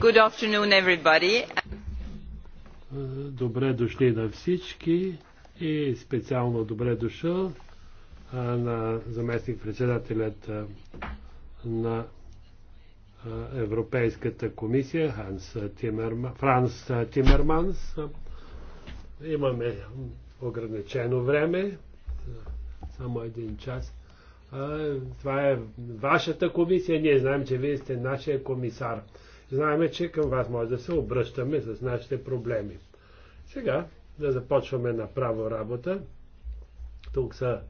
Good afternoon, everybody. Добре дошли на всички и специално добре дошъл на заместник-председателят на Европейската комисия Ханс Тимерман, Франс Тимерманс. Имаме ограничено време, само един час. Това е вашата комисия, ние знаем, че вие сте нашия комисар. Знаеме, че към вас може да се обръщаме с нашите проблеми. Сега да започваме направо работа. Тук са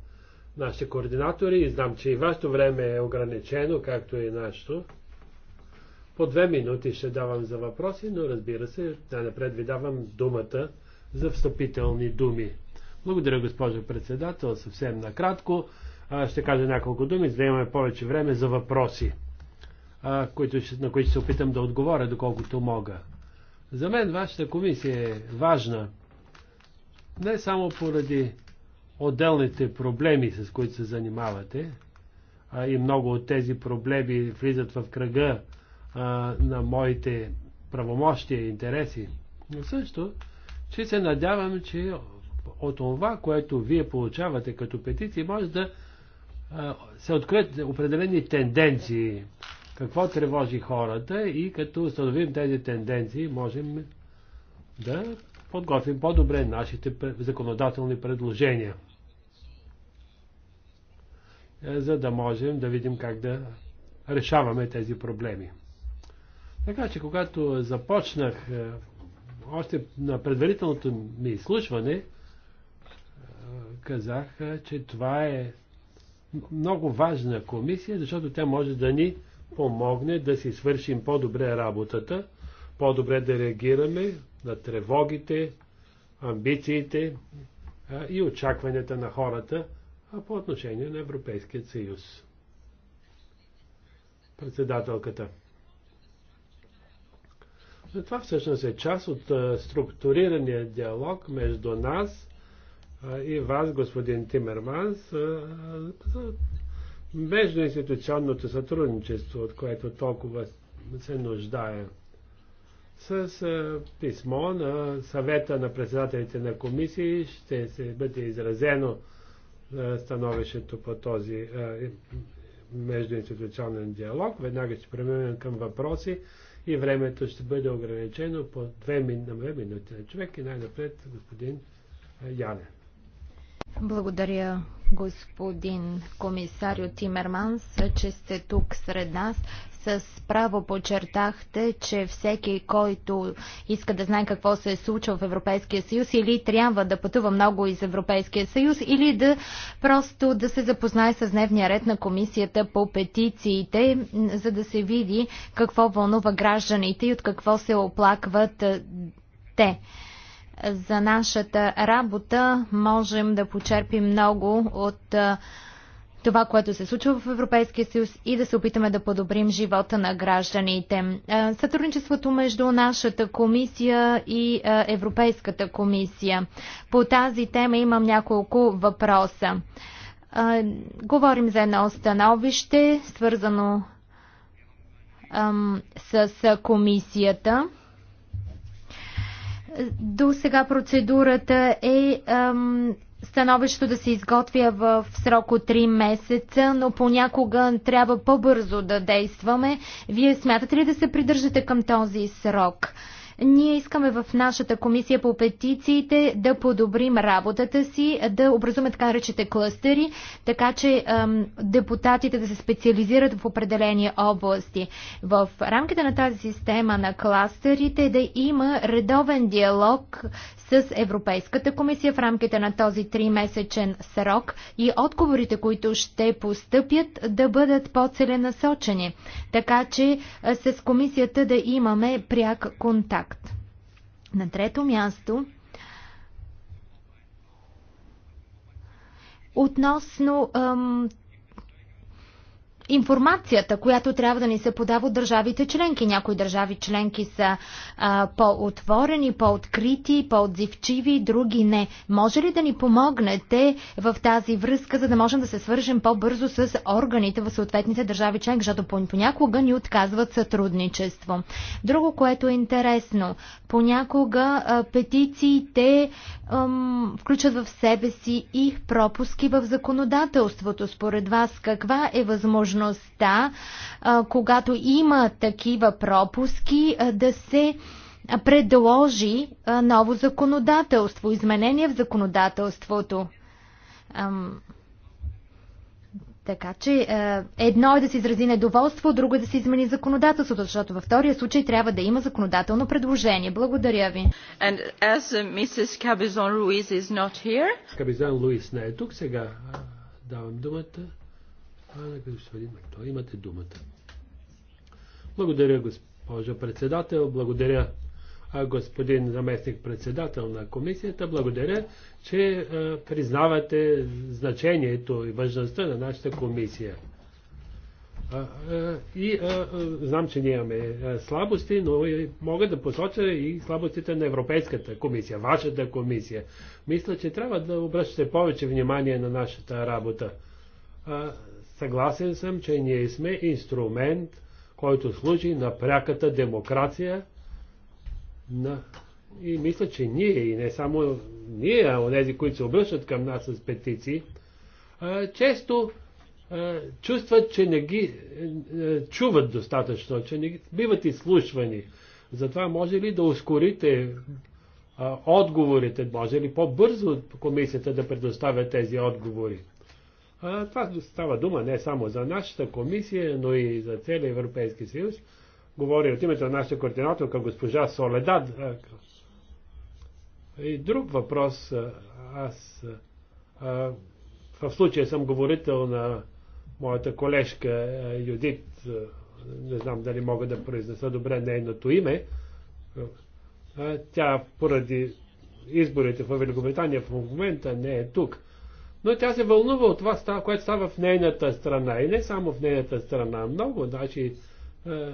нашите координатори и знам, че и вашето време е ограничено, както и нашето. По две минути ще давам за въпроси, но разбира се, най-напред ви давам думата за встъпителни думи. Благодаря, госпожо председател. Съвсем накратко ще кажа няколко думи, за да имаме повече време за въпроси които, на които се опитам да отговоря доколкото мога. За мен вашата комисия е важна не само поради отделните проблеми, с които се занимавате, а и много от тези проблеми влизат в кръга а, на моите правомощия и интереси, но също, че се надявам, че от това, което вие получавате като петиции, може да а, се открият определени тенденции, какво тревожи хората и като установим тези тенденции, можем да подготвим по-добре нашите законодателни предложения, е, за да можем да видим как да решаваме тези проблеми. Така че, когато започнах е, още на предварителното ми изслушване, е, казах, че това е много важна комисия, защото тя може да ни помогне да си свършим по-добре работата, по-добре да реагираме на тревогите, амбициите и очакванията на хората по отношение на Европейския съюз. Председателката. Но това всъщност е част от структурирания диалог между нас и вас, господин Тимерманс, за междуинституционното сътрудничество, от което толкова се нуждае. С писмо на съвета на председателите на комисии ще се бъде изразено становището по този междуинституционен диалог. Веднага ще преминем към въпроси и времето ще бъде ограничено по две, две минути на човек и най-напред господин Янев. Благодаря, господин комисарио Тимерманс, че сте тук сред нас. С право подчертахте, че всеки, който иска да знае какво се е случило в Европейския съюз, или трябва да пътува много из Европейския съюз, или да просто да се запознае с дневния ред на комисията по петициите, за да се види какво вълнува гражданите и от какво се оплакват те за нашата работа можем да почерпим много от това, което се случва в Европейския съюз и да се опитаме да подобрим живота на гражданите. Сътрудничеството между нашата комисия и Европейската комисия. По тази тема имам няколко въпроса. Говорим за едно становище, свързано с комисията. До сега процедурата е ам, становището да се изготвя в срок от 3 месеца, но понякога трябва по-бързо да действаме. Вие смятате ли да се придържате към този срок? Ние искаме в нашата комисия по петициите да подобрим работата си, да образуваме така речете кластери, така че ем, депутатите да се специализират в определени области. В рамките на тази система на кластерите да има редовен диалог с Европейската комисия в рамките на този 3-месечен срок и отговорите, които ще постъпят, да бъдат по-целенасочени, така че с комисията да имаме пряк контакт контакт. На трето място, относно информацията, която трябва да ни се подава от държавите членки. Някои държави членки са по-отворени, по-открити, по-отзивчиви, други не. Може ли да ни помогнете в тази връзка, за да можем да се свържем по-бързо с органите в съответните държави членки, защото понякога ни отказват сътрудничество. Друго, което е интересно, понякога а, петициите ам, включат в себе си и пропуски в законодателството. Според вас, каква е възможност възможността, когато има такива пропуски, да се предложи ново законодателство, изменение в законодателството. Така че едно е да се изрази недоволство, друго е да се измени законодателството, защото във втория случай трябва да има законодателно предложение. Благодаря ви. Кабизон Луис uh, не е тук, сега давам думата Ана господин Макто. Имате думата. Благодаря, госпожо председател. Благодаря, господин заместник председател на комисията. Благодаря, че признавате значението и важността на нашата комисия. И знам, че ние имаме слабости, но мога да посоча и слабостите на Европейската комисия, вашата комисия. Мисля, че трябва да обръщате повече внимание на нашата работа. Съгласен съм, че ние сме инструмент, който служи на пряката демокрация на... и мисля, че ние, и не само ние, а тези, които се обръщат към нас с петиции, често чувстват, че не ги е, е, чуват достатъчно, че не биват изслушвани. Затова може ли да ускорите отговорите, може ли по-бързо комисията да предоставя тези отговори? А, това става дума не само за нашата комисия, но и за целия Европейски съюз. Говори от името на нашата координаторка госпожа Соледад. И друг въпрос, аз а, в случая съм говорител на моята колежка Юдит, не знам дали мога да произнеса добре нейното име. Тя поради изборите в Великобритания в момента не е тук но тя се вълнува от това, което става в нейната страна. И не само в нейната страна. Много, значи, е, е,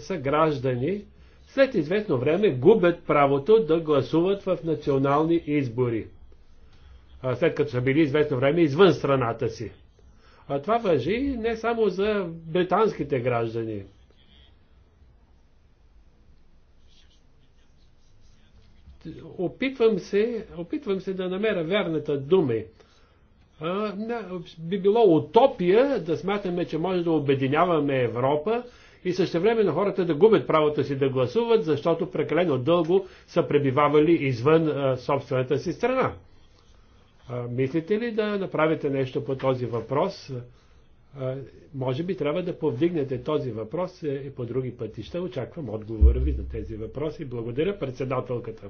са граждани, след известно време губят правото да гласуват в национални избори, след като са били известно време извън страната си. А това въжи не само за британските граждани. Опитвам се, опитвам се да намеря верната дума би било утопия да смятаме, че може да обединяваме Европа и също време на хората да губят правото си да гласуват, защото прекалено дълго са пребивавали извън а, собствената си страна. А, мислите ли да направите нещо по този въпрос? А, може би трябва да повдигнете този въпрос е, и по други пътища. Очаквам отговора ви на тези въпроси. Благодаря председателката.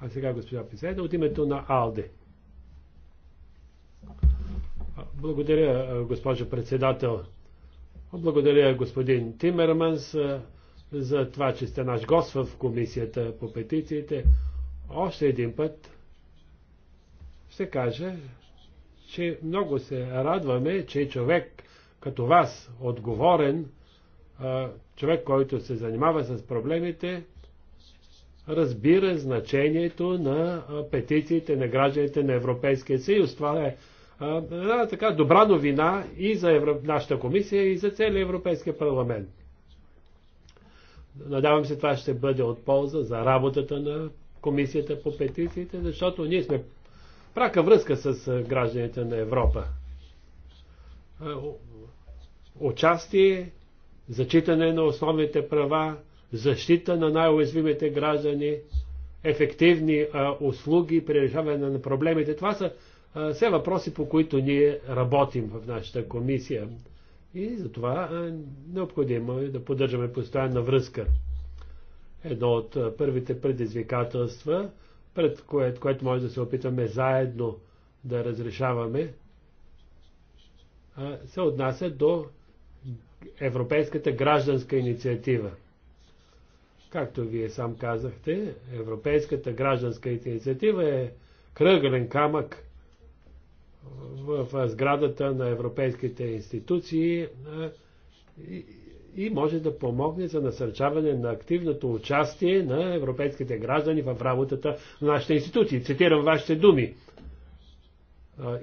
А сега госпожа Писайда от името на АЛДЕ. Благодаря, госпожо председател. Благодаря, господин Тимерманс, за това, че сте наш гост в комисията по петициите. Още един път ще кажа, че много се радваме, че човек като вас, отговорен, човек, който се занимава с проблемите, разбира значението на петициите на гражданите на Европейския съюз. Това е една така добра новина и за Евро... нашата комисия, и за целия Европейския парламент. Надявам се, това ще бъде от полза за работата на комисията по петициите, защото ние сме прака връзка с гражданите на Европа. Участие, зачитане на основните права, защита на най-уязвимите граждани, ефективни а, услуги при решаване на проблемите. Това са все въпроси, по които ние работим в нашата комисия. И затова е необходимо е да поддържаме постоянна връзка. Едно от първите предизвикателства, пред което, което може да се опитаме заедно да разрешаваме, се отнася до Европейската гражданска инициатива. Както вие сам казахте, Европейската гражданска инициатива е кръгълен камък в сградата на европейските институции е, и може да помогне за насърчаване на активното участие на европейските граждани в работата на нашите институции. Цитирам вашите думи. Е,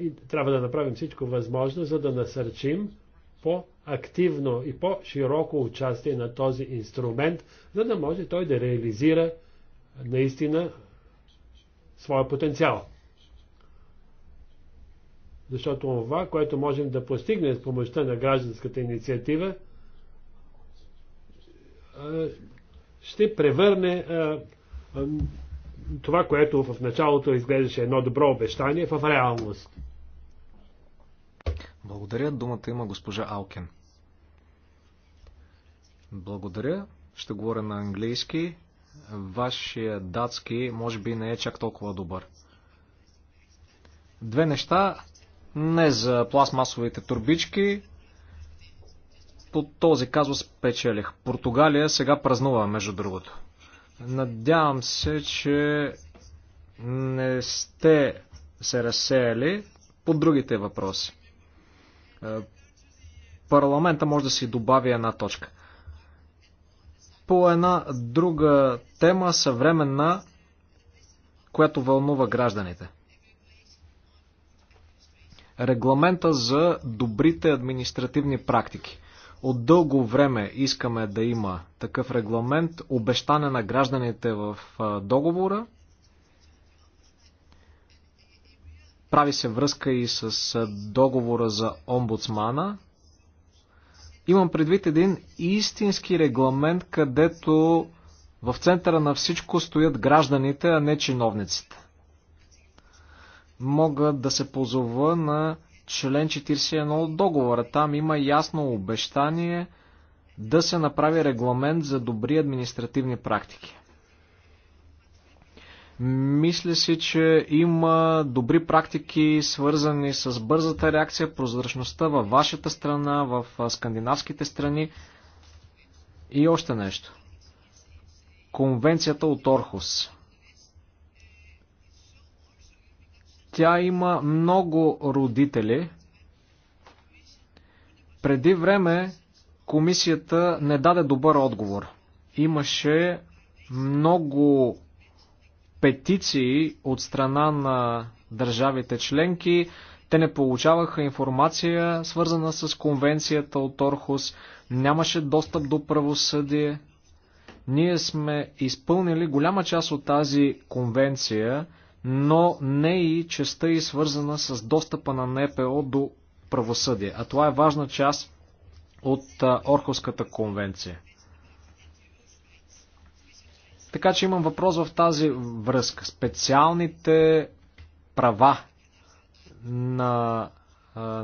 и трябва да направим всичко възможно, за да насърчим по-активно и по-широко участие на този инструмент, за да може той да реализира наистина своя потенциал. Защото това, което можем да постигнем с помощта на гражданската инициатива, ще превърне това, което в началото изглеждаше едно добро обещание, в реалност. Благодаря. Думата има госпожа Алкен. Благодаря. Ще говоря на английски. Вашия датски може би не е чак толкова добър. Две неща не за пластмасовите турбички. По този казус печелих. Португалия сега празнува, между другото. Надявам се, че не сте се разсеяли по другите въпроси. Е, парламента може да си добави една точка. По една друга тема, съвременна, която вълнува гражданите – регламента за добрите административни практики. От дълго време искаме да има такъв регламент, обещане на гражданите в договора. Прави се връзка и с договора за омбудсмана. Имам предвид един истински регламент, където в центъра на всичко стоят гражданите, а не чиновниците мога да се позова на член 41 от договора. Там има ясно обещание да се направи регламент за добри административни практики. Мисля си, че има добри практики, свързани с бързата реакция, прозрачността във вашата страна, в скандинавските страни. И още нещо. Конвенцията от Орхус. Тя има много родители. Преди време комисията не даде добър отговор. Имаше много петиции от страна на държавите членки. Те не получаваха информация, свързана с конвенцията от Орхус. Нямаше достъп до правосъдие. Ние сме изпълнили голяма част от тази конвенция, но не и частта и свързана с достъпа на НПО до правосъдие. А това е важна част от Орховската конвенция. Така че имам въпрос в тази връзка. Специалните права на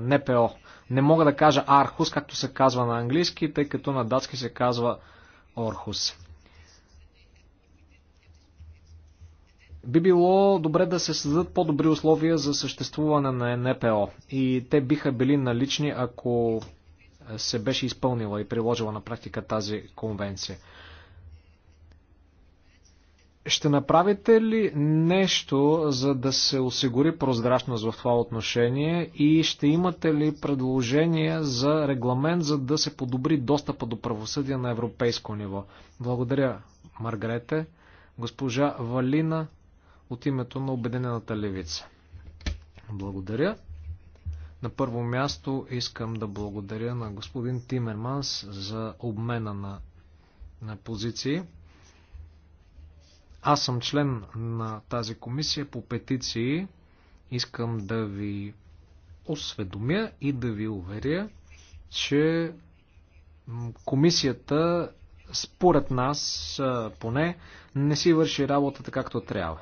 НПО. Не мога да кажа Архус, както се казва на английски, тъй като на датски се казва Орхус. Би било добре да се създадат по-добри условия за съществуване на НПО и те биха били налични, ако се беше изпълнила и приложила на практика тази конвенция. Ще направите ли нещо, за да се осигури прозрачност в това отношение и ще имате ли предложение за регламент, за да се подобри достъпа до правосъдие на европейско ниво? Благодаря, Маргарете. Госпожа Валина от името на Обединената левица. Благодаря. На първо място искам да благодаря на господин Тимерманс за обмена на, на позиции. Аз съм член на тази комисия по петиции. Искам да ви осведомя и да ви уверя, че комисията според нас поне не си върши работата както трябва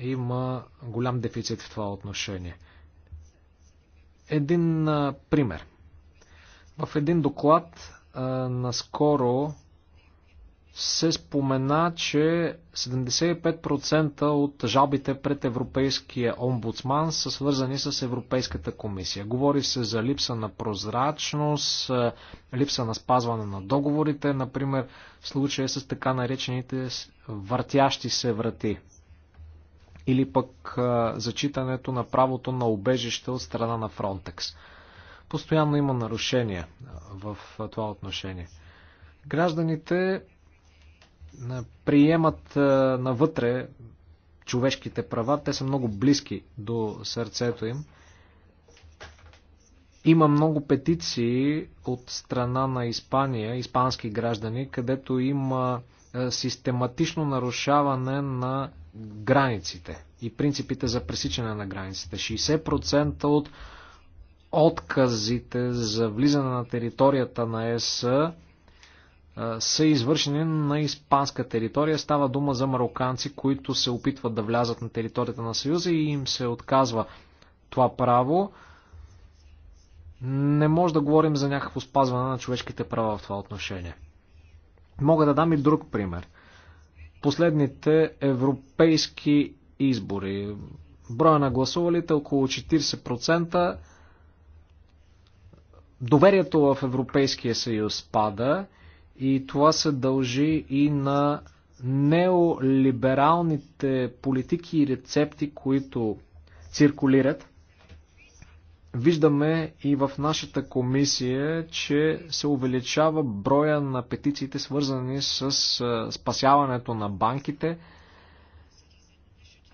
има голям дефицит в това отношение. Един а, пример. В един доклад а, наскоро се спомена, че 75% от жалбите пред Европейския омбудсман са свързани с Европейската комисия. Говори се за липса на прозрачност, липса на спазване на договорите, например, случая с така наречените въртящи се врати или пък зачитането на правото на обежище от страна на Фронтекс. Постоянно има нарушения в това отношение. Гражданите приемат навътре човешките права, те са много близки до сърцето им. Има много петиции от страна на Испания, испански граждани, където има систематично нарушаване на границите и принципите за пресичане на границите. 60% от отказите за влизане на територията на ЕС са извършени на испанска територия. Става дума за мароканци, които се опитват да влязат на територията на Съюза и им се отказва това право. Не може да говорим за някакво спазване на човешките права в това отношение. Мога да дам и друг пример последните европейски избори. Броя на гласувалите е около 40%. Доверието в Европейския съюз пада и това се дължи и на неолибералните политики и рецепти, които циркулират. Виждаме и в нашата комисия, че се увеличава броя на петициите, свързани с спасяването на банките.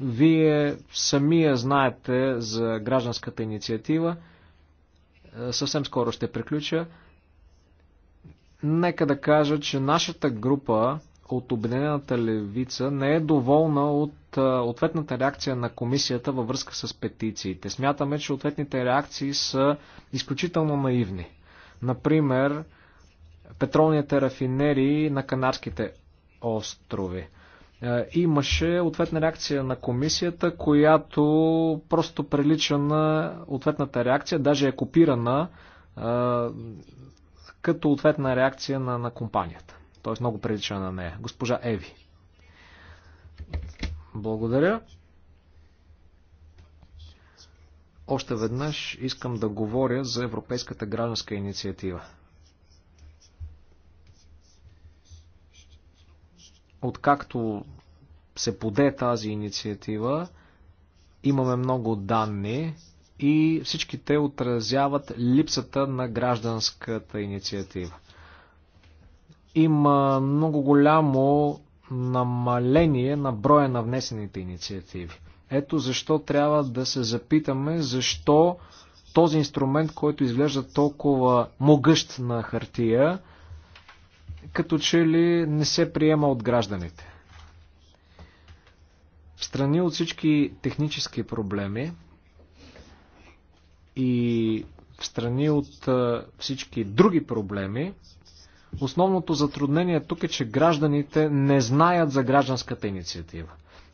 Вие самия знаете за гражданската инициатива. Съвсем скоро ще приключа. Нека да кажа, че нашата група от Обединената левица не е доволна от ответната реакция на комисията във връзка с петициите. Смятаме, че ответните реакции са изключително наивни. Например, петролните рафинерии на Канарските острови. Имаше ответна реакция на комисията, която просто прилича на ответната реакция, даже е копирана като ответна реакция на, на компанията. Той е много прилича на нея. Госпожа Еви. Благодаря. Още веднъж искам да говоря за Европейската гражданска инициатива. Откакто се поде тази инициатива, имаме много данни и всички те отразяват липсата на гражданската инициатива има много голямо намаление на броя на внесените инициативи. Ето защо трябва да се запитаме защо този инструмент, който изглежда толкова могъщ на хартия, като че ли не се приема от гражданите. В страни от всички технически проблеми и в страни от всички други проблеми, Основното затруднение тук е, че гражданите не знаят за гражданската инициатива.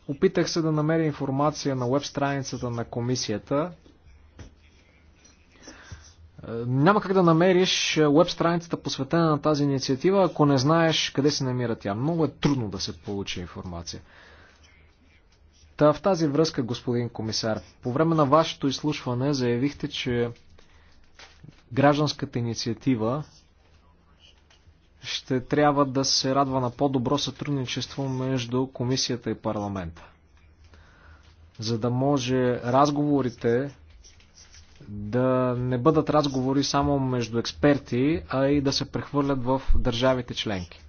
Опитах се да намеря информация на веб страницата на комисията. Е, няма как да намериш веб е, страницата посветена на тази инициатива, ако не знаеш къде се намира тя. Много е трудно да се получи информация. Та в тази връзка, господин комисар, по време на вашето изслушване заявихте, че гражданската инициатива ще трябва да се радва на по-добро сътрудничество между комисията и парламента. За да може разговорите да не бъдат разговори само между експерти, а и да се прехвърлят в държавите членки.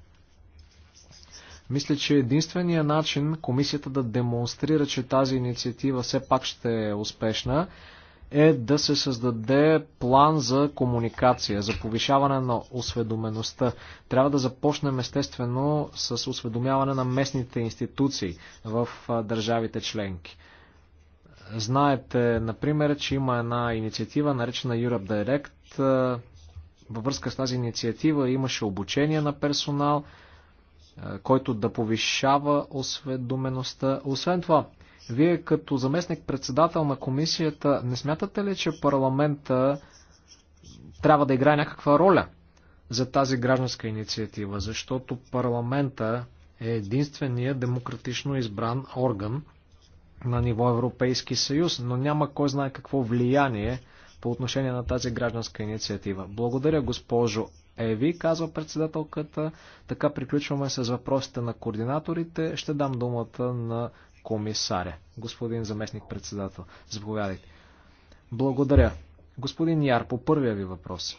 Мисля, че единственият начин комисията да демонстрира, че тази инициатива все пак ще е успешна, е да се създаде план за комуникация, за повишаване на осведомеността. Трябва да започнем естествено с осведомяване на местните институции в държавите членки. Знаете, например, че има една инициатива, наречена Europe Direct. Във връзка с тази инициатива имаше обучение на персонал, който да повишава осведомеността. Освен това, вие като заместник-председател на комисията не смятате ли, че парламента трябва да играе някаква роля за тази гражданска инициатива? Защото парламента е единствения демократично избран орган на ниво Европейски съюз, но няма кой знае какво влияние по отношение на тази гражданска инициатива. Благодаря, госпожо Еви, казва председателката. Така приключваме с въпросите на координаторите. Ще дам думата на комисаря. Господин заместник председател, заповядайте. Благодаря. Господин Яр, по първия ви въпрос.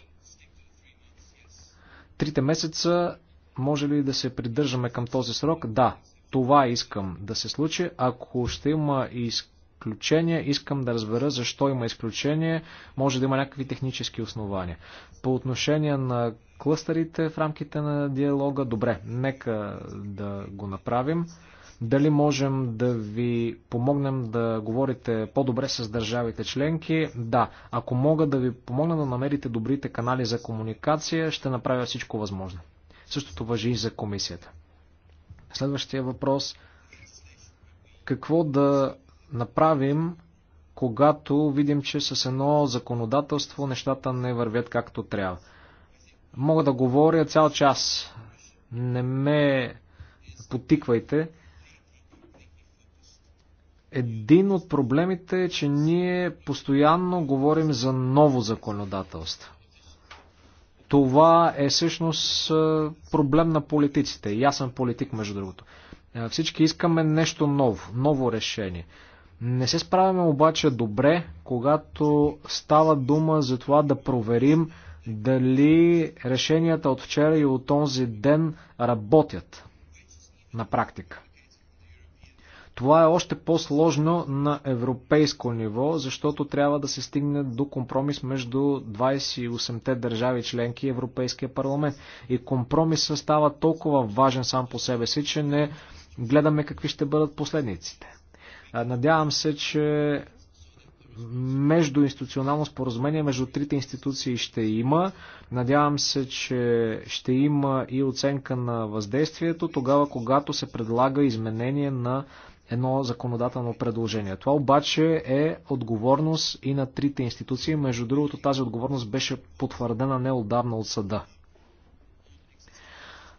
Трите месеца може ли да се придържаме към този срок? Да, това искам да се случи. Ако ще има изключение, искам да разбера защо има изключение. Може да има някакви технически основания. По отношение на клъстерите в рамките на диалога, добре, нека да го направим дали можем да ви помогнем да говорите по-добре с държавите членки. Да, ако мога да ви помогна да намерите добрите канали за комуникация, ще направя всичко възможно. Същото въжи и за комисията. Следващия въпрос. Какво да направим, когато видим, че с едно законодателство нещата не вървят както трябва? Мога да говоря цял час. Не ме потиквайте. Един от проблемите е, че ние постоянно говорим за ново законодателство. Това е всъщност проблем на политиците. И аз съм политик, между другото. Всички искаме нещо ново, ново решение. Не се справяме обаче добре, когато става дума за това да проверим дали решенията от вчера и от онзи ден работят на практика. Това е още по-сложно на европейско ниво, защото трябва да се стигне до компромис между 28-те държави членки и Европейския парламент. И компромисът става толкова важен сам по себе си, че не гледаме какви ще бъдат последниците. Надявам се, че между институционално споразумение между трите институции ще има. Надявам се, че ще има и оценка на въздействието тогава, когато се предлага изменение на едно законодателно предложение. Това обаче е отговорност и на трите институции. Между другото, тази отговорност беше потвърдена неодавна от съда.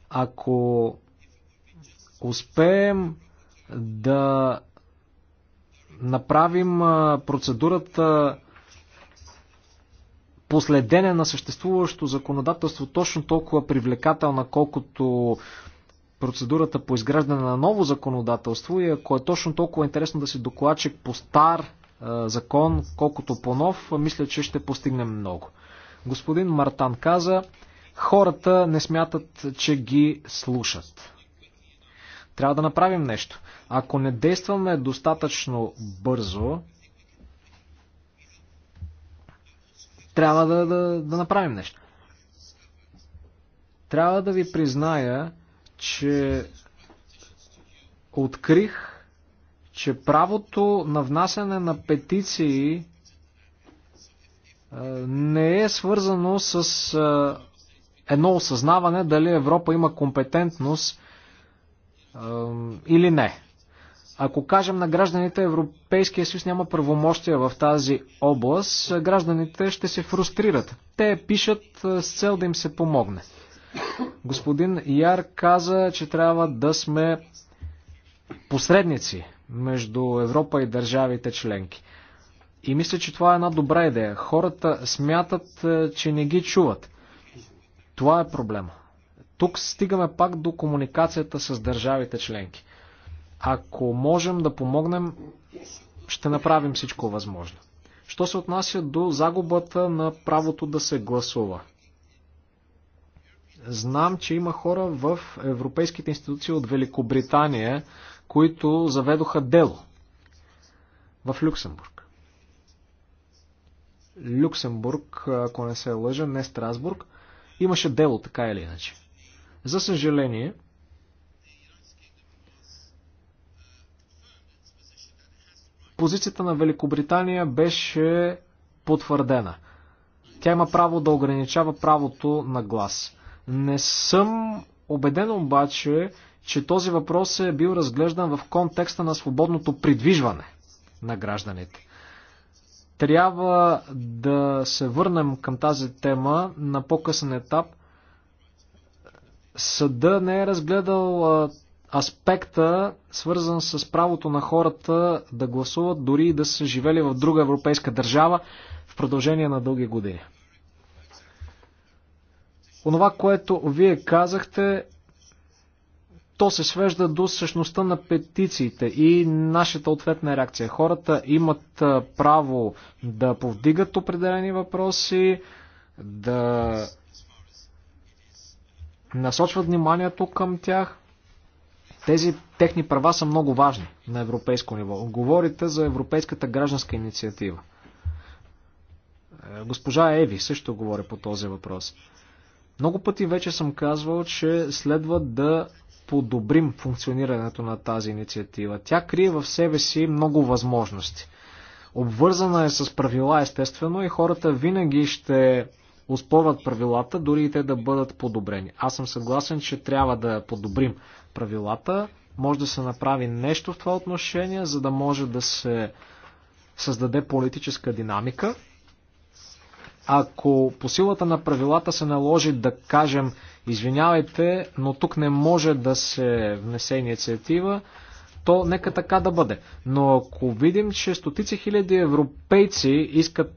Ако успеем да направим процедурата последене на съществуващо законодателство точно толкова привлекателна, колкото процедурата по изграждане на ново законодателство и ако е точно толкова интересно да се докладчик по стар е, закон, колкото по нов, мисля, че ще постигнем много. Господин Мартан каза, хората не смятат, че ги слушат. Трябва да направим нещо. Ако не действаме достатъчно бързо, трябва да, да, да направим нещо. Трябва да ви призная, че открих, че правото на внасяне на петиции е, не е свързано с е, едно осъзнаване дали Европа има компетентност е, или не. Ако кажем на гражданите, Европейския съюз няма правомощия в тази област, гражданите ще се фрустрират. Те пишат с цел да им се помогне. Господин Яр каза, че трябва да сме посредници между Европа и държавите членки. И мисля, че това е една добра идея. Хората смятат, е, че не ги чуват. Това е проблема. Тук стигаме пак до комуникацията с държавите членки. Ако можем да помогнем, ще направим всичко възможно. Що се отнася до загубата на правото да се гласува? Знам, че има хора в европейските институции от Великобритания, които заведоха дело в Люксембург. Люксембург, ако не се лъжа, не Страсбург, имаше дело, така или иначе. За съжаление, позицията на Великобритания беше потвърдена. Тя има право да ограничава правото на глас. Не съм убеден обаче, че този въпрос е бил разглеждан в контекста на свободното придвижване на гражданите. Трябва да се върнем към тази тема на по-късен етап. Съда не е разгледал аспекта, свързан с правото на хората да гласуват, дори и да са живели в друга европейска държава в продължение на дълги години. Онова, което вие казахте, то се свежда до същността на петициите и нашата ответна реакция. Хората имат право да повдигат определени въпроси, да насочват вниманието към тях. Тези техни права са много важни на европейско ниво. Говорите за Европейската гражданска инициатива. Е, госпожа Еви също говори по този въпрос. Много пъти вече съм казвал, че следва да подобрим функционирането на тази инициатива. Тя крие в себе си много възможности. Обвързана е с правила, естествено, и хората винаги ще успорват правилата, дори и те да бъдат подобрени. Аз съм съгласен, че трябва да подобрим правилата. Може да се направи нещо в това отношение, за да може да се създаде политическа динамика ако по силата на правилата се наложи да кажем извинявайте, но тук не може да се внесе инициатива, то нека така да бъде. Но ако видим, че стотици хиляди европейци искат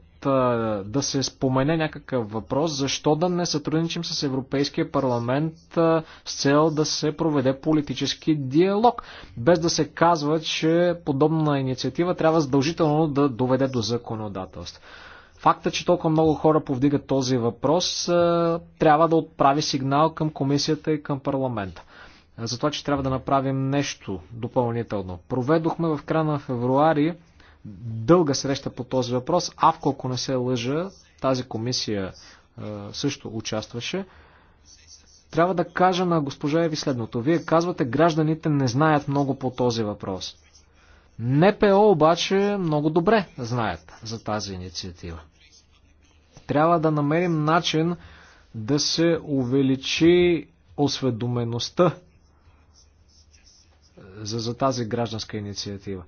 да се спомене някакъв въпрос, защо да не сътрудничим с Европейския парламент с цел да се проведе политически диалог, без да се казва, че подобна инициатива трябва задължително да доведе до законодателство. Факта, че толкова много хора повдигат този въпрос, трябва да отправи сигнал към комисията и към парламента. За това, че трябва да направим нещо допълнително. Проведохме в края на февруари дълга среща по този въпрос. Авко, ако не се лъжа, тази комисия също участваше. Трябва да кажа на госпожа Еви следното. Вие казвате, гражданите не знаят много по този въпрос. НПО обаче много добре знаят за тази инициатива. Трябва да намерим начин да се увеличи осведомеността за, за тази гражданска инициатива.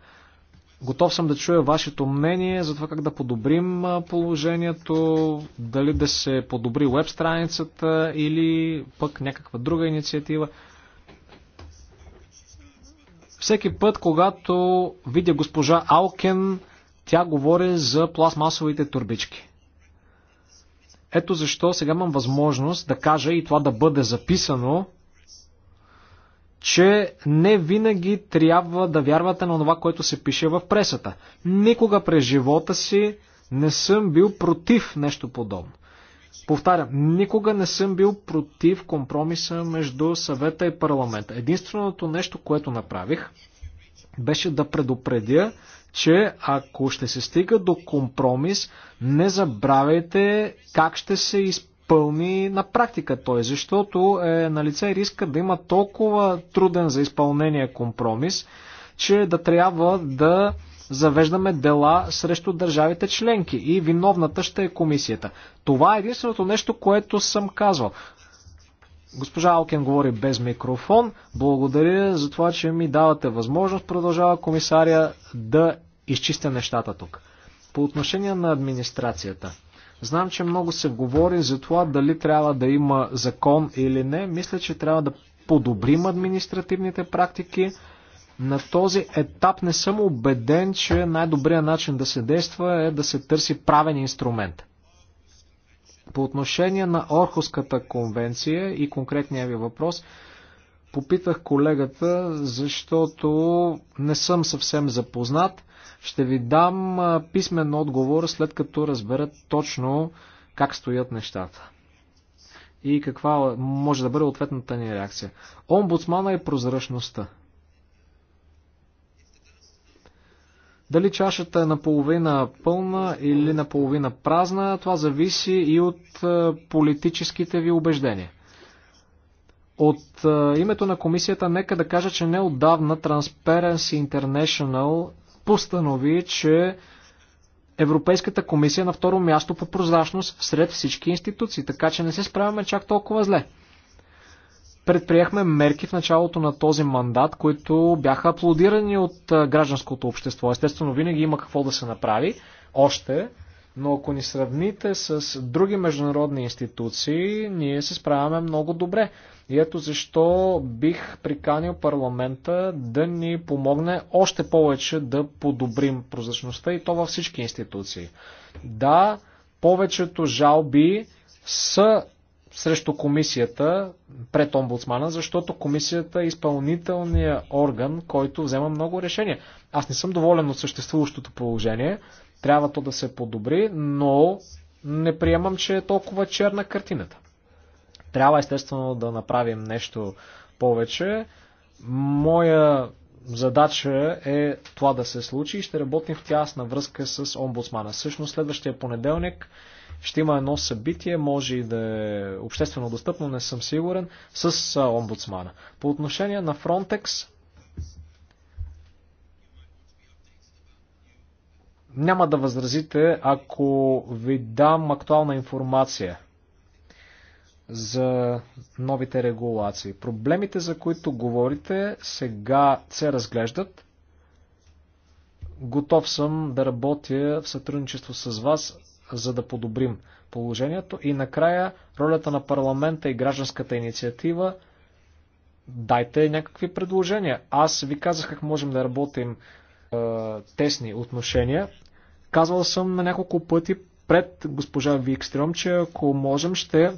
Готов съм да чуя вашето мнение за това как да подобрим положението, дали да се подобри веб страницата или пък някаква друга инициатива. Всеки път, когато видя госпожа Алкен, тя говори за пластмасовите турбички. Ето защо сега имам възможност да кажа и това да бъде записано, че не винаги трябва да вярвате на това, което се пише в пресата. Никога през живота си не съм бил против нещо подобно. Повтарям, никога не съм бил против компромиса между съвета и парламента. Единственото нещо, което направих, беше да предупредя, че ако ще се стига до компромис, не забравяйте как ще се изпълни на практика той, защото е на лице риска да има толкова труден за изпълнение компромис, че да трябва да завеждаме дела срещу държавите членки и виновната ще е комисията. Това е единственото нещо, което съм казвал. Госпожа Алкен говори без микрофон. Благодаря за това, че ми давате възможност, продължава комисаря, да изчистя нещата тук. По отношение на администрацията. Знам, че много се говори за това дали трябва да има закон или не. Мисля, че трябва да подобрим административните практики. На този етап не съм убеден, че най-добрият начин да се действа е да се търси правен инструмент. По отношение на Орхуската конвенция и конкретния ви въпрос, попитах колегата, защото не съм съвсем запознат. Ще ви дам писмен отговор, след като разберат точно как стоят нещата и каква може да бъде ответната ни реакция. Омбудсмана е прозрачността. Дали чашата е наполовина пълна или наполовина празна, това зависи и от е, политическите ви убеждения. От е, името на комисията нека да кажа, че неодавна Transparency International постанови, че Европейската комисия е на второ място по прозрачност сред всички институции, така че не се справяме чак толкова зле предприехме мерки в началото на този мандат, които бяха аплодирани от гражданското общество. Естествено, винаги има какво да се направи, още, но ако ни сравните с други международни институции, ние се справяме много добре. И ето защо бих приканил парламента да ни помогне още повече да подобрим прозрачността и то във всички институции. Да, повечето жалби са срещу комисията пред омбудсмана, защото комисията е изпълнителният орган, който взема много решения. Аз не съм доволен от съществуващото положение, трябва то да се подобри, но не приемам, че е толкова черна картината. Трябва естествено да направим нещо повече. Моя задача е това да се случи и ще работим в тясна връзка с омбудсмана. Всъщност следващия понеделник ще има едно събитие, може и да е обществено достъпно, не съм сигурен, с омбудсмана. По отношение на Frontex, няма да възразите, ако ви дам актуална информация за новите регулации. Проблемите, за които говорите, сега се разглеждат. Готов съм да работя в сътрудничество с вас за да подобрим положението. И накрая ролята на парламента и гражданската инициатива. Дайте някакви предложения. Аз ви казах как можем да работим е, тесни отношения. Казвал съм на няколко пъти пред госпожа Викстрем, че ако можем ще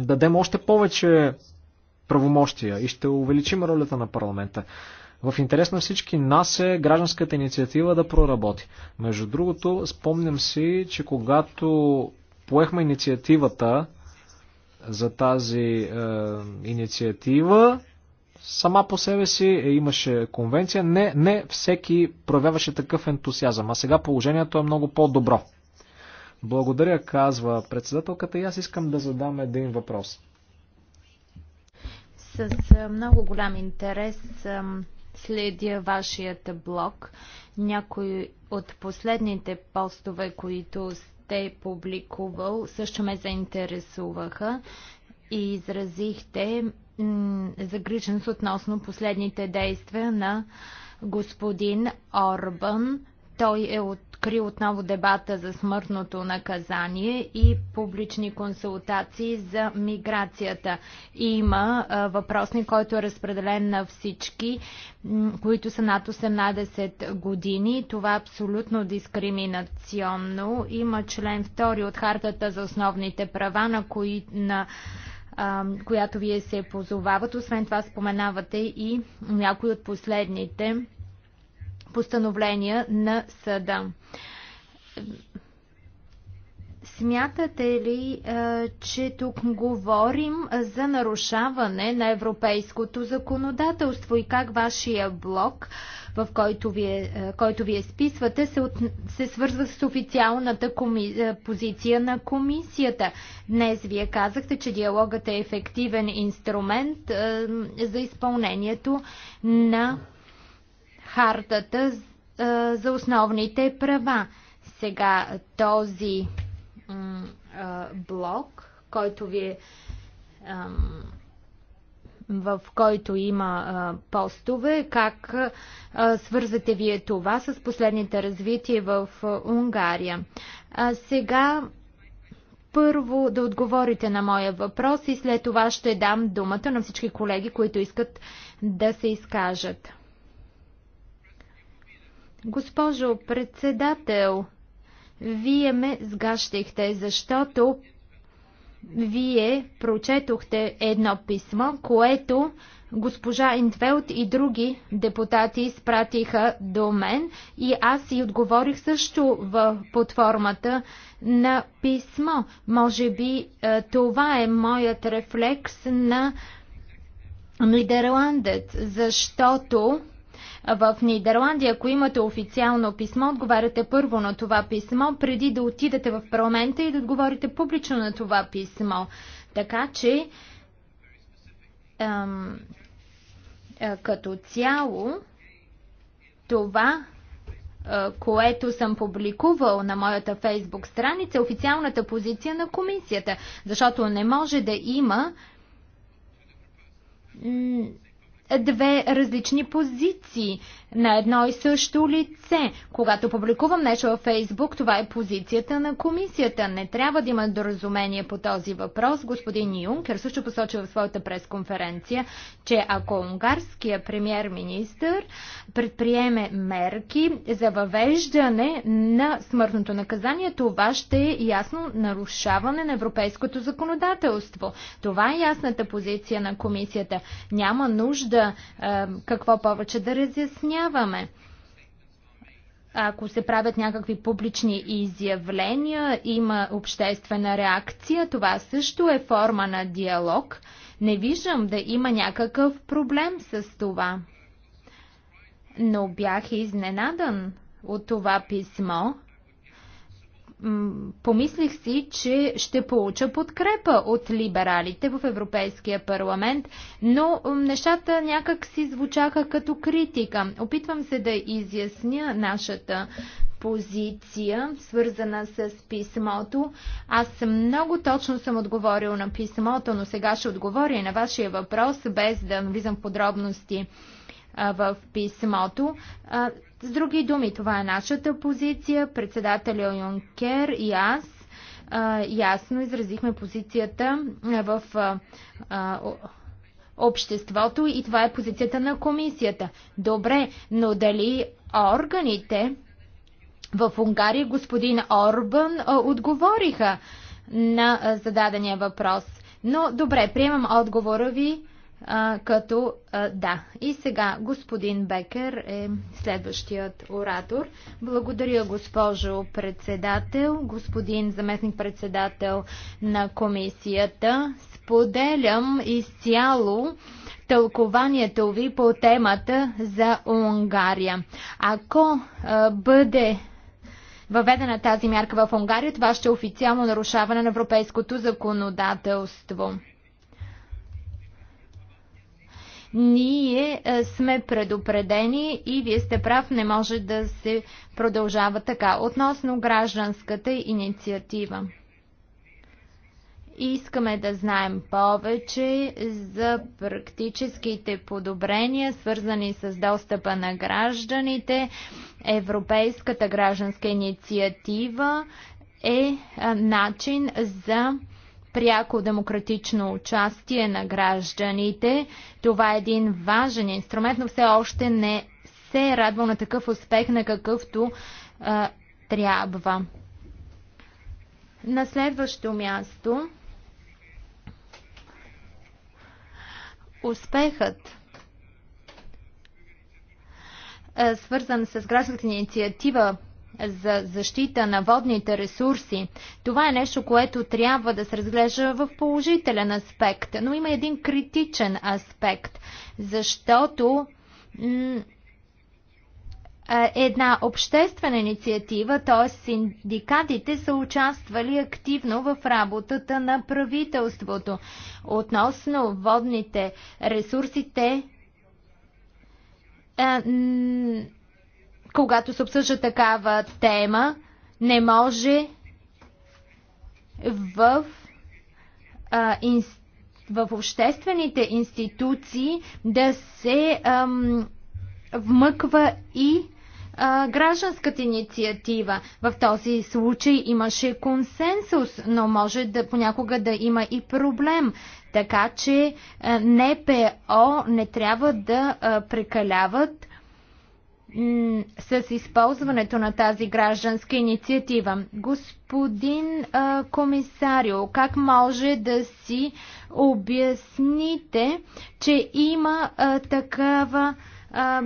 дадем още повече правомощия и ще увеличим ролята на парламента. В интерес на всички нас е гражданската инициатива да проработи. Между другото, спомням си, че когато поехме инициативата за тази е, инициатива, сама по себе си е, имаше конвенция. Не, не всеки проявяваше такъв ентусиазъм, а сега положението е много по-добро. Благодаря, казва председателката и аз искам да задам един въпрос. С е, много голям интерес следя вашият блог. Някои от последните постове, които сте публикувал, също ме заинтересуваха и изразихте загриженост относно последните действия на господин Орбан той е открил отново дебата за смъртното наказание и публични консултации за миграцията. Има въпросник, който е разпределен на всички, които са над 18 години. Това е абсолютно дискриминационно. Има член 2 от Хартата за основните права, на кои на която вие се позовават. Освен това споменавате и някои от последните постановления на съда. Смятате ли, че тук говорим за нарушаване на европейското законодателство и как вашия блок, в който вие, който вие списвате, се, от, се свързва с официалната коми, позиция на комисията? Днес вие казахте, че диалогът е ефективен инструмент за изпълнението на хартата за основните права. Сега този блок, който ви е в който има а, постове, как а, свързате вие това с последните развития в а, Унгария. А, сега първо да отговорите на моя въпрос и след това ще дам думата на всички колеги, които искат да се изкажат. Госпожо председател, вие ме сгащихте, защото вие прочетохте едно писмо, което госпожа Интвелт и други депутати изпратиха до мен и аз и отговорих също в, под формата на писмо. Може би е, това е моят рефлекс на Нидерландец, защото в Нидерландия, ако имате официално писмо, отговаряте първо на това писмо, преди да отидете в парламента и да отговорите публично на това писмо. Така че, ам, а, като цяло, това, а, което съм публикувал на моята фейсбук страница, е официалната позиция на комисията, защото не може да има две различни позиции на едно и също лице. Когато публикувам нещо във Фейсбук, това е позицията на комисията. Не трябва да има доразумение по този въпрос. Господин Юнкер също посочи в своята пресконференция, че ако унгарския премьер-министр предприеме мерки за въвеждане на смъртното наказание, това ще е ясно нарушаване на европейското законодателство. Това е ясната позиция на комисията. Няма нужда е, какво повече да разясня преценяваме. Ако се правят някакви публични изявления, има обществена реакция, това също е форма на диалог. Не виждам да има някакъв проблем с това. Но бях изненадан от това писмо, помислих си, че ще получа подкрепа от либералите в Европейския парламент, но нещата някак си звучаха като критика. Опитвам се да изясня нашата позиция, свързана с писмото. Аз много точно съм отговорил на писмото, но сега ще отговоря и на вашия въпрос, без да влизам в подробности в писмото. С други думи, това е нашата позиция. Председателя Юнкер и аз ясно изразихме позицията в обществото и това е позицията на комисията. Добре, но дали органите в Унгария господин Орбан отговориха на зададения въпрос? Но добре, приемам отговора ви а, като а, да. И сега господин Бекер е следващият оратор. Благодаря госпожо председател, господин заместник председател на комисията. Споделям изцяло тълкованието ви по темата за Унгария. Ако а, бъде въведена тази мярка в Унгария, това ще е официално нарушаване на европейското законодателство. Ние е, сме предупредени и вие сте прав, не може да се продължава така. Относно гражданската инициатива. Искаме да знаем повече за практическите подобрения, свързани с достъпа на гражданите. Европейската гражданска инициатива е начин за пряко демократично участие на гражданите. Това е един важен инструмент, но все още не се е радвал на такъв успех, на какъвто а, трябва. На следващо място успехът свързан с гражданската инициатива за защита на водните ресурси. Това е нещо, което трябва да се разглежда в положителен аспект, но има един критичен аспект, защото една обществена инициатива, т.е. синдикатите са участвали активно в работата на правителството. Относно водните ресурсите, когато се обсъжда такава тема, не може в, а, инс, в обществените институции да се ам, вмъква и а, гражданската инициатива. В този случай имаше консенсус, но може да понякога да има и проблем. Така че а, НПО не трябва да а, прекаляват с използването на тази гражданска инициатива. Господин а, комисарио, как може да си обясните, че има а, такава а,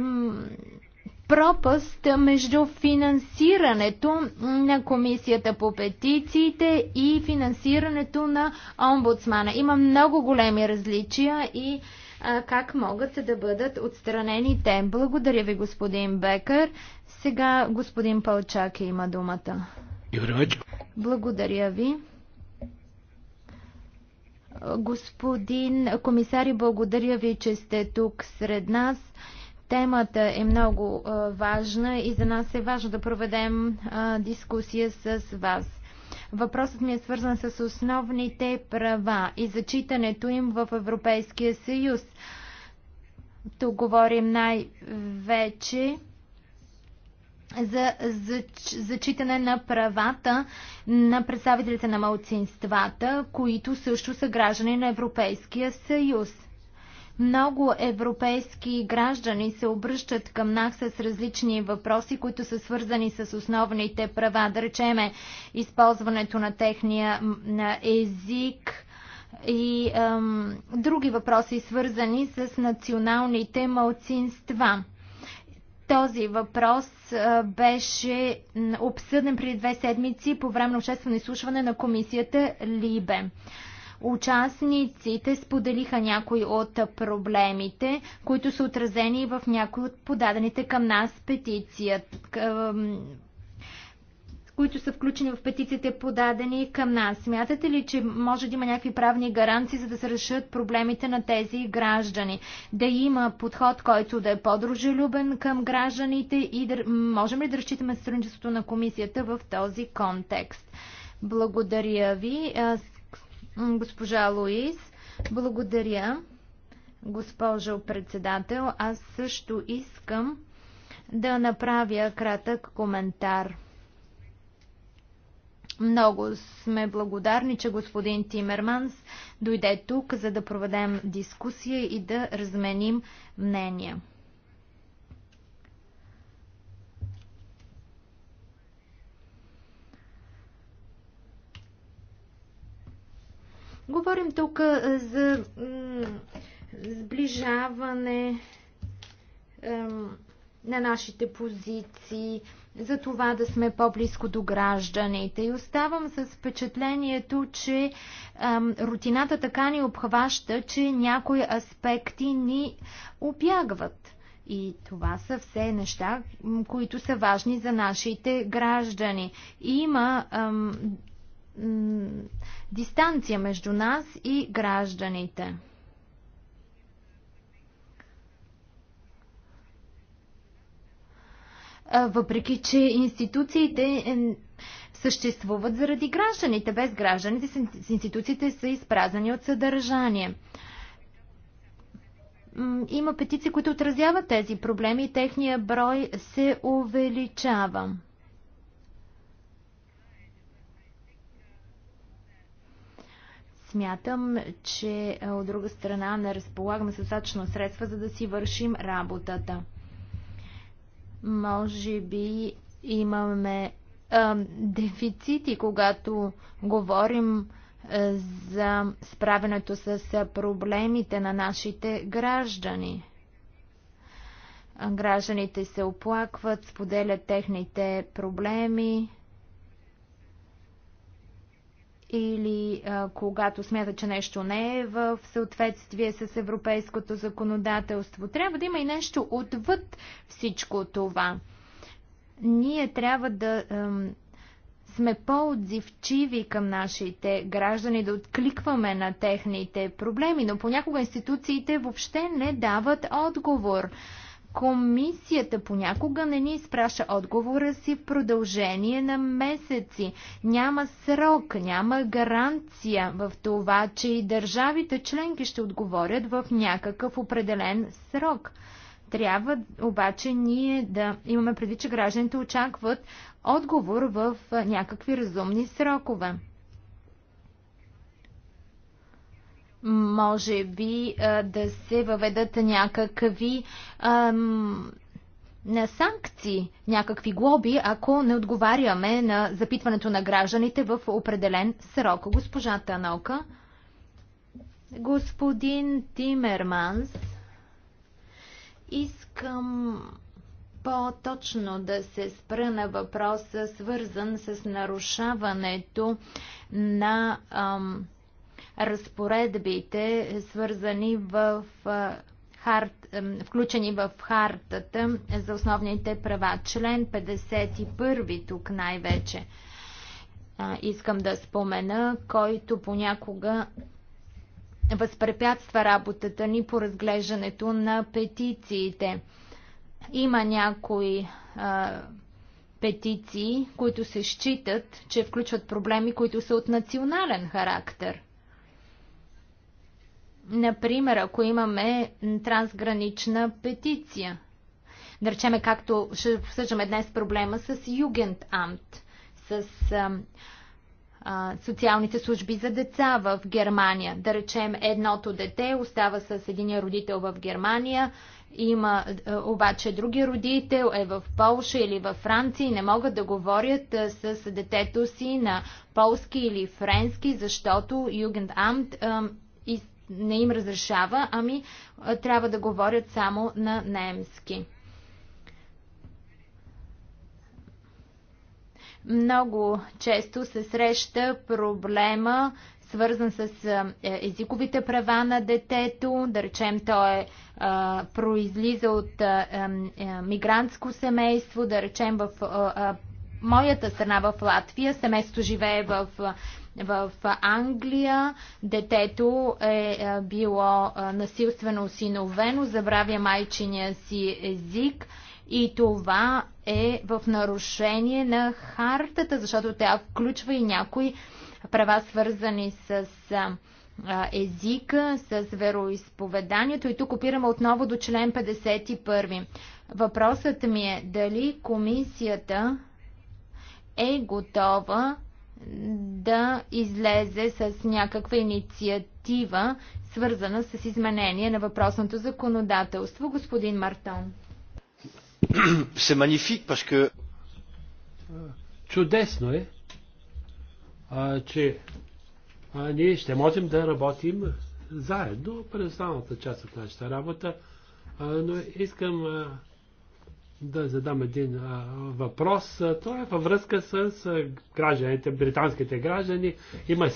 пропаст между финансирането на комисията по петициите и финансирането на омбудсмана? Има много големи различия и а, как могат да бъдат отстранени те. Благодаря ви, господин Бекър. Сега господин Пълчак има думата. Благодаря ви. Господин комисари, благодаря ви, че сте тук сред нас. Темата е много важна и за нас е важно да проведем дискусия с вас. Въпросът ми е свързан с основните права и зачитането им в Европейския съюз. Тук говорим най-вече за зачитане на правата на представителите на малцинствата, които също са граждани на Европейския съюз. Много европейски граждани се обръщат към нас с различни въпроси, които са свързани с основните права, да речеме използването на техния на език и ем, други въпроси, свързани с националните малцинства. Този въпрос беше обсъден преди две седмици по време на обществено изслушване на комисията Либе. Участниците споделиха някои от проблемите, които са отразени в някои от подадените към нас петиция, които са включени в петициите подадени към нас. Смятате ли, че може да има някакви правни гаранции, за да се решат проблемите на тези граждани? Да има подход, който да е по-дружелюбен към гражданите и да, можем ли да разчитаме сътрудничеството на комисията в този контекст? Благодаря ви. Госпожа Луис, благодаря. Госпожо председател, аз също искам да направя кратък коментар. Много сме благодарни, че господин Тимерманс дойде тук, за да проведем дискусия и да разменим мнения. Говорим тук за сближаване на нашите позиции, за това да сме по-близко до гражданите. И оставам с впечатлението, че ем, рутината така ни обхваща, че някои аспекти ни обягват. И това са все неща, които са важни за нашите граждани. Има ем, дистанция между нас и гражданите. Въпреки, че институциите съществуват заради гражданите. Без гражданите институциите са изпразани от съдържание. Има петиции, които отразяват тези проблеми и техния брой се увеличава. Смятам, че е, от друга страна не разполагаме достатъчно средства, за да си вършим работата. Може би имаме а, е, дефицити, когато говорим а, е, за справянето с проблемите на нашите граждани. Гражданите се оплакват, споделят техните проблеми или а, когато смята, че нещо не е в съответствие с европейското законодателство. Трябва да има и нещо отвъд всичко това. Ние трябва да ам, сме по-отзивчиви към нашите граждани, да откликваме на техните проблеми, но понякога институциите въобще не дават отговор. Комисията понякога не ни изпраща отговора си в продължение на месеци. Няма срок, няма гаранция в това, че и държавите членки ще отговорят в някакъв определен срок. Трябва обаче ние да имаме преди, че гражданите очакват отговор в някакви разумни срокове. може би да се въведат някакви ам, санкции, някакви глоби, ако не отговаряме на запитването на гражданите в определен срок. Госпожа Танока, господин Тимерманс, искам по-точно да се спра на въпроса, свързан с нарушаването на ам, разпоредбите, свързани в харт, включени в хартата за основните права. Член 51 тук най-вече искам да спомена, който понякога възпрепятства работата ни по разглеждането на петициите. Има някои а, петиции, които се считат, че включват проблеми, които са от национален характер – Например, ако имаме трансгранична петиция, да речеме както ще обсъждаме днес проблема с Югентамт, с а, а, социалните служби за деца в Германия. Да речем, едното дете остава с един родител в Германия, има а, обаче други родител, е в Полша или във Франция и не могат да говорят а, с детето си на полски или френски, защото Югентамт а, из, не им разрешава, ами трябва да говорят само на немски. Много често се среща проблема, свързан с е, езиковите права на детето, да речем то е произлиза от е, е, мигрантско семейство, да речем в моята страна в Латвия, семейство живее в в Англия детето е, е било е, насилствено осиновено, забравя майчиния си език и това е в нарушение на хартата, защото тя включва и някои права свързани с е, езика, с вероисповеданието. И тук опираме отново до член 51. Въпросът ми е дали комисията е готова да излезе с някаква инициатива, свързана с изменение на въпросното законодателство, господин Мартон. Чудесно е, а, че а, ние ще можем да работим заедно през останалата част от нашата работа, а, но искам а, да задам един а, въпрос. Той е във връзка с гражданите, британските граждани. Има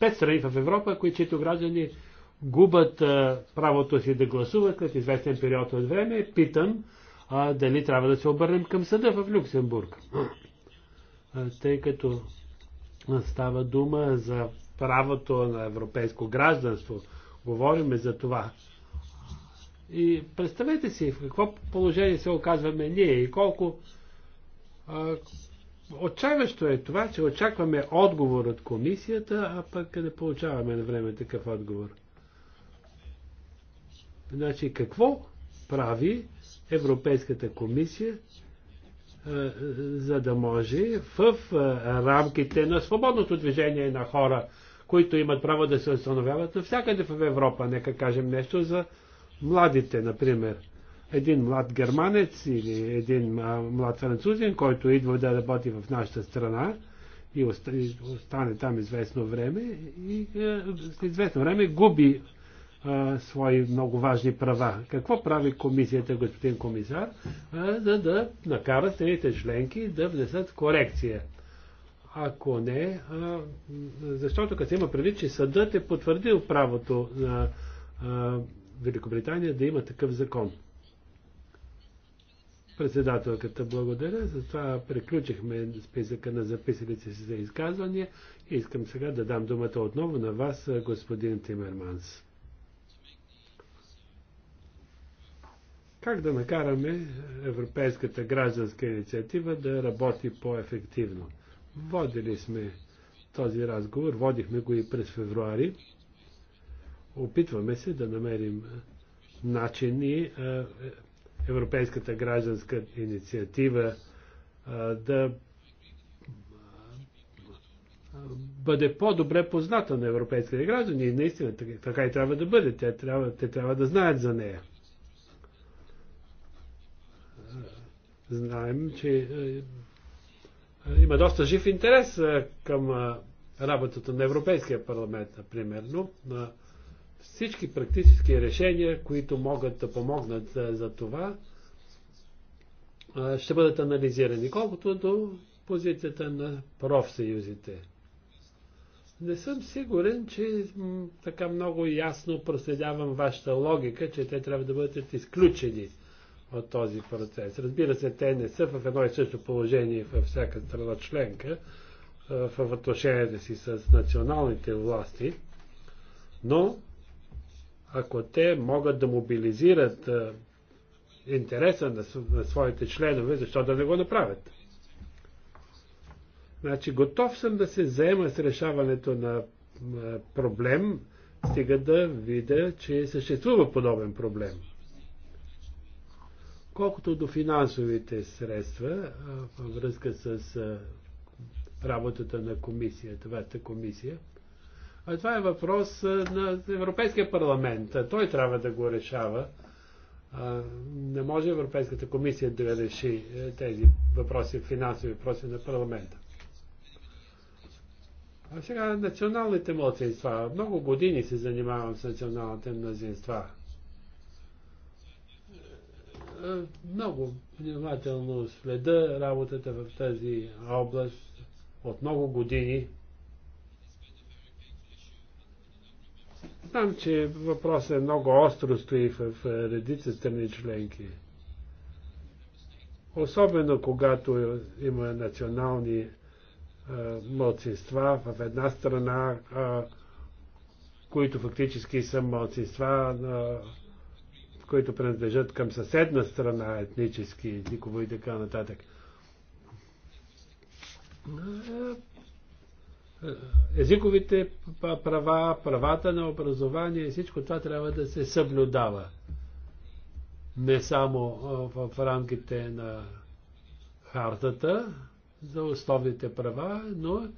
пет страни в Европа, които чието граждани губят а, правото си да гласуват след известен период от време. Питам а, дали трябва да се обърнем към съда в Люксембург. А, тъй като става дума за правото на европейско гражданство. Говорим за това. И представете си в какво положение се оказваме ние и колко а, отчаиващо е това, че очакваме отговор от комисията, а пък не получаваме на време такъв отговор. Значи какво прави Европейската комисия, а, за да може в а, рамките на свободното движение на хора, които имат право да се установяват навсякъде в Европа, нека кажем нещо за младите, например. Един млад германец или един млад французин, който идва да работи в нашата страна и остане там известно време и е, след известно време губи а, свои много важни права. Какво прави комисията, господин комисар, а, за да накара страните членки да внесат корекция? Ако не, а, защото като има предвид, че съдът е потвърдил правото на Великобритания да има такъв закон. Председателката благодаря, за това приключихме списъка на записалите си за изказвания и искам сега да дам думата отново на вас, господин Тимерманс. Как да накараме Европейската гражданска инициатива да работи по-ефективно? Водили сме този разговор, водихме го и през февруари. Опитваме се да намерим начини Европейската гражданска инициатива да бъде по-добре позната на европейските граждани. И наистина така и трябва да бъде. Те трябва, те трябва да знаят за нея. Знаем, че има доста жив интерес към работата на Европейския парламент, например, но на всички практически решения, които могат да помогнат за, за това, ще бъдат анализирани. Колкото до позицията на профсъюзите. Не съм сигурен, че така много ясно проследявам вашата логика, че те трябва да бъдат изключени от този процес. Разбира се, те не са в едно и също положение във всяка страна членка, в отношенията си с националните власти, но ако те могат да мобилизират интереса на, своите членове, защо да не го направят? Значи, готов съм да се заема с решаването на проблем, стига да видя, че съществува подобен проблем. Колкото до финансовите средства, във връзка с работата на комисията, вашата комисия, е а това е въпрос на Европейския парламент. Той трябва да го решава. Не може Европейската комисия да реши е, тези въпроси, финансови въпроси на парламента. А сега националните младсинства. Много години се занимавам с националните младсинства. Е, много внимателно следа работата в тази област от много години. Знам, че въпросът е много остро стои в редица страни членки. Особено когато има национални младсинства в една страна, които фактически са а, които принадлежат към съседна страна, етнически, езикови и така нататък езиковите права, правата на образование, и всичко това трябва да се съблюдава. Не само в рамките на хартата за основните права, но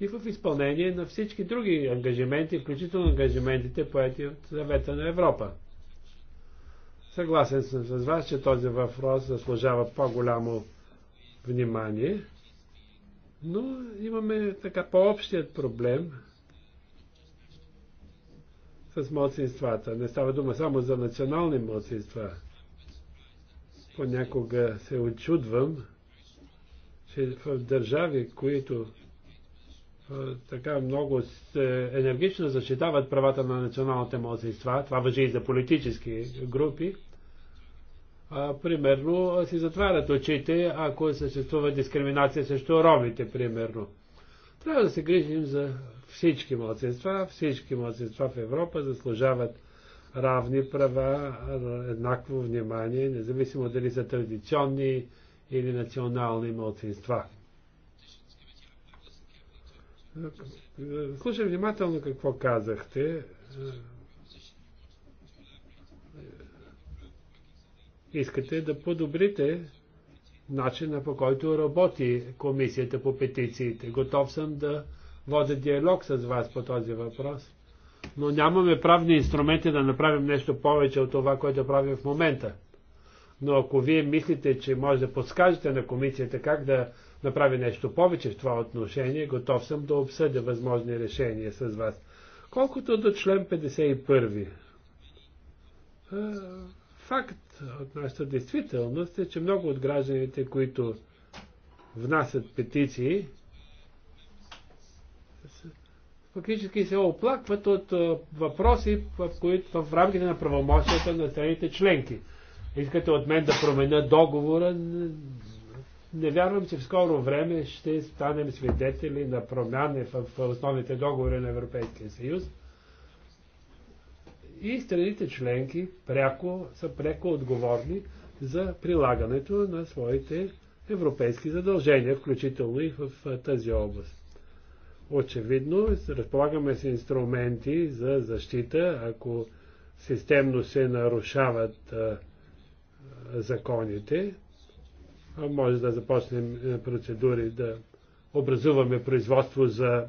и в изпълнение на всички други ангажименти, включително ангажиментите поети от Съвета на Европа. Съгласен съм с вас, че този въпрос заслужава по-голямо внимание. Но имаме така по-общият проблем с младсинствата. Не става дума само за национални младсинства. Понякога се очудвам, че в държави, които така много се енергично защитават правата на националните младсинства, това въжи и за политически групи, а, примерно, си затварят очите, ако съществува дискриминация срещу ромите, примерно. Трябва да се грижим за всички младсинства. Всички младсинства в Европа заслужават равни права, еднакво внимание, независимо дали са традиционни или национални младсинства. Слушай внимателно какво казахте. искате да подобрите начина по който работи комисията по петициите. Готов съм да водя диалог с вас по този въпрос, но нямаме правни инструменти да направим нещо повече от това, което правим в момента. Но ако вие мислите, че може да подскажете на комисията как да направи нещо повече в това отношение, готов съм да обсъдя възможни решения с вас. Колкото до член 51. Факт от нашата действителност е, че много от гражданите, които внасят петиции, фактически се оплакват от въпроси, в, които, в рамките на правомощията на страните членки. Искате от мен да променя договора? Не вярвам, че в скоро време ще станем свидетели на промяна в основните договори на Европейския съюз и страните членки пряко, са пряко отговорни за прилагането на своите европейски задължения, включително и в тази област. Очевидно, разполагаме с инструменти за защита, ако системно се нарушават а, законите. Може да започнем процедури да образуваме производство за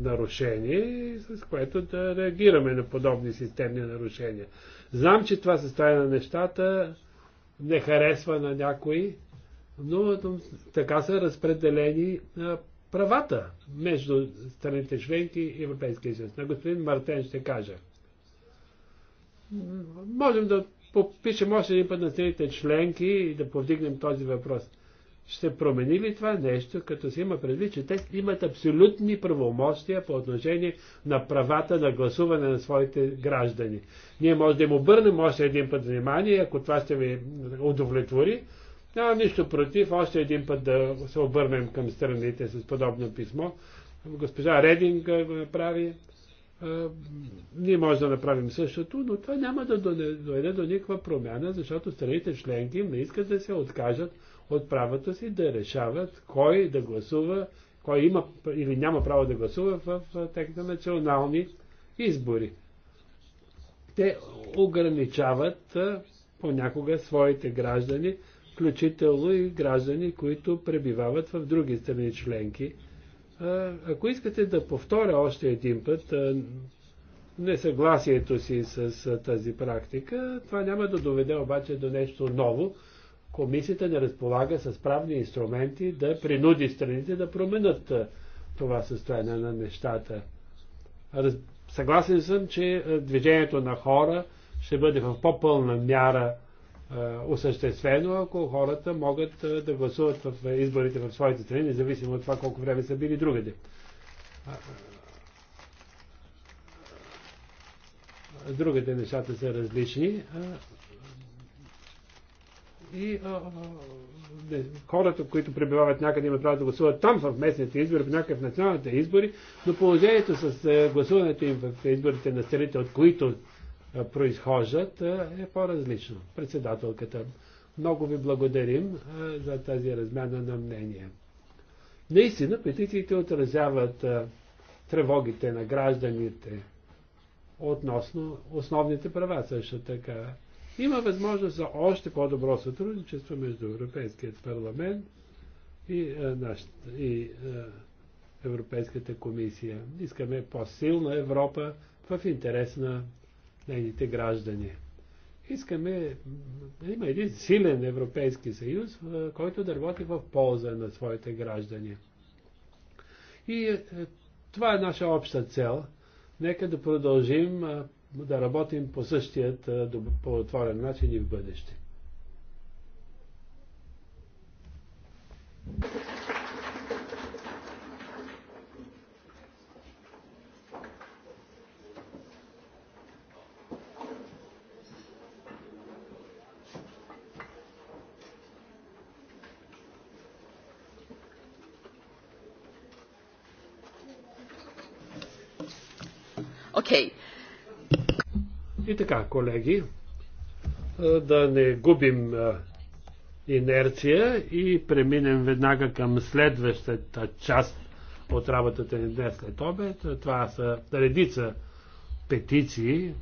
нарушение, с което да реагираме на подобни системни нарушения. Знам, че това състояние на нещата не харесва на някои, но така са разпределени правата между страните членки и Европейския съюз. На господин Мартен ще кажа. Можем да попишем още един път на страните членки и да повдигнем този въпрос ще промени ли това нещо, като се има предвид, че те имат абсолютни правомощия по отношение на правата на гласуване на своите граждани. Ние може да им обърнем още един път внимание, ако това ще ви удовлетвори, няма нищо против, още един път да се обърнем към страните с подобно писмо. Госпожа Рединг го направи, ние може да направим същото, но това няма да дойде до никаква промяна, защото страните членки не искат да се откажат от правото си да решават кой да гласува, кой има или няма право да гласува в техните национални избори. Те ограничават понякога своите граждани, включително и граждани, които пребивават в други страни членки – ако искате да повторя още един път несъгласието си с тази практика, това няма да доведе обаче до нещо ново. Комисията не разполага с правни инструменти да принуди страните да променят това състояние на нещата. Раз... Съгласен съм, че движението на хора ще бъде в по-пълна мяра осъществено, ако хората могат да гласуват в изборите в своите страни, независимо от това колко време са били другаде. Другите нещата са различни. И хората, които пребивават някъде, имат право да гласуват там в местните избори, в някакъв националните избори, но положението с гласуването им в изборите на страните, от които произхождат, е по-различно. Председателката, много ви благодарим за тази размяна на мнение. Наистина, петициите отразяват тревогите на гражданите относно основните права също така. Има възможност за още по-добро сътрудничество между Европейският парламент и, е, наш, и е, Европейската комисия. Искаме по-силна Европа в интерес на нейните граждани. Искаме, има един силен Европейски съюз, който да работи в полза на своите граждани. И е, това е наша обща цел. Нека да продължим да работим по същият по отворен начин и в бъдеще. И така, колеги, да не губим инерция и преминем веднага към следващата част от работата ни днес след обед. Това са редица петиции.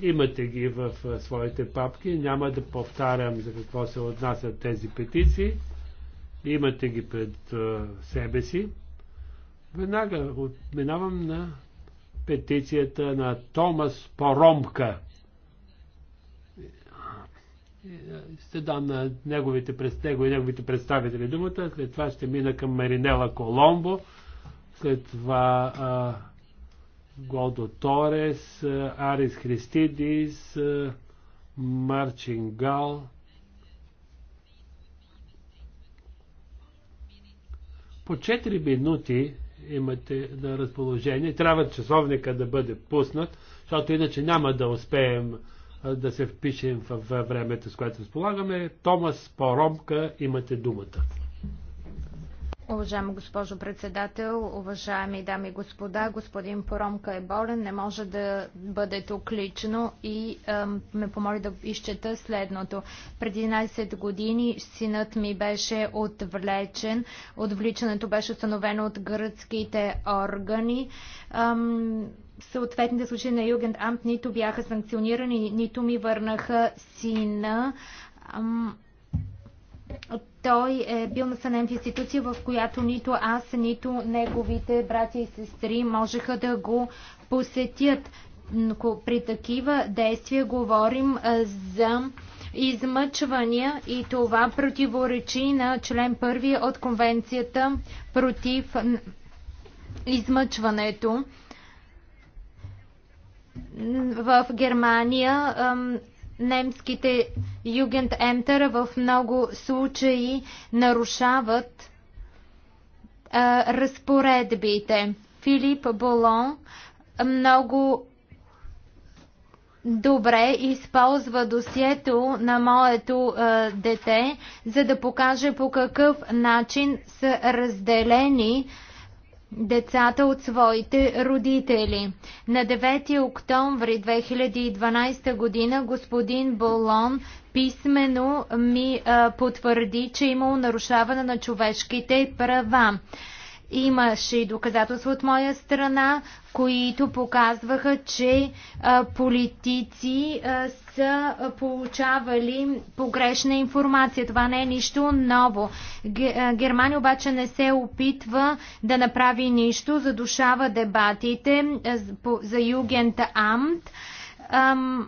Имате ги в своите папки. Няма да повтарям за какво се отнасят тези петиции. Имате ги пред себе си. Веднага минавам на петицията на Томас Поромка. Ще дам на неговите, него и неговите представители думата, след това ще мина към Маринела Коломбо, след това а, Голдо Торес, Арис Христидис, а, Марчин Гал. По 4 минути имате на разположение. Трябва часовника да бъде пуснат, защото иначе няма да успеем да се впишем в времето, с което разполагаме. Томас Поромка, имате думата. Уважаема госпожо председател, уважаеми дами и господа, господин Поромка е болен, не може да бъде тук лично и ме помоли да изчета следното. Преди 11 години синът ми беше отвлечен. Отвличането беше установено от гръцките органи. съответните случаи на Югент Амп нито бяха санкционирани, нито ми върнаха сина. Той е бил настанен в институция, в която нито аз, нито неговите братя и сестри можеха да го посетят. При такива действия говорим за измъчвания и това противоречи на член 1 от конвенцията против измъчването. В Германия немските югентемтера в много случаи нарушават а, разпоредбите. Филип Болон много добре използва досието на моето а, дете, за да покаже по какъв начин са разделени а, децата от своите родители. На 9 октомври 2012 година господин Болон писменно ми а, потвърди, че е имало нарушаване на човешките права. Имаше и доказателства от моя страна, които показваха, че а, политици а, са получавали погрешна информация. Това не е нищо ново. Германия обаче не се опитва да направи нищо, задушава дебатите за Югент Амт. Ам,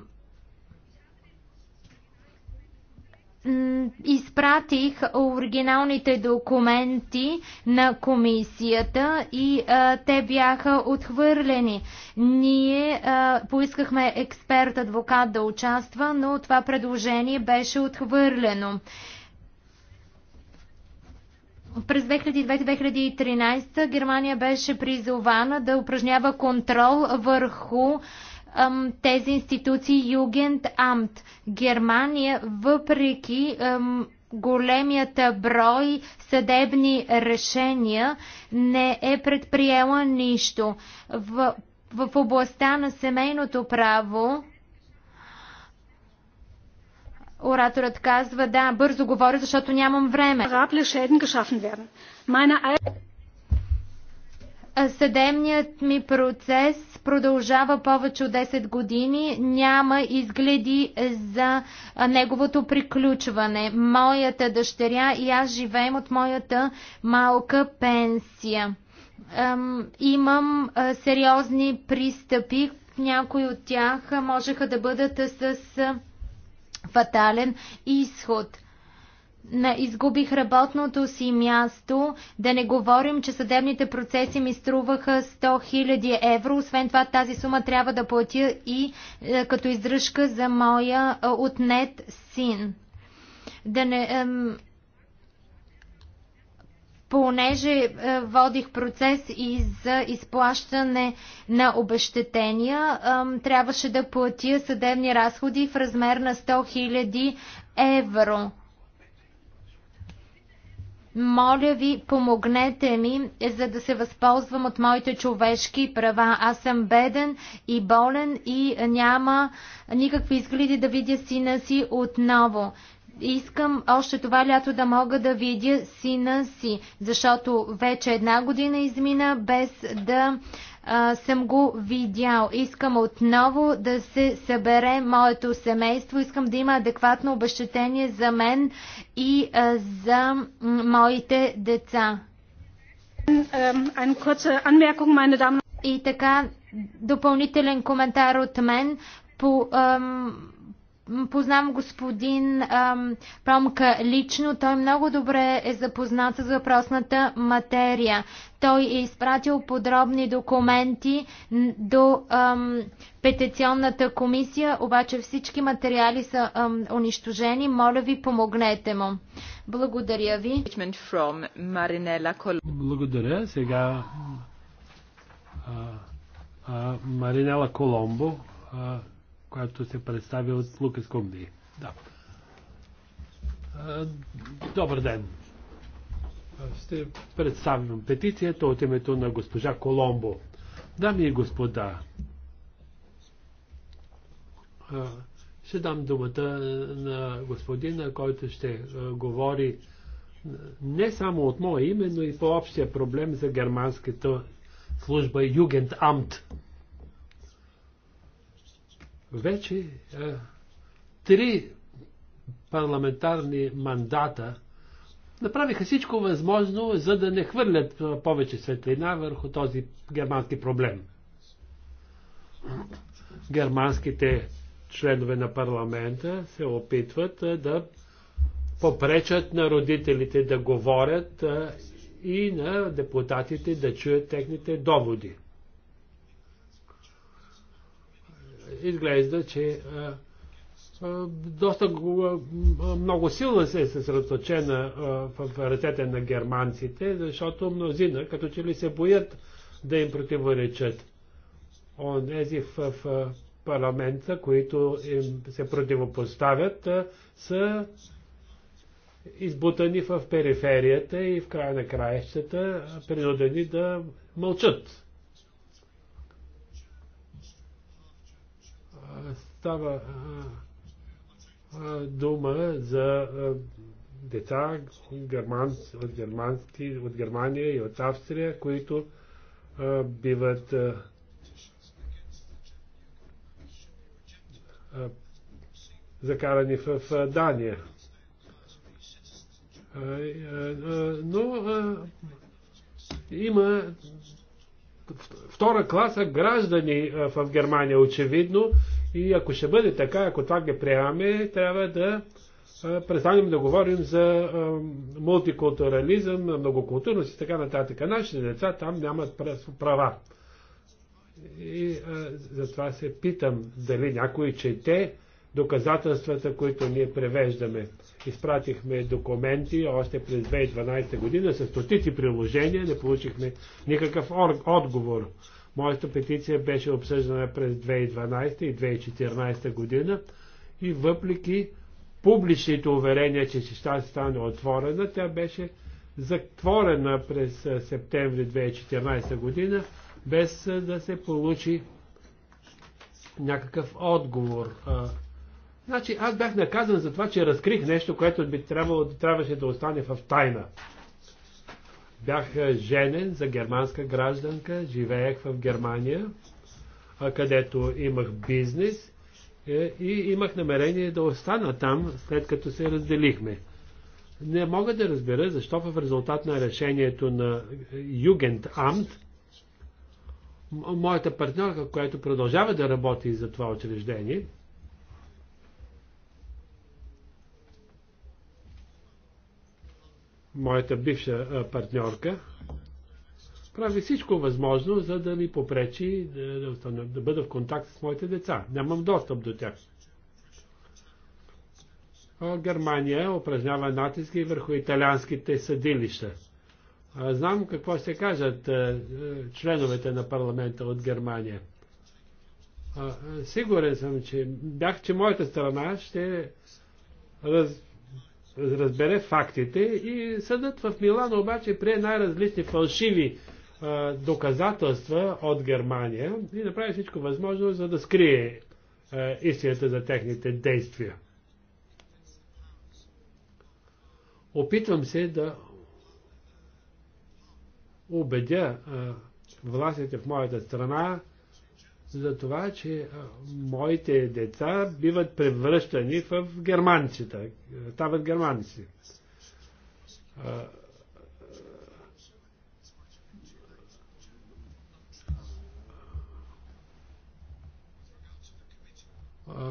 изпратих оригиналните документи на комисията и а, те бяха отхвърлени. Ние а, поискахме експерт-адвокат да участва, но това предложение беше отхвърлено. През 2002-2013 Германия беше призована да упражнява контрол върху тези институции амт. Германия, въпреки големият брой съдебни решения, не е предприела нищо. В, в областта на семейното право Ораторът казва, да, бързо говоря, защото нямам време. Съдебният ми процес продължава повече от 10 години. Няма изгледи за неговото приключване. Моята дъщеря и аз живеем от моята малка пенсия. Имам сериозни пристъпи. Някои от тях можеха да бъдат с фатален изход – не изгубих работното си място. Да не говорим, че съдебните процеси ми струваха 100 000 евро. Освен това, тази сума трябва да платя и е, като издръжка за моя е, отнет син. Да не... Е, понеже водих процес и за изплащане на обещетения, трябваше да платя съдебни разходи в размер на 100 000 евро моля ви, помогнете ми, за да се възползвам от моите човешки права. Аз съм беден и болен и няма никакви изгледи да видя сина си отново. Искам още това лято да мога да видя сина си, защото вече една година измина без да а, съм го видял. Искам отново да се събере моето семейство. Искам да има адекватно обещетение за мен и а, за моите деца. И така, допълнителен коментар от мен по. А, Познавам господин ам, Промка лично. Той много добре е запознат с въпросната материя. Той е изпратил подробни документи до ам, петиционната комисия, обаче всички материали са ам, унищожени. Моля ви, помогнете му. Благодаря ви. Благодаря. Сега а, а, Маринела Коломбо. А, която се представя от Лукас Кумди. Да. Добър ден! Ще представим петицията от името на госпожа Коломбо. Дами и господа, ще дам думата на господина, който ще говори не само от мое име, но и по общия проблем за германската служба Югент Амт. Вече а, е, три парламентарни мандата направиха всичко възможно, за да не хвърлят е, повече светлина върху този германски проблем. Германските членове на парламента се опитват е, да попречат на родителите да говорят и на депутатите да чуят техните доводи. изглежда, че доста много силно се е съсредоточена в ръцете на германците, защото мнозина като че ли се боят да им противоречат. Онези в, в парламента, които им се противопоставят, са избутани в периферията и в края на краищата принудени да мълчат. става дума за деца герман, от, германски, от Германия и от Австрия, които а, биват а, а, закарани в а, Дания. А, а, но а, има втора класа граждани в Германия, очевидно, и ако ще бъде така, ако това ги приемаме, трябва да престанем да говорим за мултикултурализъм, многокултурност и така нататък. Нашите деца там нямат права. И а, затова се питам дали някой чете доказателствата, които ние превеждаме. Изпратихме документи още през 2012 година с стотици приложения, не получихме никакъв отговор. Моята петиция беше обсъждана през 2012 и 2014 година и въпреки публичните уверения, че ще стане отворена, тя беше затворена през септември 2014 година, без да се получи някакъв отговор. значи аз бях наказан за това, че разкрих нещо, което би трябвало, трябваше да остане в тайна. Бях женен за германска гражданка, живеех в Германия, където имах бизнес е, и имах намерение да остана там, след като се разделихме. Не мога да разбера защо в резултат на решението на Югент Амт, моята партньорка, която продължава да работи за това учреждение, моята бивша партньорка, прави всичко възможно, за да ми попречи да, да, остана, да бъда в контакт с моите деца. Нямам достъп до тях. Германия упражнява натиски върху италианските съдилища. Знам какво ще кажат членовете на парламента от Германия. Сигурен съм, че бях, че моята страна ще раз, разбере фактите и съдът в Милан обаче прие най-различни фалшиви а, доказателства от Германия и направи всичко възможно, за да скрие а, истината за техните действия. Опитвам се да убедя а, властите в моята страна, за това, че моите деца биват превръщани в германците. стават германци.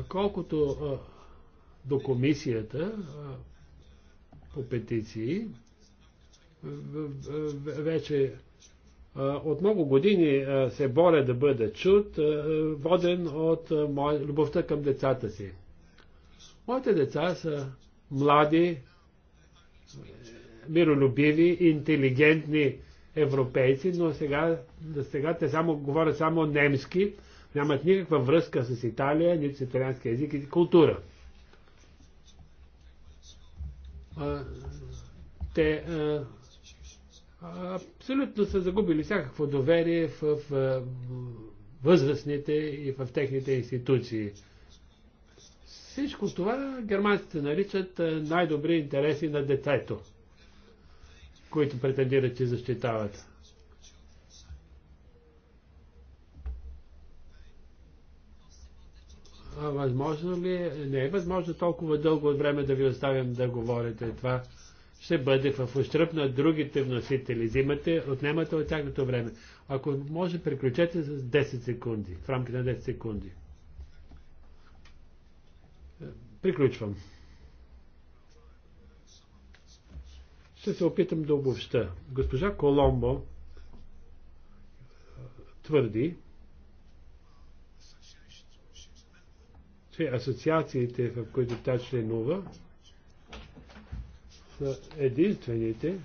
Колкото до комисията по петиции, вече от много години се боря да бъда чут, воден от любовта към децата си. Моите деца са млади, миролюбиви, интелигентни европейци, но сега, сега те само говорят само немски, нямат никаква връзка с Италия, нито с италиански език и култура. те абсолютно са загубили всякакво доверие в, в възрастните и в техните институции. Всичко това германците наричат най-добри интереси на детето, които претендират, че защитават. А възможно ли? Е? Не е възможно толкова дълго от време да ви оставям да говорите това ще бъде в ущръп на другите вносители. Взимате, отнемате от тяхното време. Ако може, приключете с 10 секунди, в рамките на 10 секунди. Приключвам. Ще се опитам да обобща. Госпожа Коломбо твърди, че асоциациите, в които тя членува, са единствените,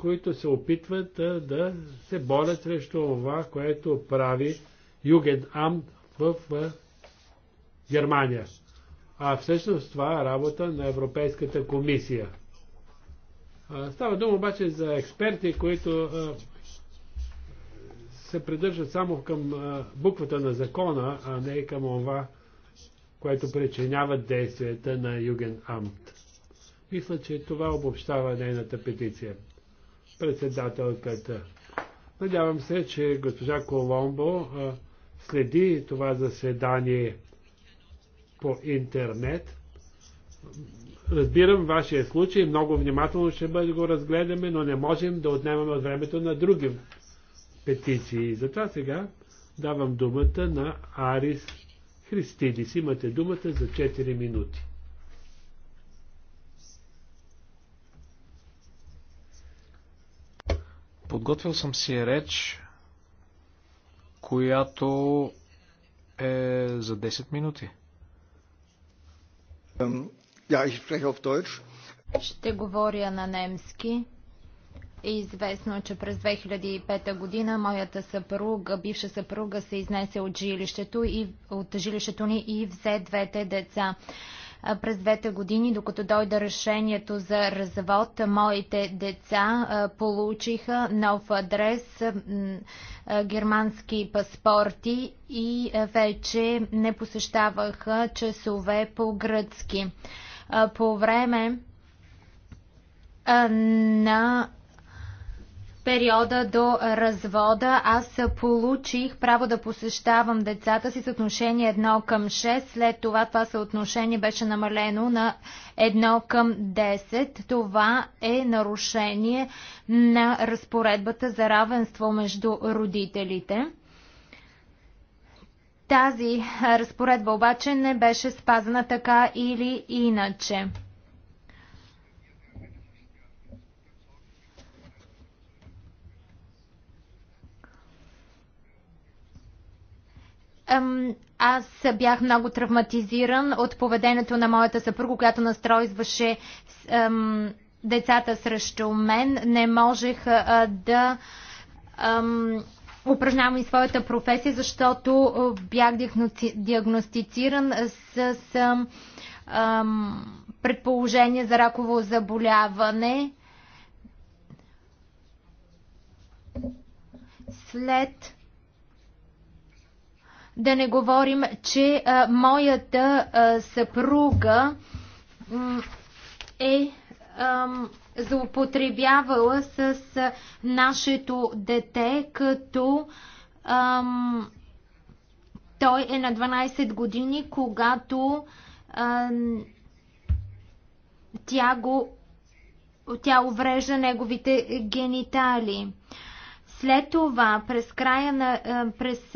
които се опитват да, да се борят срещу това, което прави Юген Амт в, Германия. А всъщност това е работа на Европейската комисия. А, става дума обаче за експерти, които а, се придържат само към а, буквата на закона, а не към това, което причиняват действията на Юген Амт. Мисля, че това обобщава нейната петиция. Председателката. Надявам се, че госпожа Коломбо следи това заседание по интернет. Разбирам вашия случай, много внимателно ще бъде го разгледаме, но не можем да отнемаме от времето на други петиции. Затова сега давам думата на Арис Христидис. Имате думата за 4 минути. Подготвил съм си реч, която е за 10 минути. Ja, ich spreche auf Deutsch. Ще говоря на немски. Е известно, че през 2005 година моята съпруга, бивша съпруга, се изнесе от жилището, и, от жилището ни и взе двете деца. През двете години, докато дойде решението за развод, моите деца получиха нов адрес, германски паспорти и вече не посещаваха часове по гръцки. По време на периода до развода аз получих право да посещавам децата си с отношение 1 към 6. След това това съотношение беше намалено на 1 към 10. Това е нарушение на разпоредбата за равенство между родителите. Тази разпоредба обаче не беше спазана така или иначе. Аз бях много травматизиран от поведението на моята съпруга, която настройваше децата срещу мен. Не можех да упражнявам и своята професия, защото бях диагностициран с предположение за раково заболяване. След да не говорим, че а, моята а, съпруга е ам, злоупотребявала с а, нашето дете, като ам, той е на 12 години, когато а, тя го тя уврежда неговите генитали. След това, през края на, през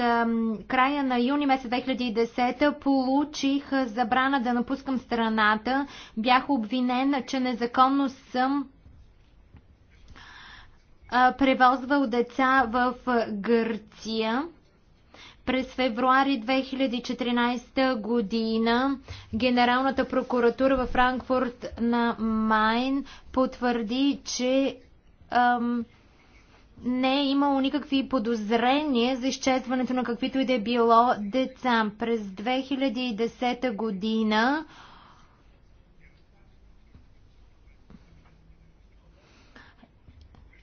края на юни месец 2010 получих забрана да напускам страната. Бях обвинена, че незаконно съм превозвал деца в Гърция. През февруари 2014 година Генералната прокуратура във Франкфурт на Майн потвърди, че ам, не е имало никакви подозрения за изчезването на каквито и да е било деца. През 2010 година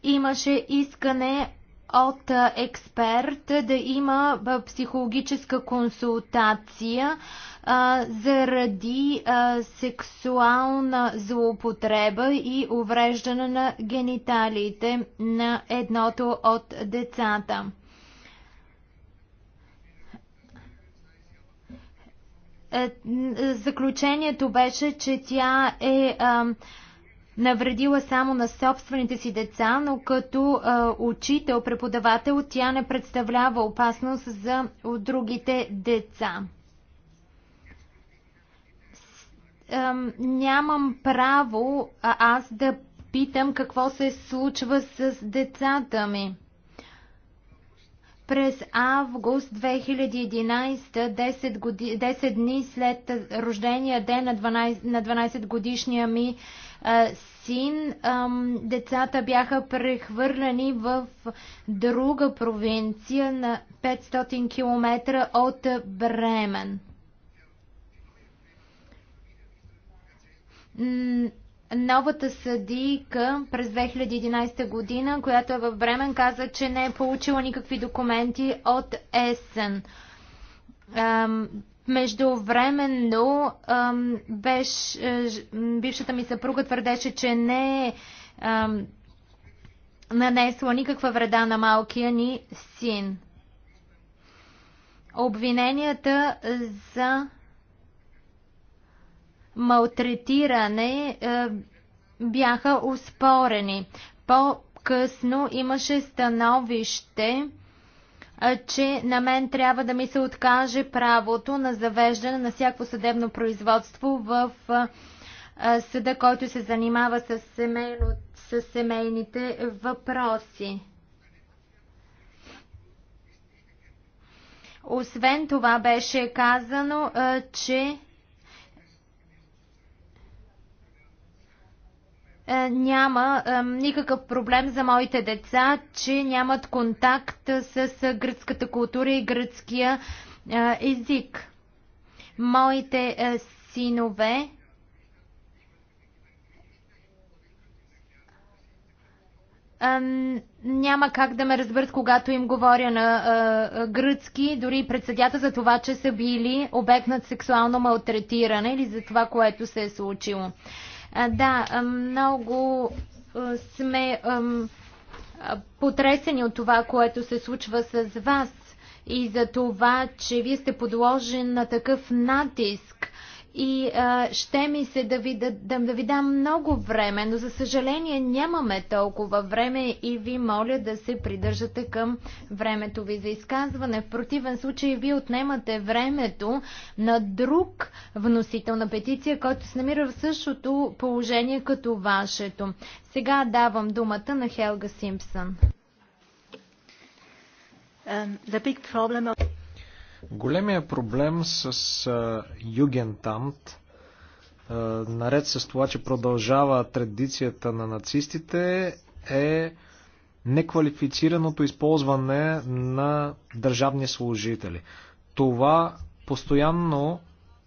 имаше искане от експерт, да има психологическа консултация а, заради а, сексуална злоупотреба и увреждане на гениталиите на едното от децата. Е, е, заключението беше, че тя е а, навредила само на собствените си деца, но като а, учител, преподавател, тя не представлява опасност за другите деца. а, нямам право а, аз да питам какво се случва с децата ми. През август 2011, 10, годи, 10 дни след рождения ден на 12, на 12 годишния ми, син, децата бяха прехвърлени в друга провинция на 500 км от Бремен. Новата съдийка през 2011 година, която е в Бремен, каза, че не е получила никакви документи от Есен Междувременно беше, е, бившата ми съпруга твърдеше, че не е нанесла никаква вреда на малкия ни син. Обвиненията за малтретиране е, бяха успорени. По-късно имаше становище, че на мен трябва да ми се откаже правото на завеждане на всяко съдебно производство в съда, който се занимава с, семейно, с семейните въпроси. Освен това беше казано, че Е, няма никакъв проблем за моите деца, че нямат контакт с гръцката култура и гръцкия е, език. Моите е, синове няма как да ме разберат, когато им говоря на гръцки, дори предсъдята за това, че са били обект на сексуално малтретиране или за това, което се е случило. Да, много сме потресени от това, което се случва с вас и за това, че вие сте подложен на такъв натиск и а, ще ми се да ви, да, да, да ви дам много време, но за съжаление нямаме толкова време и ви моля да се придържате към времето ви за изказване. В противен случай ви отнемате времето на друг вносител на петиция, който се намира в същото положение като вашето. Сега давам думата на Хелга Симпсън. Um, the big problem of... Големия проблем с а, Югентамт, а, наред с това, че продължава традицията на нацистите, е неквалифицираното използване на държавни служители. Това постоянно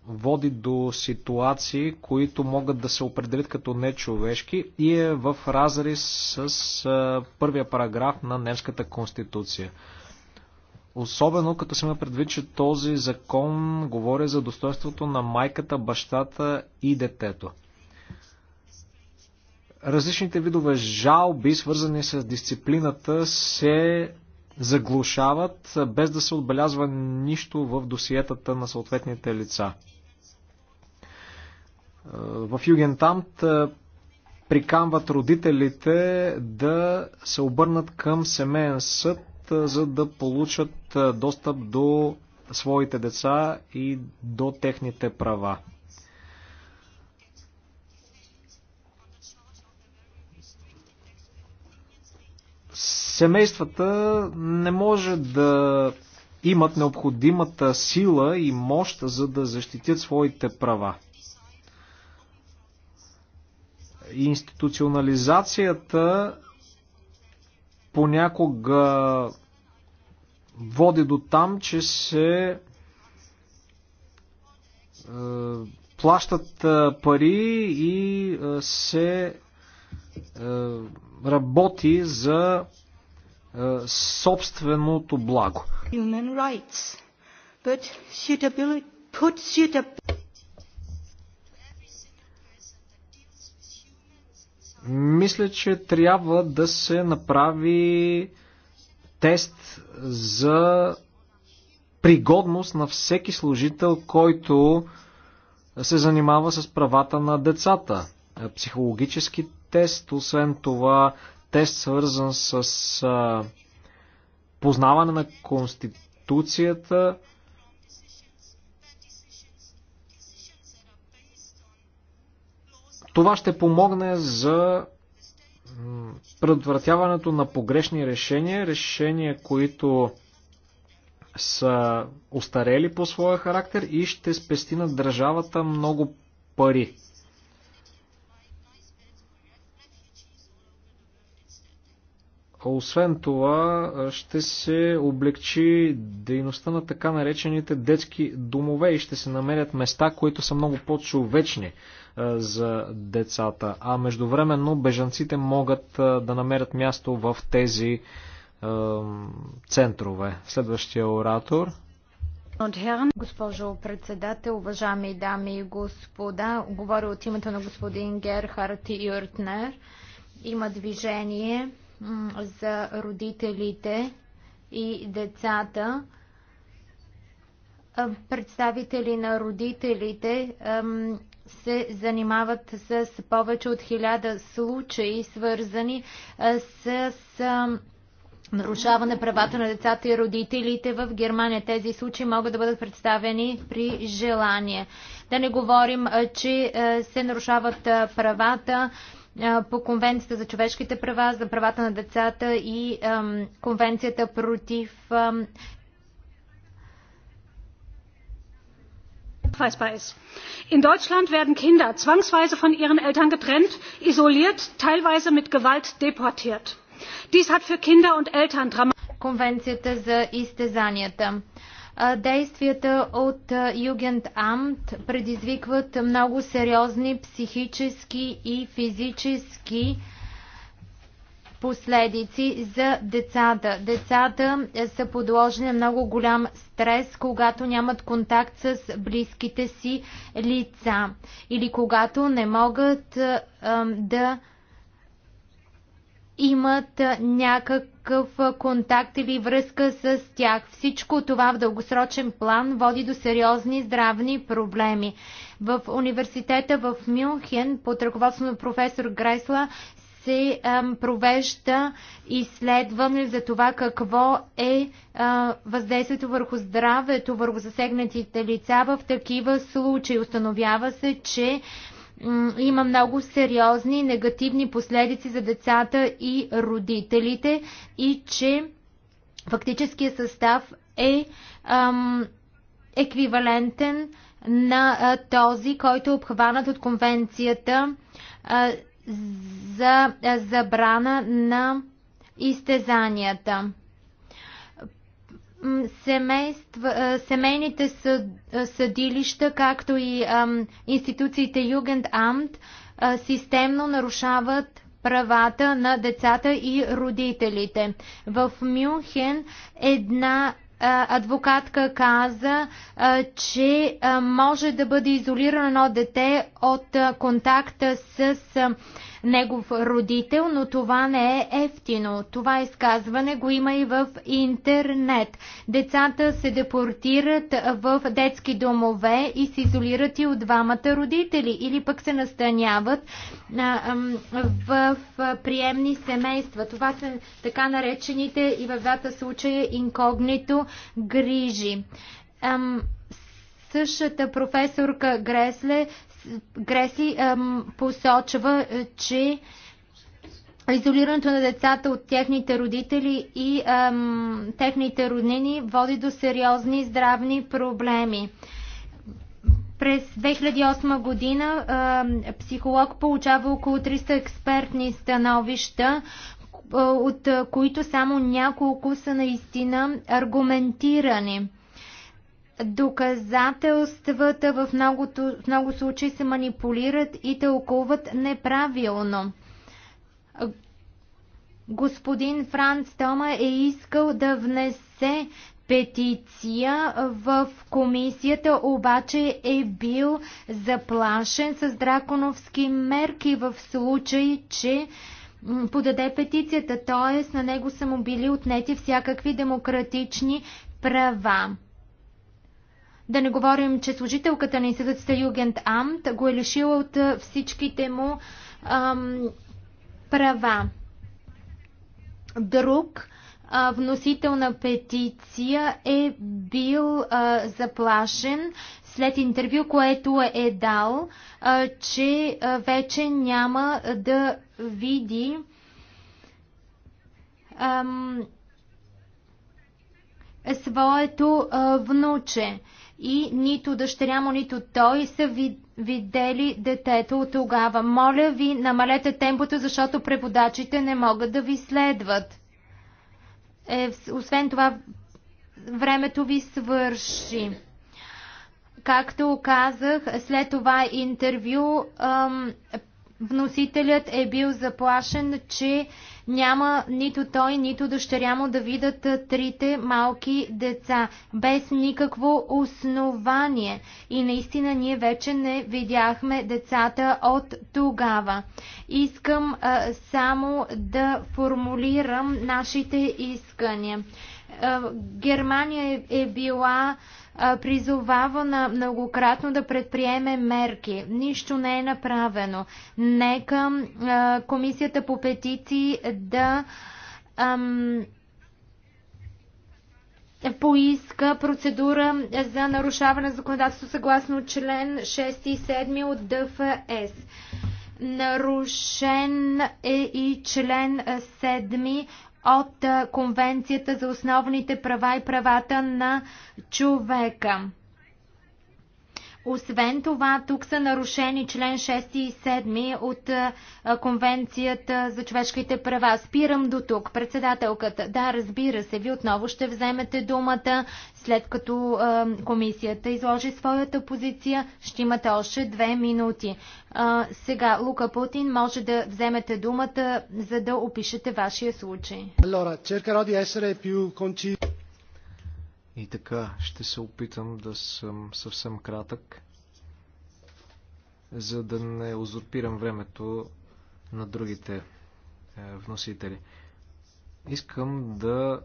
води до ситуации, които могат да се определят като нечовешки и е в разрез с а, първия параграф на немската конституция. Особено като се има предвид, че този закон говори за достоинството на майката, бащата и детето. Различните видове жалби, свързани с дисциплината, се заглушават, без да се отбелязва нищо в досиетата на съответните лица. В Югентамт е, прикамват родителите да се обърнат към семейен съд за да получат достъп до своите деца и до техните права. Семействата не може да имат необходимата сила и мощ, за да защитят своите права. Институционализацията понякога води до там, че се е, плащат е, пари и е, се е, работи за е, собственото благо. Мисля, че трябва да се направи тест за пригодност на всеки служител, който се занимава с правата на децата. Психологически тест, освен това тест свързан с познаване на Конституцията, Това ще помогне за предотвратяването на погрешни решения, решения, които са устарели по своя характер и ще спести на държавата много пари. Освен това, ще се облегчи дейността на така наречените детски домове и ще се намерят места, които са много по-човечни е, за децата. А междувременно бежанците могат е, да намерят място в тези е, центрове. Следващия оратор. Госпожо председател, уважаеми дами и господа, говоря от името на господин Герхард Юртнер. Има движение за родителите и децата. Представители на родителите се занимават с повече от хиляда случаи, свързани с нарушаване правата на децата и родителите в Германия. Тези случаи могат да бъдат представени при желание. Да не говорим, че се нарушават правата по Конвенцията за човешките права, за правата на децата и Конвенцията против nachweisbar ist. in deutschland werden kinder zwangsweise von ihren eltern getrennt isoliert teilweise mit gewalt deportiert. dies hat für kinder und eltern Конвенцията Действията от предизвикват много сериозни психически и физически последици за децата. Децата е, са подложени на много голям стрес, когато нямат контакт с близките си лица или когато не могат е, а, да имат е, някакъв контакт или връзка с тях. Всичко това в дългосрочен план води до сериозни здравни проблеми. В университета в Мюнхен под ръководство на професор Гресла се провежда изследване за това какво е въздействието върху здравето, върху засегнатите лица в такива случаи. Установява се, че има много сериозни негативни последици за децата и родителите и че фактическия състав е ам, еквивалентен на а, този, който е обхванат от конвенцията а, за е, забрана на изтезанията. Семейства, е, семейните е, съдилища, както и институциите Югендамт, а, системно нарушават правата на децата и родителите. В Мюнхен една адвокатка каза, че може да бъде изолирано едно дете от контакта с негов родител, но това не е ефтино. Това изказване го има и в интернет. Децата се депортират в детски домове и се изолират и от двамата родители или пък се настаняват в приемни семейства. Това са така наречените и в двата случая инкогнито грижи. Същата професорка Гресле Греси посочва, е, че изолирането на децата от техните родители и техните роднини води до сериозни здравни проблеми. През 2008 година психолог получава около 300 експертни становища, е, от е, които само няколко са наистина аргументирани доказателствата в много, в много случаи се манипулират и тълкуват неправилно. Господин Франц Тома е искал да внесе петиция в комисията, обаче е бил заплашен с драконовски мерки в случай, че подаде петицията, т.е. на него са му били отнети всякакви демократични права. Да не говорим, че служителката на институцията Югент Амт го е лишила от всичките му ам, права. Друг а, вносител на петиция е бил а, заплашен след интервю, което е дал, а, че а, вече няма да види ам, своето а, внуче и нито дъщеря му, нито той са ви, видели детето от тогава. Моля ви, намалете темпото, защото преводачите не могат да ви следват. Е, освен това, времето ви свърши. Както казах, след това интервю ам, вносителят е бил заплашен, че няма нито той, нито дъщеря му да видят трите малки деца, без никакво основание. И наистина ние вече не видяхме децата от тогава. Искам а, само да формулирам нашите искания. Германия е, е била призовавана многократно да предприеме мерки. Нищо не е направено. Нека комисията по петиции да ам, поиска процедура за нарушаване на законодателство съгласно член 6 и 7 от ДФС. Нарушен е и член 7 от Конвенцията за основните права и правата на човека. Освен това, тук са нарушени член 6 и 7 от Конвенцията за човешките права. Спирам до тук. Председателката, да, разбира се, ви отново ще вземете думата, след като комисията изложи своята позиция. Ще имате още две минути. сега, Лука Путин, може да вземете думата, за да опишете вашия случай. Allora, черка di есере più кончи... И така, ще се опитам да съм съвсем кратък, за да не узурпирам времето на другите е, вносители. Искам да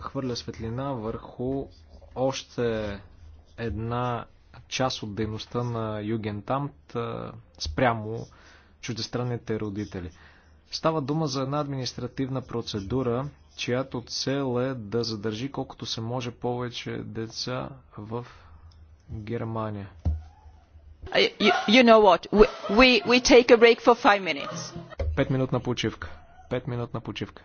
хвърля светлина върху още една част от дейността на Югентамт е, спрямо чуждестранните родители. Става дума за една административна процедура, чиято цел е да задържи колкото се може повече деца в Германия. You, you know what? We, we take a break for five minutes. Пет минутна почивка. Пет минутна почивка.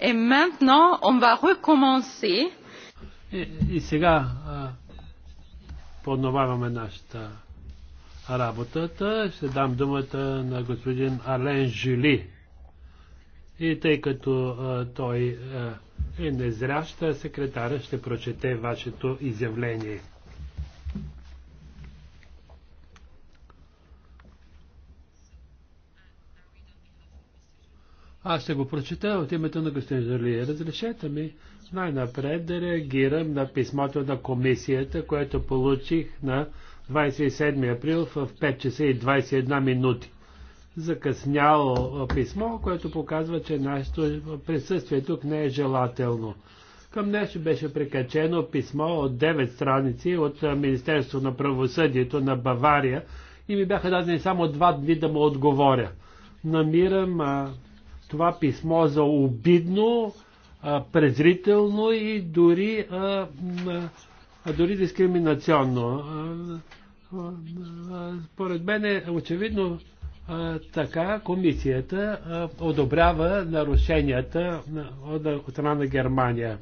Et maintenant, on va recommencer. И, и сега а, подноваваме нашата работата. Ще дам думата на господин Ален Жили. И тъй като а, той а, е незрящ, секретаря ще прочете вашето изявление. Аз ще го прочета от името на господин Жали. Разрешете ми най-напред да реагирам на писмото на комисията, което получих на 27 април в 5 часа и 21 минути. Закъсняло писмо, което показва, че нашето присъствие тук не е желателно. Към нещо беше прикачено писмо от 9 страници от Министерство на правосъдието на Бавария и ми бяха дадени само два дни да му отговоря. Намирам а, това писмо за обидно, презрително и дори, дори дискриминационно. Според мен е очевидно така комисията одобрява нарушенията от страна на Германия.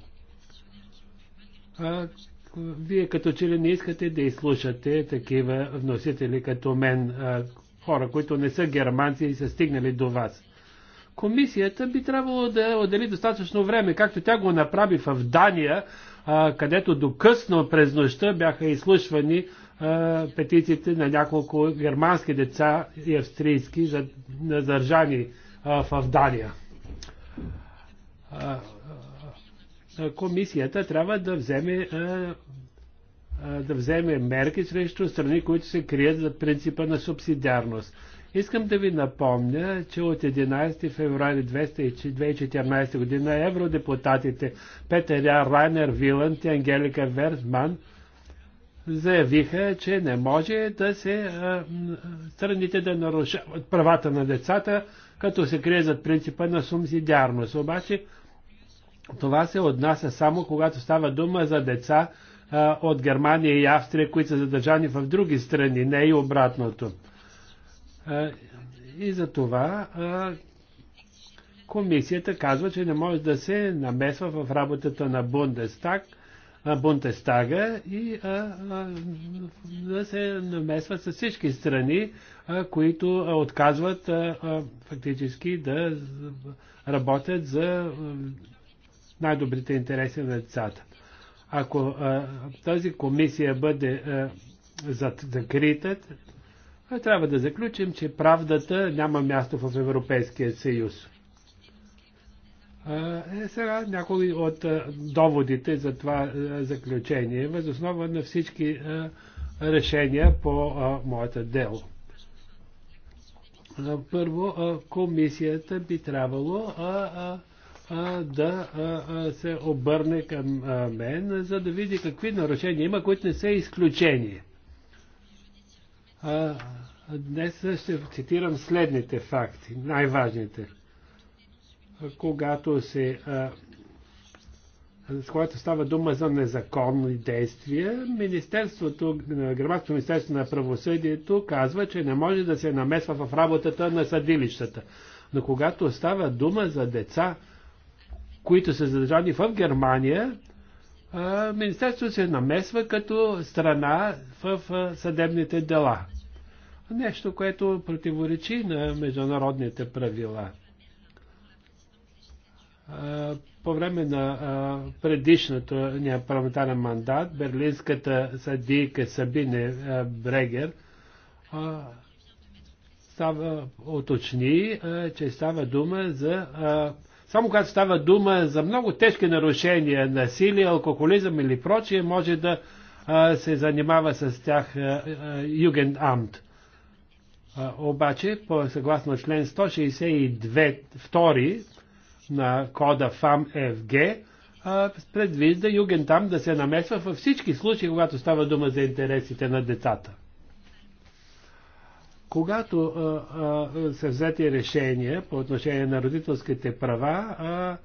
Вие като че ли не искате да изслушате такива вносители като мен, хора, които не са германци и са стигнали до вас комисията би трябвало да отдели достатъчно време, както тя го направи в Дания, където докъсно през нощта бяха изслушвани петициите на няколко германски деца и австрийски задържани в Дания. Комисията трябва да вземе да вземе мерки срещу страни, които се крият за принципа на субсидиарност. Искам да ви напомня, че от 11 феврали 2014 година евродепутатите Петър Райнер Виланд и Ангелика Версман заявиха, че не може да се страните да нарушават правата на децата, като се крие зад принципа на сумсидиарност. Обаче това се отнася само когато става дума за деца от Германия и Австрия, които са задържани в други страни, не и обратното. И за това комисията казва, че не може да се намесва в работата на Бундестаг, Бунтестага и а, а, да се намесват с всички страни, а, които а, отказват а, а, фактически да работят за най-добрите интереси на децата. Ако а, тази комисия бъде а, закрита, трябва да заключим, че правдата няма място в Европейския съюз. Е, сега някои от доводите за това заключение, възоснова на всички решения по моята дело. Първо, комисията би трябвало да се обърне към мен, за да види какви нарушения има, които не са изключени а, днес ще цитирам следните факти, най-важните. Когато се а, с което става дума за незаконни действия, Министерството, Гръбатското Министерство на правосъдието казва, че не може да се намесва в работата на съдилищата. Но когато става дума за деца, които са задържани в Германия, Министерството се намесва като страна в съдебните дела нещо, което противоречи на международните правила. По време на предишното парламентарен мандат, берлинската съдийка Сабине Брегер става, уточни, че става дума за. Само когато става дума за много тежки нарушения, насилие, алкохолизъм или прочие, може да се занимава с тях Югендамт. А, обаче, по, съгласно член 162 втори на кода FAMFG, а, предвижда Югентам да се намесва във всички случаи, когато става дума за интересите на децата. Когато а, а, са взети решение по отношение на родителските права, а,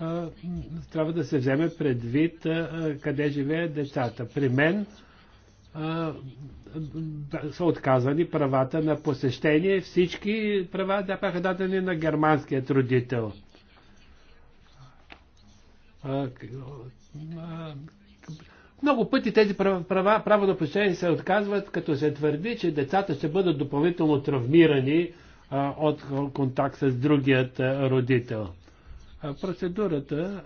а, трябва да се вземе предвид а, къде живеят децата. При мен са отказани правата на посещение. Всички права да бяха дадени на германският родител. Много пъти тези права, право на посещение се отказват, като се твърди, че децата ще бъдат допълнително травмирани от контакт с другият родител. Процедурата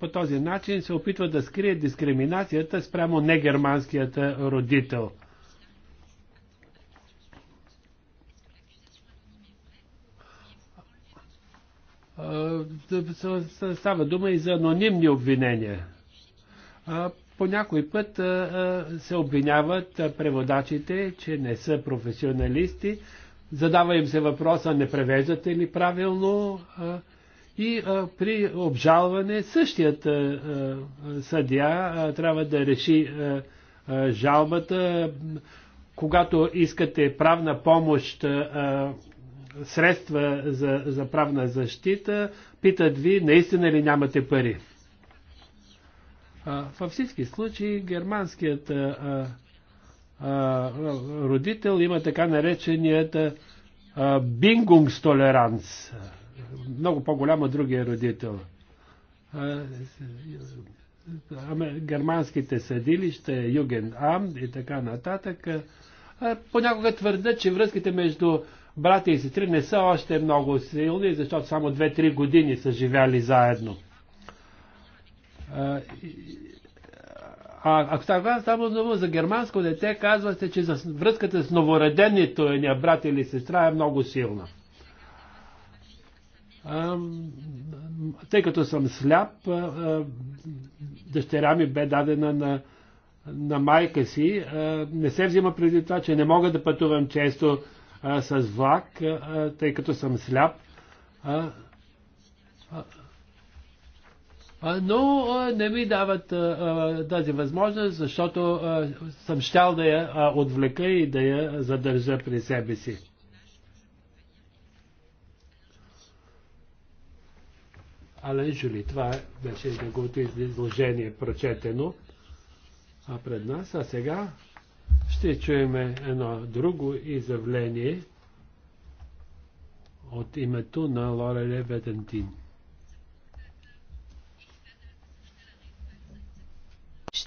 по този начин се опитва да скрие дискриминацията спрямо негерманският родител. Става дума и за анонимни обвинения. По някой път се обвиняват преводачите, че не са професионалисти. Задава им се въпроса, не превеждате ли правилно и а, при обжалване същият а, съдия а, трябва да реши а, а, жалбата. Когато искате правна помощ, а, средства за, за правна защита, питат ви наистина ли нямате пари. А, във всички случаи германският а, а, родител има така нареченият бингунгстолеранс много по-голям от другия родител. Германските съдилища, Юген Ам и така нататък, понякога твърдят, че връзките между брати и сестри не са още много силни, защото само 2-3 години са живяли заедно. А, ако става само за германско дете, казвате, че за връзката с новоредението е брат или сестра е много силна тъй като съм сляп, дъщеря ми бе дадена на, на майка си. Не се взима преди това, че не мога да пътувам често с влак, тъй като съм сляп. Но не ми дават тази възможност, защото съм щял да я отвлека и да я задържа при себе си. Ален Жули. Това беше неговото изложение прочетено а пред нас. А сега ще чуем едно друго изявление от името на Лореле Ведентин.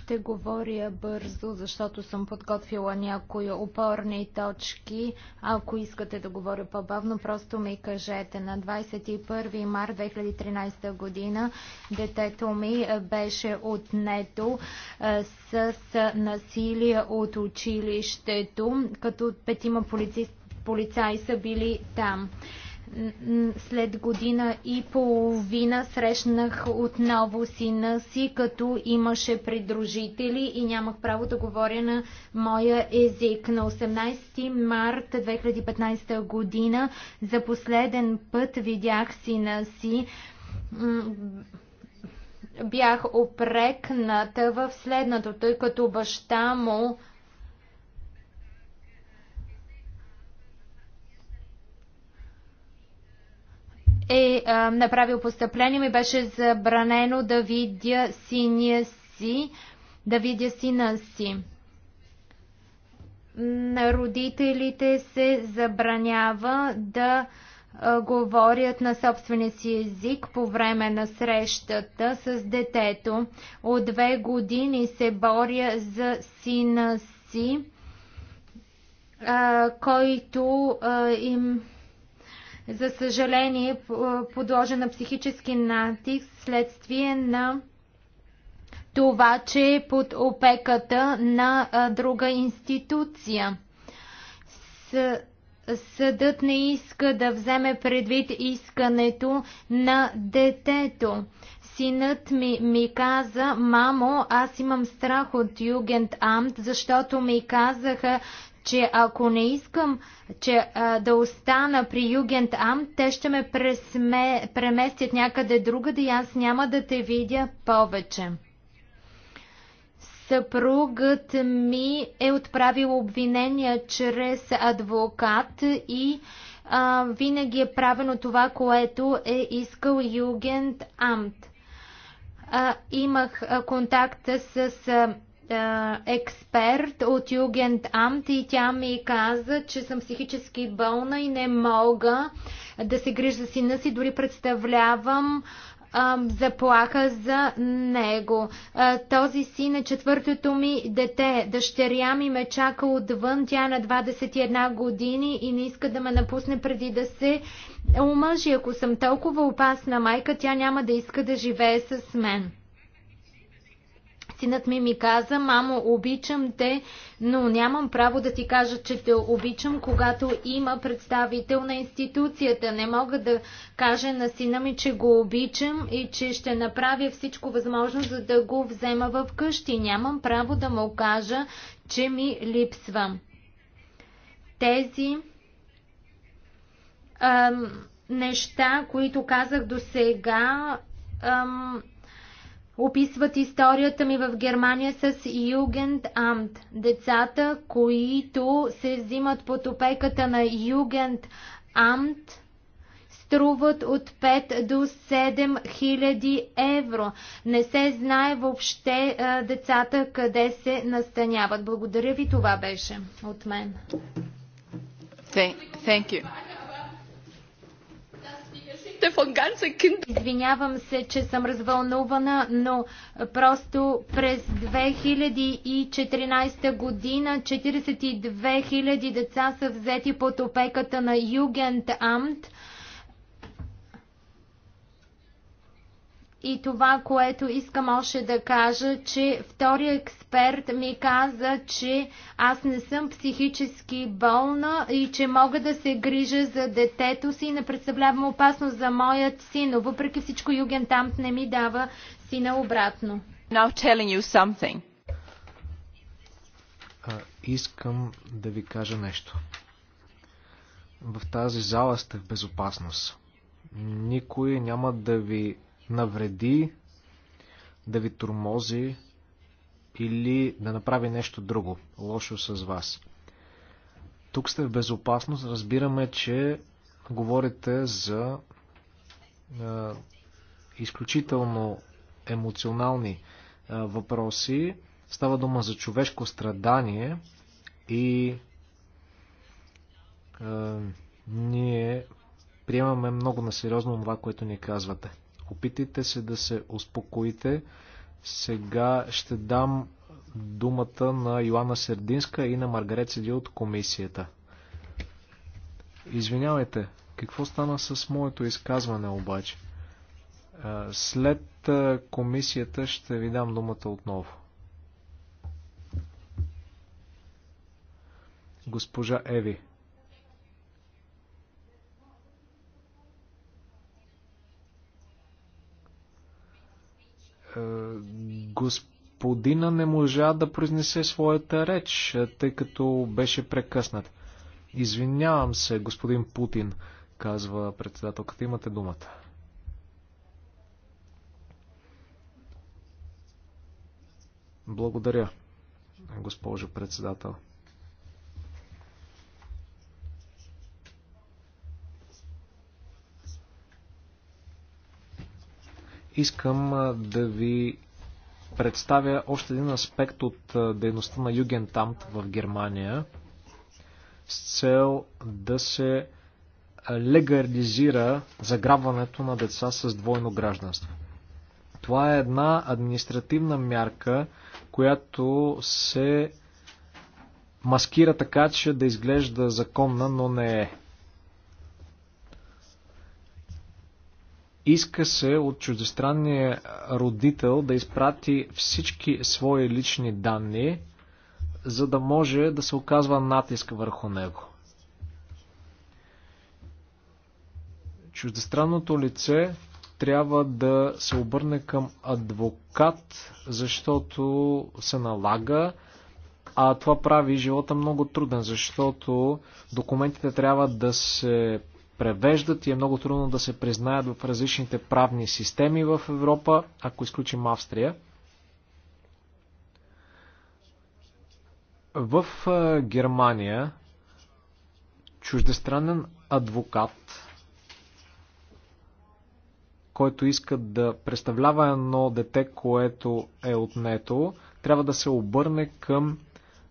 Ще говоря бързо, защото съм подготвила някои опорни точки. Ако искате да говоря по-бавно, просто ми кажете. На 21 март 2013 година детето ми е, беше отнето е, с насилие от училището, като петима полицаи са били там след година и половина срещнах отново сина си, като имаше придружители и нямах право да говоря на моя език. На 18 март 2015 година за последен път видях сина си. Бях опрекната в следното, тъй като баща му е а, направил постъпление, ми беше забранено да видя синия си, да видя сина си. На родителите се забранява да а, говорят на собствения си език по време на срещата с детето. От две години се боря за сина си, а, който а, им за съжаление, подложен на психически натиск следствие на това, че е под опеката на друга институция. съдът не иска да вземе предвид искането на детето. Синът ми ми каза, мамо, аз имам страх от югент Амт, защото ми казаха, че ако не искам че, а, да остана при Югент Ам, те ще ме пресме, преместят някъде другаде и аз няма да те видя повече. Съпругът ми е отправил обвинения чрез адвокат и а, винаги е правено това, което е искал Югент Амт. А, имах а, контакта с а, е, експерт от Югент Амт и тя ми каза, че съм психически болна и не мога да се грижа за сина си, дори представлявам е, заплаха за него. Е, този син е четвъртото ми дете. Дъщеря ми ме чака отвън. Тя е на 21 години и не иска да ме напусне преди да се омъжи. Ако съм толкова опасна майка, тя няма да иска да живее с мен. Синът ми ми каза, мамо, обичам те, но нямам право да ти кажа, че те обичам, когато има представител на институцията. Не мога да кажа на сина ми, че го обичам и че ще направя всичко възможно, за да го взема в къщи. Нямам право да му кажа, че ми липсвам. Тези ам, неща, които казах до сега, ам, описват историята ми в Германия с Югендамт. Децата, които се взимат под опеката на Югендамт, струват от 5 до 7 хиляди евро. Не се знае въобще а, децата къде се настаняват. Благодаря ви, това беше от мен. Thank you. Извинявам се, че съм развълнувана, но просто през 2014 година 42 000 деца са взети под опеката на югент Амт И това, което искам още да кажа, че втория експерт ми каза, че аз не съм психически болна и че мога да се грижа за детето си и не представлявам опасност за моят син, но въпреки всичко юген там не ми дава сина обратно. Now telling you something. А, искам да ви кажа нещо. В тази зала сте в безопасност. Никой няма да ви навреди, да ви турмози или да направи нещо друго, лошо с вас. Тук сте в безопасност, разбираме, че говорите за е, изключително емоционални е, въпроси. Става дума за човешко страдание и е, ние приемаме много на сериозно това, което ни казвате. Опитайте се да се успокоите. Сега ще дам думата на Йоанна Сердинска и на Маргарет Седи от комисията. Извинявайте, какво стана с моето изказване обаче? След комисията ще ви дам думата отново. Госпожа Еви. Е, господина не можа да произнесе своята реч, е, тъй като беше прекъснат. Извинявам се, господин Путин, казва председателката. Имате думата. Благодаря, госпожо председател. Искам да ви представя още един аспект от дейността на Югентамт в Германия с цел да се легализира заграбването на деца с двойно гражданство. Това е една административна мярка, която се маскира така, че да изглежда законна, но не е. Иска се от чуждестранния родител да изпрати всички свои лични данни, за да може да се оказва натиск върху него. Чуждестранното лице трябва да се обърне към адвокат, защото се налага, а това прави живота много труден, защото документите трябва да се превеждат и е много трудно да се признаят в различните правни системи в Европа, ако изключим Австрия. В Германия чуждестранен адвокат, който иска да представлява едно дете, което е отнето, трябва да се обърне към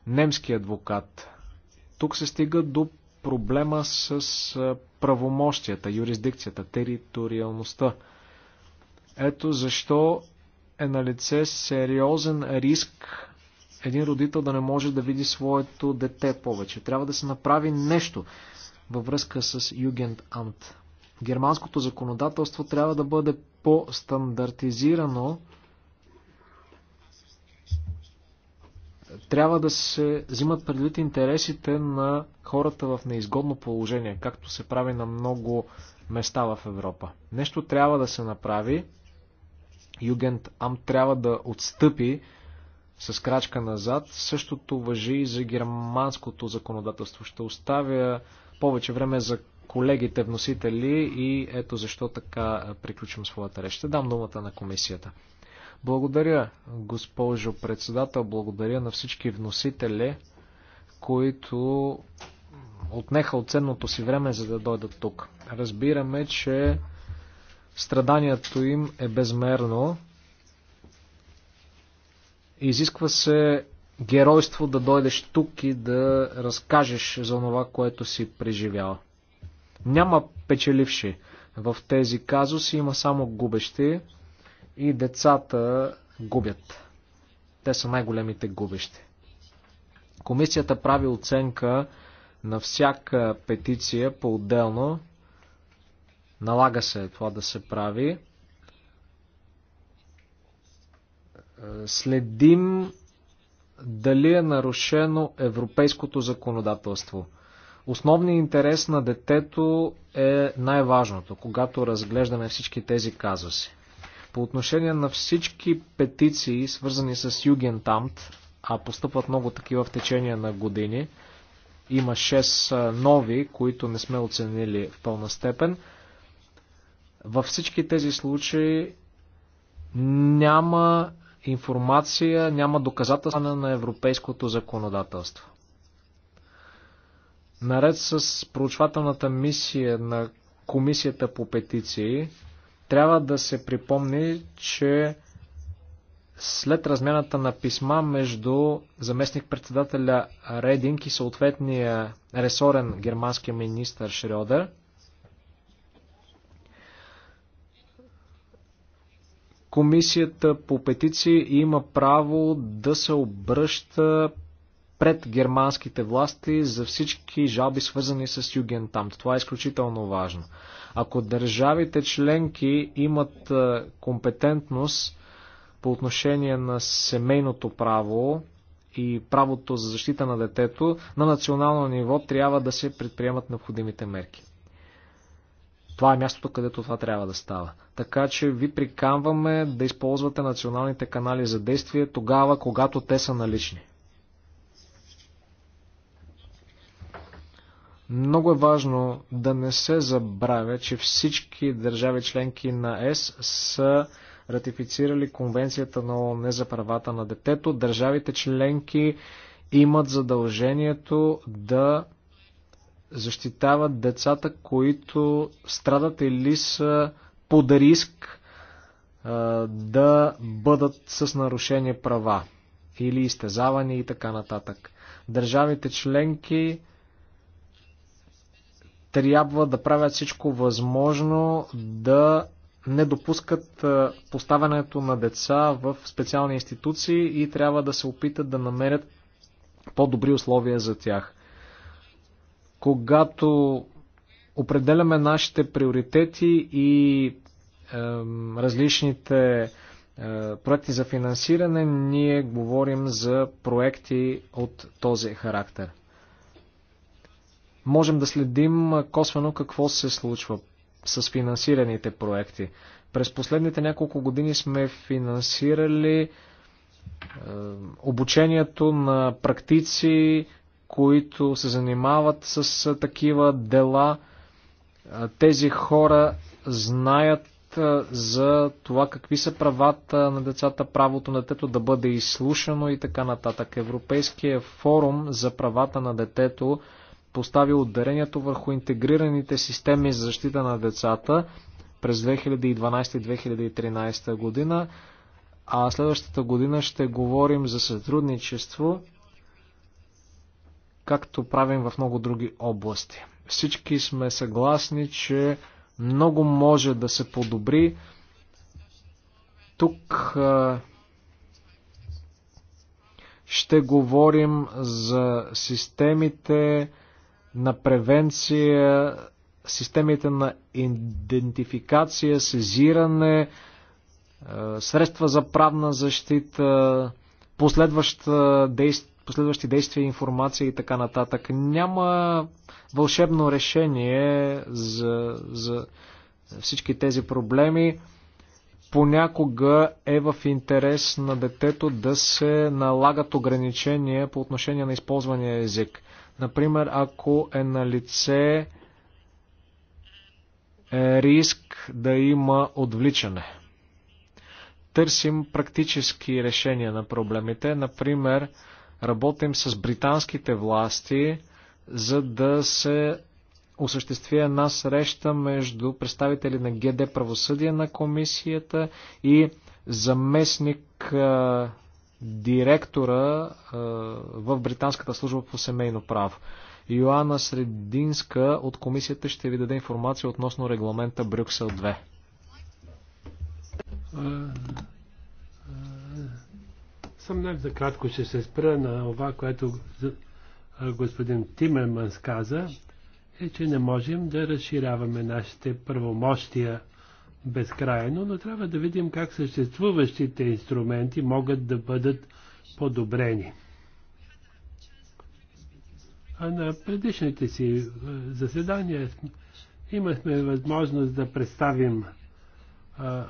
немски адвокат. Тук се стига до проблема с правомощията, юрисдикцията, териториалността. Ето защо е на лице сериозен риск един родител да не може да види своето дете повече. Трябва да се направи нещо във връзка с Югент Амт. Германското законодателство трябва да бъде по-стандартизирано трябва да се взимат предвид интересите на хората в неизгодно положение, както се прави на много места в Европа. Нещо трябва да се направи. Югент Ам трябва да отстъпи с крачка назад. Същото въжи и за германското законодателство. Ще оставя повече време за колегите вносители и ето защо така приключвам своята реч. Ще дам думата на комисията. Благодаря, госпожо председател, благодаря на всички вносители, които отнеха от ценното си време, за да дойдат тук. Разбираме, че страданието им е безмерно. Изисква се геройство да дойдеш тук и да разкажеш за това, което си преживял. Няма печеливши в тези казуси, има само губещи и децата губят. Те са най-големите губещи. Комисията прави оценка на всяка петиция по-отделно. Налага се това да се прави. Следим дали е нарушено европейското законодателство. Основният интерес на детето е най-важното, когато разглеждаме всички тези казуси по отношение на всички петиции, свързани с Югентамт, а постъпват много такива в течение на години, има 6 нови, които не сме оценили в пълна степен, във всички тези случаи няма информация, няма доказателства на европейското законодателство. Наред с проучвателната мисия на Комисията по петиции, трябва да се припомни, че след размяната на писма между заместник-председателя Рединг и съответния ресорен германски министр Шрёдер, Комисията по петиции има право да се обръща пред германските власти за всички жалби, свързани с Югентамт. Това е изключително важно. Ако държавите членки имат е, компетентност по отношение на семейното право и правото за защита на детето, на национално ниво трябва да се предприемат необходимите мерки. Това е мястото, където това трябва да става. Така че ви приканваме да използвате националните канали за действие тогава, когато те са налични. Много е важно да не се забравя, че всички държави членки на ЕС са ратифицирали конвенцията на ООН за правата на детето. Държавите членки имат задължението да защитават децата, които страдат или са под риск да бъдат с нарушение права или изтезавани и така нататък. Държавите членки трябва да правят всичко възможно да не допускат поставянето на деца в специални институции и трябва да се опитат да намерят по-добри условия за тях. Когато определяме нашите приоритети и е, различните е, проекти за финансиране, ние говорим за проекти от този характер можем да следим косвено какво се случва с финансираните проекти. През последните няколко години сме финансирали е, обучението на практици, които се занимават с е, такива дела. Е, тези хора знаят за това какви са правата на децата, правото на детето да бъде изслушано и така нататък. Европейския форум за правата на детето постави ударението върху интегрираните системи за защита на децата през 2012-2013 година, а следващата година ще говорим за сътрудничество, както правим в много други области. Всички сме съгласни, че много може да се подобри. Тук ще говорим за системите, на превенция, системите на идентификация, сезиране, е, средства за правна защита, действие последващи действия, информация и така нататък. Няма вълшебно решение за, за всички тези проблеми. Понякога е в интерес на детето да се налагат ограничения по отношение на използвания език. Например, ако е на лице е риск да има отвличане. Търсим практически решения на проблемите. Например, работим с британските власти, за да се осъществи една среща между представители на ГД правосъдие на комисията и заместник директора в Британската служба по семейно право. Йоанна Срединска от комисията ще ви даде информация относно регламента Брюксел 2. Съм за кратко ще се спра на това, което господин Тимерманс каза, е, че не можем да разширяваме нашите правомощия безкрайно, но трябва да видим как съществуващите инструменти могат да бъдат подобрени. А на предишните си е, заседания имахме възможност да представим а, е,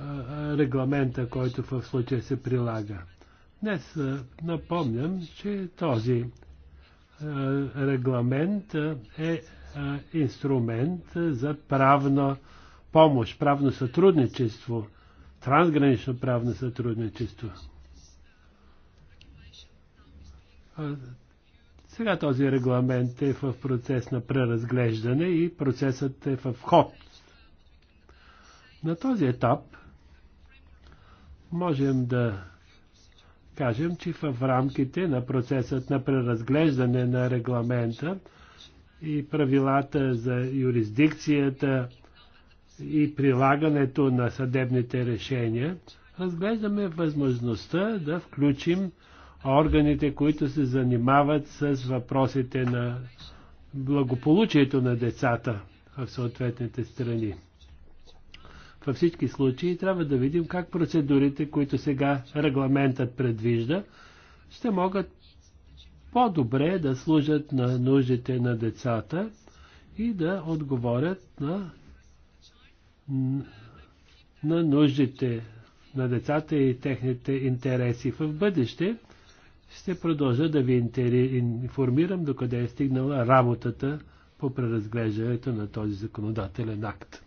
а, е, регламента, който в случая се прилага. Днес а, напомням, че този регламент е инструмент за правна помощ, правно сътрудничество, трансгранично правно сътрудничество. Сега този регламент е в процес на преразглеждане и процесът е в ход. На този етап можем да кажем, че в рамките на процесът на преразглеждане на регламента и правилата за юрисдикцията и прилагането на съдебните решения, разглеждаме възможността да включим органите, които се занимават с въпросите на благополучието на децата в съответните страни. Във всички случаи трябва да видим как процедурите, които сега регламентът предвижда, ще могат по-добре е да служат на нуждите на децата и да отговорят на, на нуждите на децата и техните интереси в бъдеще. Ще продължа да ви информирам докъде е стигнала работата по преразглеждането на този законодателен акт.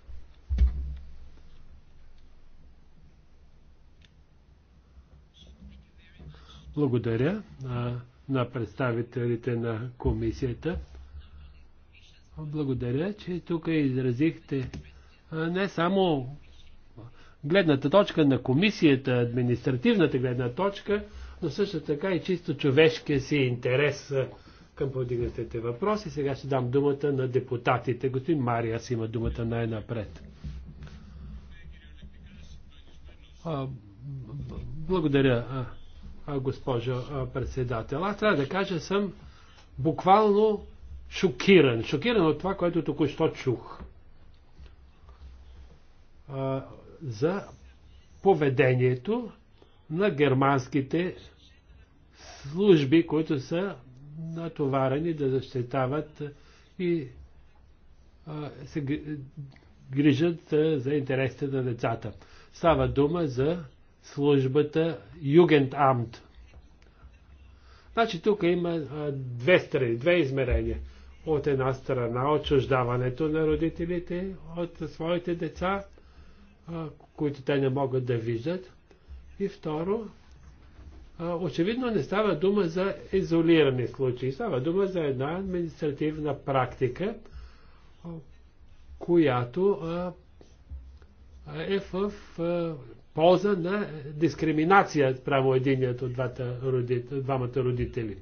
Благодаря на представителите на комисията. Благодаря, че тук изразихте не само гледната точка на комисията, административната гледна точка, но също така и чисто човешкия си интерес към повдигнатите въпроси. Сега ще дам думата на депутатите. Господин си има думата най-напред. Благодаря госпожо председател. Аз трябва да кажа, съм буквално шокиран. Шокиран от това, което току-що чух. За поведението на германските служби, които са натоварени да защитават и се грижат за интересите на децата. Става дума за службата Югентамт. Значи тук има две страни, две измерения. От една страна отчуждаването на родителите от своите деца, които те не могат да виждат. И второ, очевидно не става дума за изолирани случаи, става дума за една административна практика, която е в полза на дискриминация право единият от двата родител, двамата родители.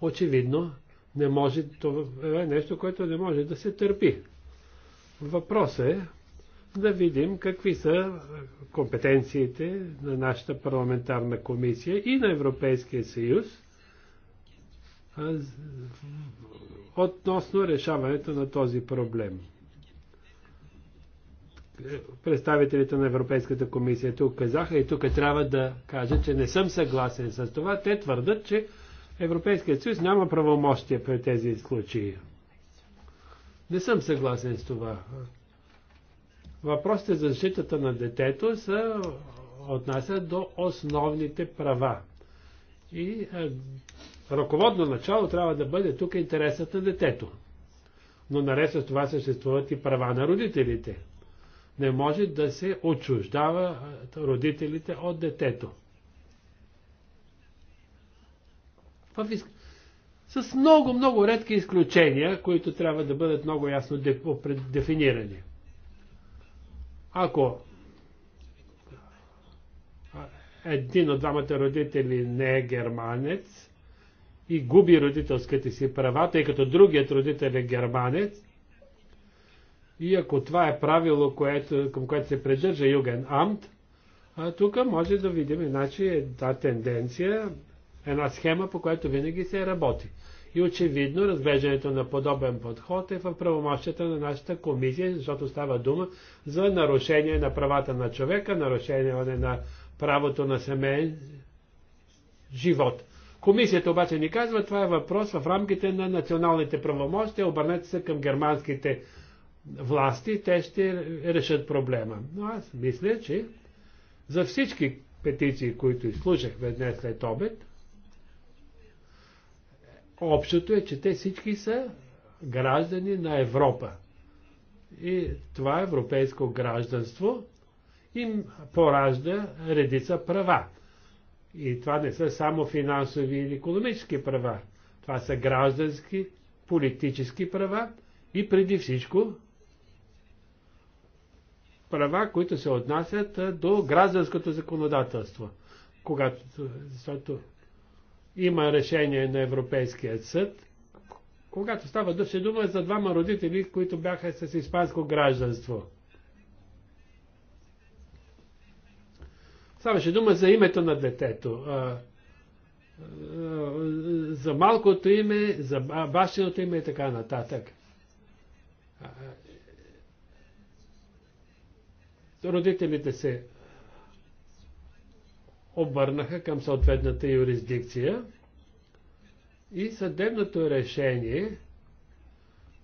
Очевидно, не може, това е нещо, което не може да се търпи. Въпросът е да видим какви са компетенциите на нашата парламентарна комисия и на Европейския съюз относно решаването на този проблем представителите на Европейската комисия тук казаха и тук трябва да кажа, че не съм съгласен с това. Те твърдат, че Европейският съюз няма правомощия при тези случаи. Не съм съгласен с това. Въпросите за защитата на детето се отнасят до основните права. И а, е, ръководно начало трябва да бъде тук интересът на детето. Но наред с това съществуват и права на родителите – не може да се отчуждава родителите от детето. С много, много редки изключения, които трябва да бъдат много ясно дефинирани. Ако един от двамата родители не е германец и губи родителските си права, тъй като другият родител е германец, и ако това е правило, което, към което се придържа Юген Амт, тук може да видим иначе една тенденция, една схема, по която винаги се работи. И очевидно разглеждането на подобен подход е в правомощията на нашата комисия, защото става дума за нарушение на правата на човека, нарушение на правото на семейен живот. Комисията обаче ни казва, това е въпрос в рамките на националните правомощия, обърнете се към германските власти, те ще решат проблема. Но аз мисля, че за всички петиции, които изслушахме днес след обед, общото е, че те всички са граждани на Европа. И това европейско гражданство им поражда редица права. И това не са само финансови или економически права. Това са граждански, политически права и преди всичко права, които се отнасят до гражданското законодателство. Когато, защото има решение на Европейския съд, когато става да дума за двама родители, които бяха с испанско гражданство. Ставаше дума за името на детето, за малкото име, за бащиното име и така нататък родителите се обърнаха към съответната юрисдикция и съдебното решение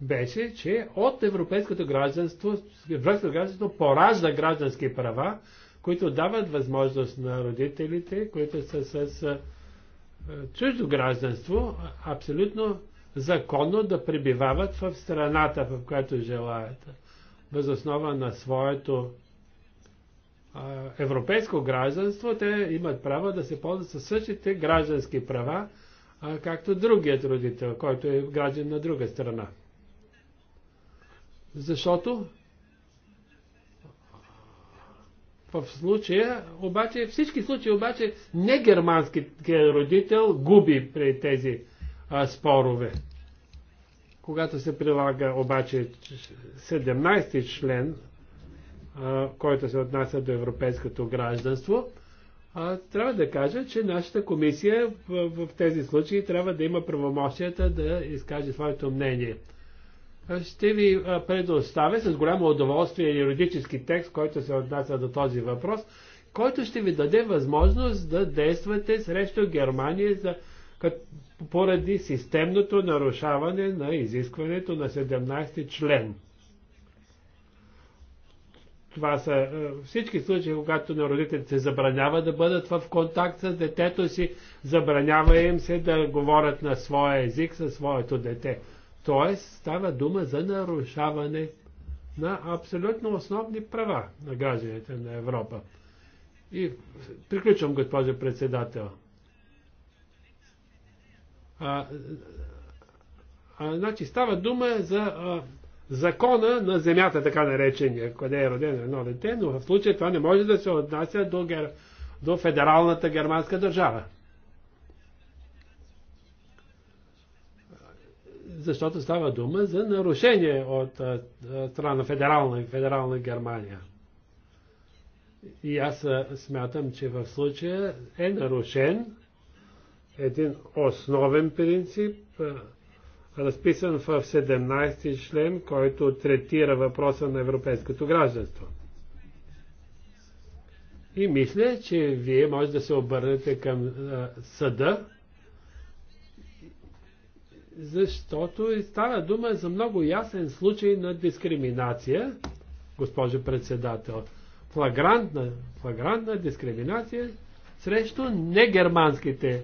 беше, че от европейското гражданство, европейското гражданство поражда граждански права, които дават възможност на родителите, които са с чуждо гражданство, абсолютно законно да пребивават в страната, в която желаят, възоснова на своето европейско гражданство, те имат право да се ползват със същите граждански права, както другият родител, който е граждан на друга страна. Защото в случая, обаче, всички случаи обаче, не германският родител губи при тези а, спорове. Когато се прилага обаче 17 член който се отнася до европейското гражданство, трябва да кажа, че нашата комисия в, в тези случаи трябва да има правомощията да изкаже своето мнение. Ще ви предоставя с голямо удоволствие юридически текст, който се отнася до този въпрос, който ще ви даде възможност да действате срещу Германия за, кът, поради системното нарушаване на изискването на 17 член това са е, всички случаи, когато на родителите се забранява да бъдат в контакт с детето си, забранява им се да говорят на своя език със своето дете. Тоест става дума за нарушаване на абсолютно основни права на гражданите на Европа. И приключвам, госпожо председател. А, а, значи става дума за а, закона на земята, така наречения, къде е родено едно дете, но в случая това не може да се отнася до, гер... до федералната германска държава. Защото става дума за нарушение от страна на федерална федерална Германия. И аз смятам, че в случая е нарушен един основен принцип, разписан в 17 ти член, който третира въпроса на европейското гражданство. И мисля, че вие може да се обърнете към а, съда, защото става дума за много ясен случай на дискриминация, госпожо председател. Флагрантна, флагрантна дискриминация срещу негерманските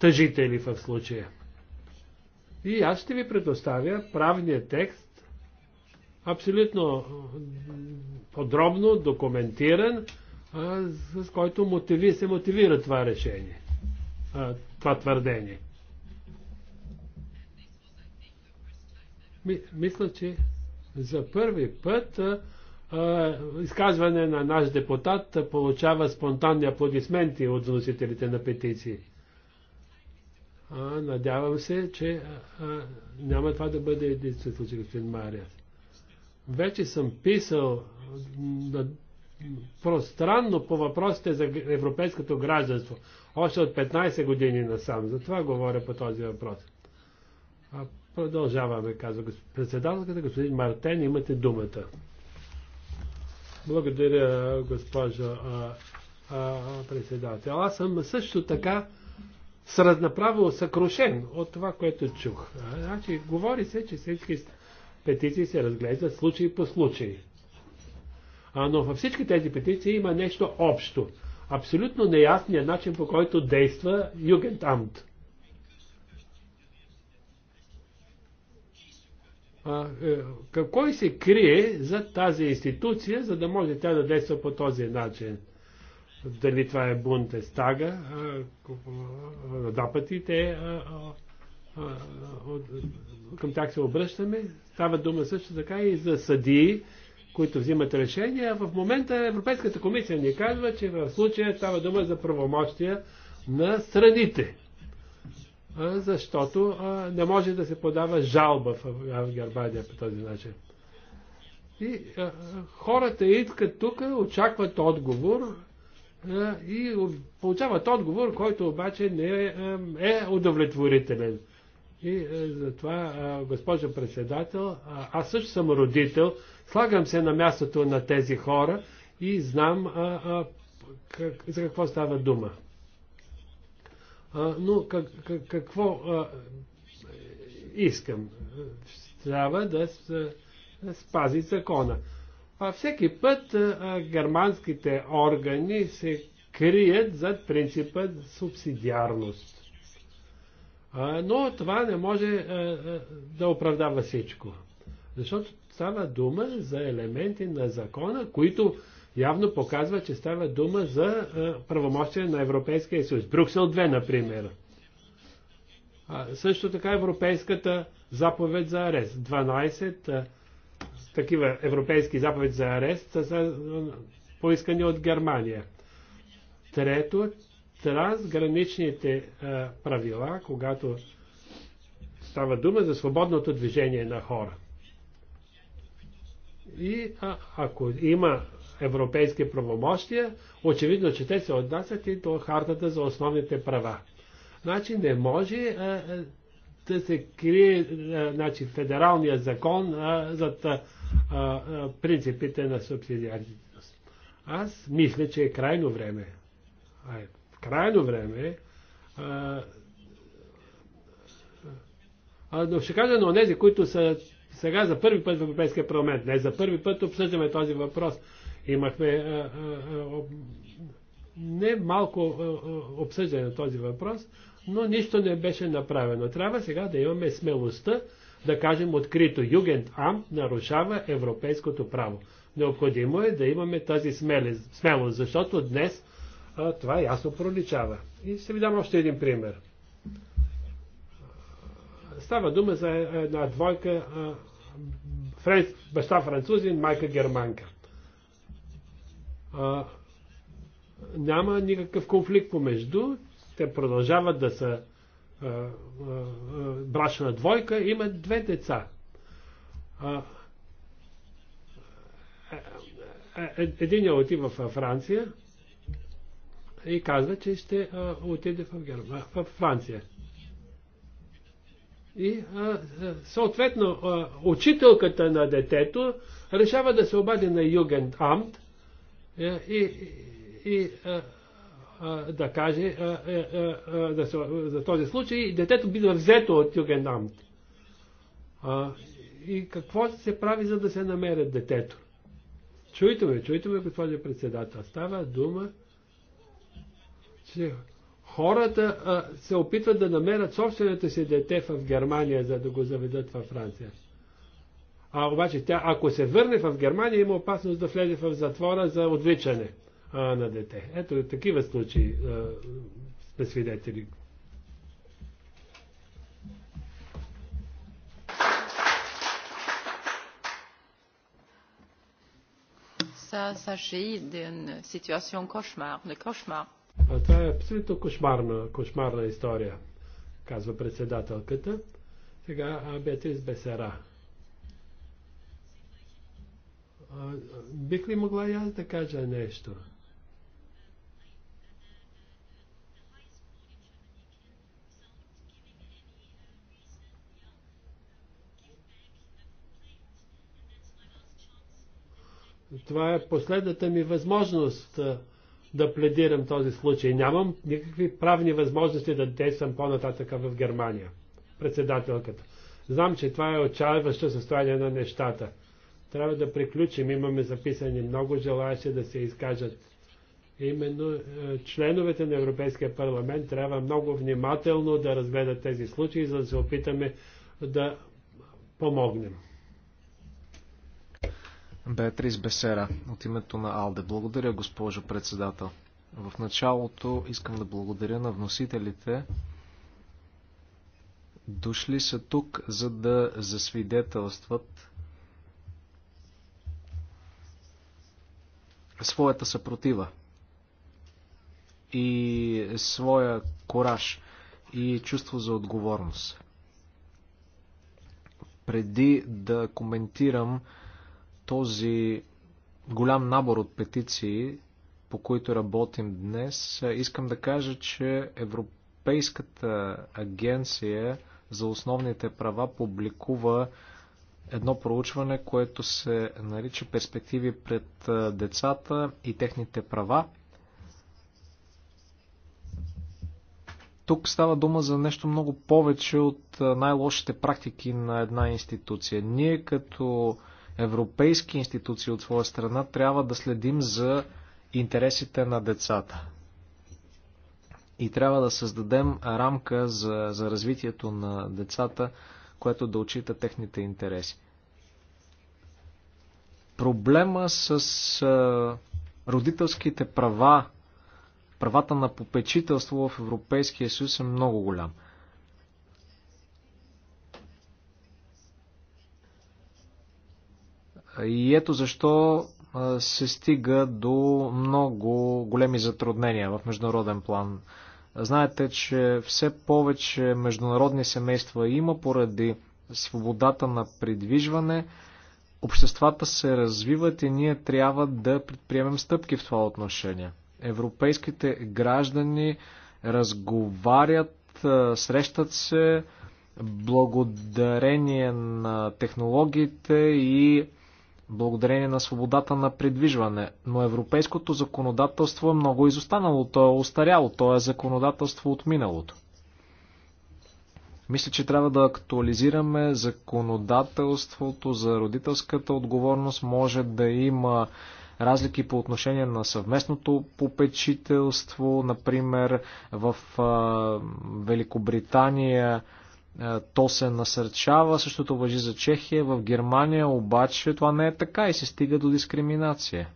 тъжители в случая. И аз ще ви предоставя правния текст, абсолютно подробно документиран, с който мотиви, се мотивира това решение, това твърдение. Мисля, че за първи път изказване на наш депутат получава спонтанни аплодисменти от вносителите на петиции. Надявам се, че няма това да бъде единствен случай, господин Мария. Вече съм писал пространно по въпросите за европейското гражданство. Още от 15 години насам. Затова говоря по този въпрос. А продължаваме, казва председателката. Господин Мартен, имате думата. Благодаря, госпожо а, а, председател. Аз съм също така направо съкрушен от това, което чух. Значи, говори се, че всички петиции се разглеждат случай по случай. А, но във всички тези петиции има нещо общо. Абсолютно неясният начин, по който действа Югентамт. А, е, кой се крие за тази институция, за да може тя да действа по този начин? дали това е Бундестага, два пъти те към тях се обръщаме. Става дума също така и за съдии, които взимат решения. В момента Европейската комисия ни казва, че в случая става дума за правомощия на страните. Защото не може да се подава жалба в Германия по този начин. И хората идват тук, очакват отговор и получават отговор, който обаче не е, е удовлетворителен. И е, затова, госпожа председател, аз също съм родител, слагам се на мястото на тези хора и знам за какво става дума. но какво искам? Трябва да спази закона. А всеки път а, германските органи се крият зад принципа субсидиарност. А, но това не може а, а, да оправдава всичко. Защото става дума за елементи на закона, които явно показва, че става дума за а, правомощие на Европейския съюз. Брюксел 2, например. А, също така Европейската заповед за арест. 12 такива европейски заповеди за арест са поискани от Германия. Трето, трансграничните правила, когато става дума за свободното движение на хора. И а, ако има европейски правомощия, очевидно, че те се отнасят и до хартата за основните права. Значи не може а, а да се крие а, значи, федералния закон а, за а, принципите на субсидиарност. Аз мисля, че е крайно време. А, е, крайно време. А, а, но ще кажа на тези, които са сега за първи път в Европейския парламент. Не за първи път обсъждаме този въпрос. Имахме а, а, а, не малко обсъждане на този въпрос, но нищо не беше направено. Трябва сега да имаме смелостта да кажем открито, Югент Ам нарушава европейското право. Необходимо е да имаме тази смелост, защото днес а, това ясно проличава. И ще ви дам още един пример. Става дума за една двойка а, френц, баща французин, майка германка. А, няма никакъв конфликт помежду. Те продължават да са е, е, брачна двойка има две деца. Е, един я отива във Франция и казва, че ще отиде в, Франция. И съответно, учителката на детето решава да се обади на Амт и, и, и да каже да е, е, се, за този случай, детето бива взето от Югендамт. И какво се прави, за да се намерят детето? Чуйте ме, чуйте ме, госпожа председател. Става дума, че хората а, се опитват да намерят собственото си дете в Германия, за да го заведат във Франция. А обаче тя, ако се върне в Германия, има опасност да влезе в затвора за отвичане. А, на дете. Ето такива случаи сме свидетели. Ça s'agit d'une situation cauchemar, de cauchemar. А това е абсолютно кошмарна, кошмарна история, казва председателката. Сега Бетрис Бесера. А, бих ли могла и аз да кажа нещо? това е последната ми възможност да пледирам този случай. Нямам никакви правни възможности да действам по-нататък в Германия. Председателката. Знам, че това е отчаяващо състояние на нещата. Трябва да приключим. Имаме записани много желаящи да се изкажат. Именно е, членовете на Европейския парламент трябва много внимателно да разгледат тези случаи, за да се опитаме да помогнем. Беатрис Бесера от името на Алде. Благодаря, госпожо председател. В началото искам да благодаря на вносителите. Дошли са тук, за да засвидетелстват своята съпротива и своя кораж и чувство за отговорност. Преди да коментирам този голям набор от петиции, по които работим днес, искам да кажа, че Европейската агенция за основните права публикува едно проучване, което се нарича Перспективи пред децата и техните права. Тук става дума за нещо много повече от най-лошите практики на една институция. Ние като европейски институции от своя страна трябва да следим за интересите на децата. И трябва да създадем рамка за, за развитието на децата, което да отчита техните интереси. Проблема с а, родителските права, правата на попечителство в Европейския съюз е много голям. И ето защо се стига до много големи затруднения в международен план. Знаете, че все повече международни семейства има поради свободата на придвижване. Обществата се развиват и ние трябва да предприемем стъпки в това отношение. Европейските граждани разговарят, срещат се благодарение на технологиите и благодарение на свободата на придвижване. Но европейското законодателство е много изостанало, то е устаряло. то е законодателство от миналото. Мисля, че трябва да актуализираме законодателството за родителската отговорност. Може да има разлики по отношение на съвместното попечителство, например в Великобритания е, то се насърчава, същото въжи за Чехия, в Германия обаче това не е така и се стига до дискриминация.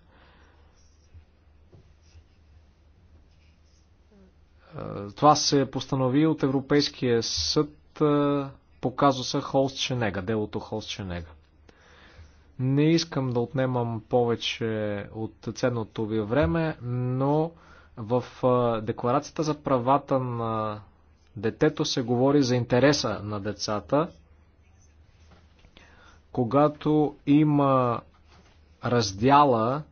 Е, това се постанови от Европейския съд е, по казуса Холст Шенега, делото Холст Ченега. Не искам да отнемам повече от ценното ви време, но в Декларацията за правата на детето се говори за интереса на децата. Когато има раздяла,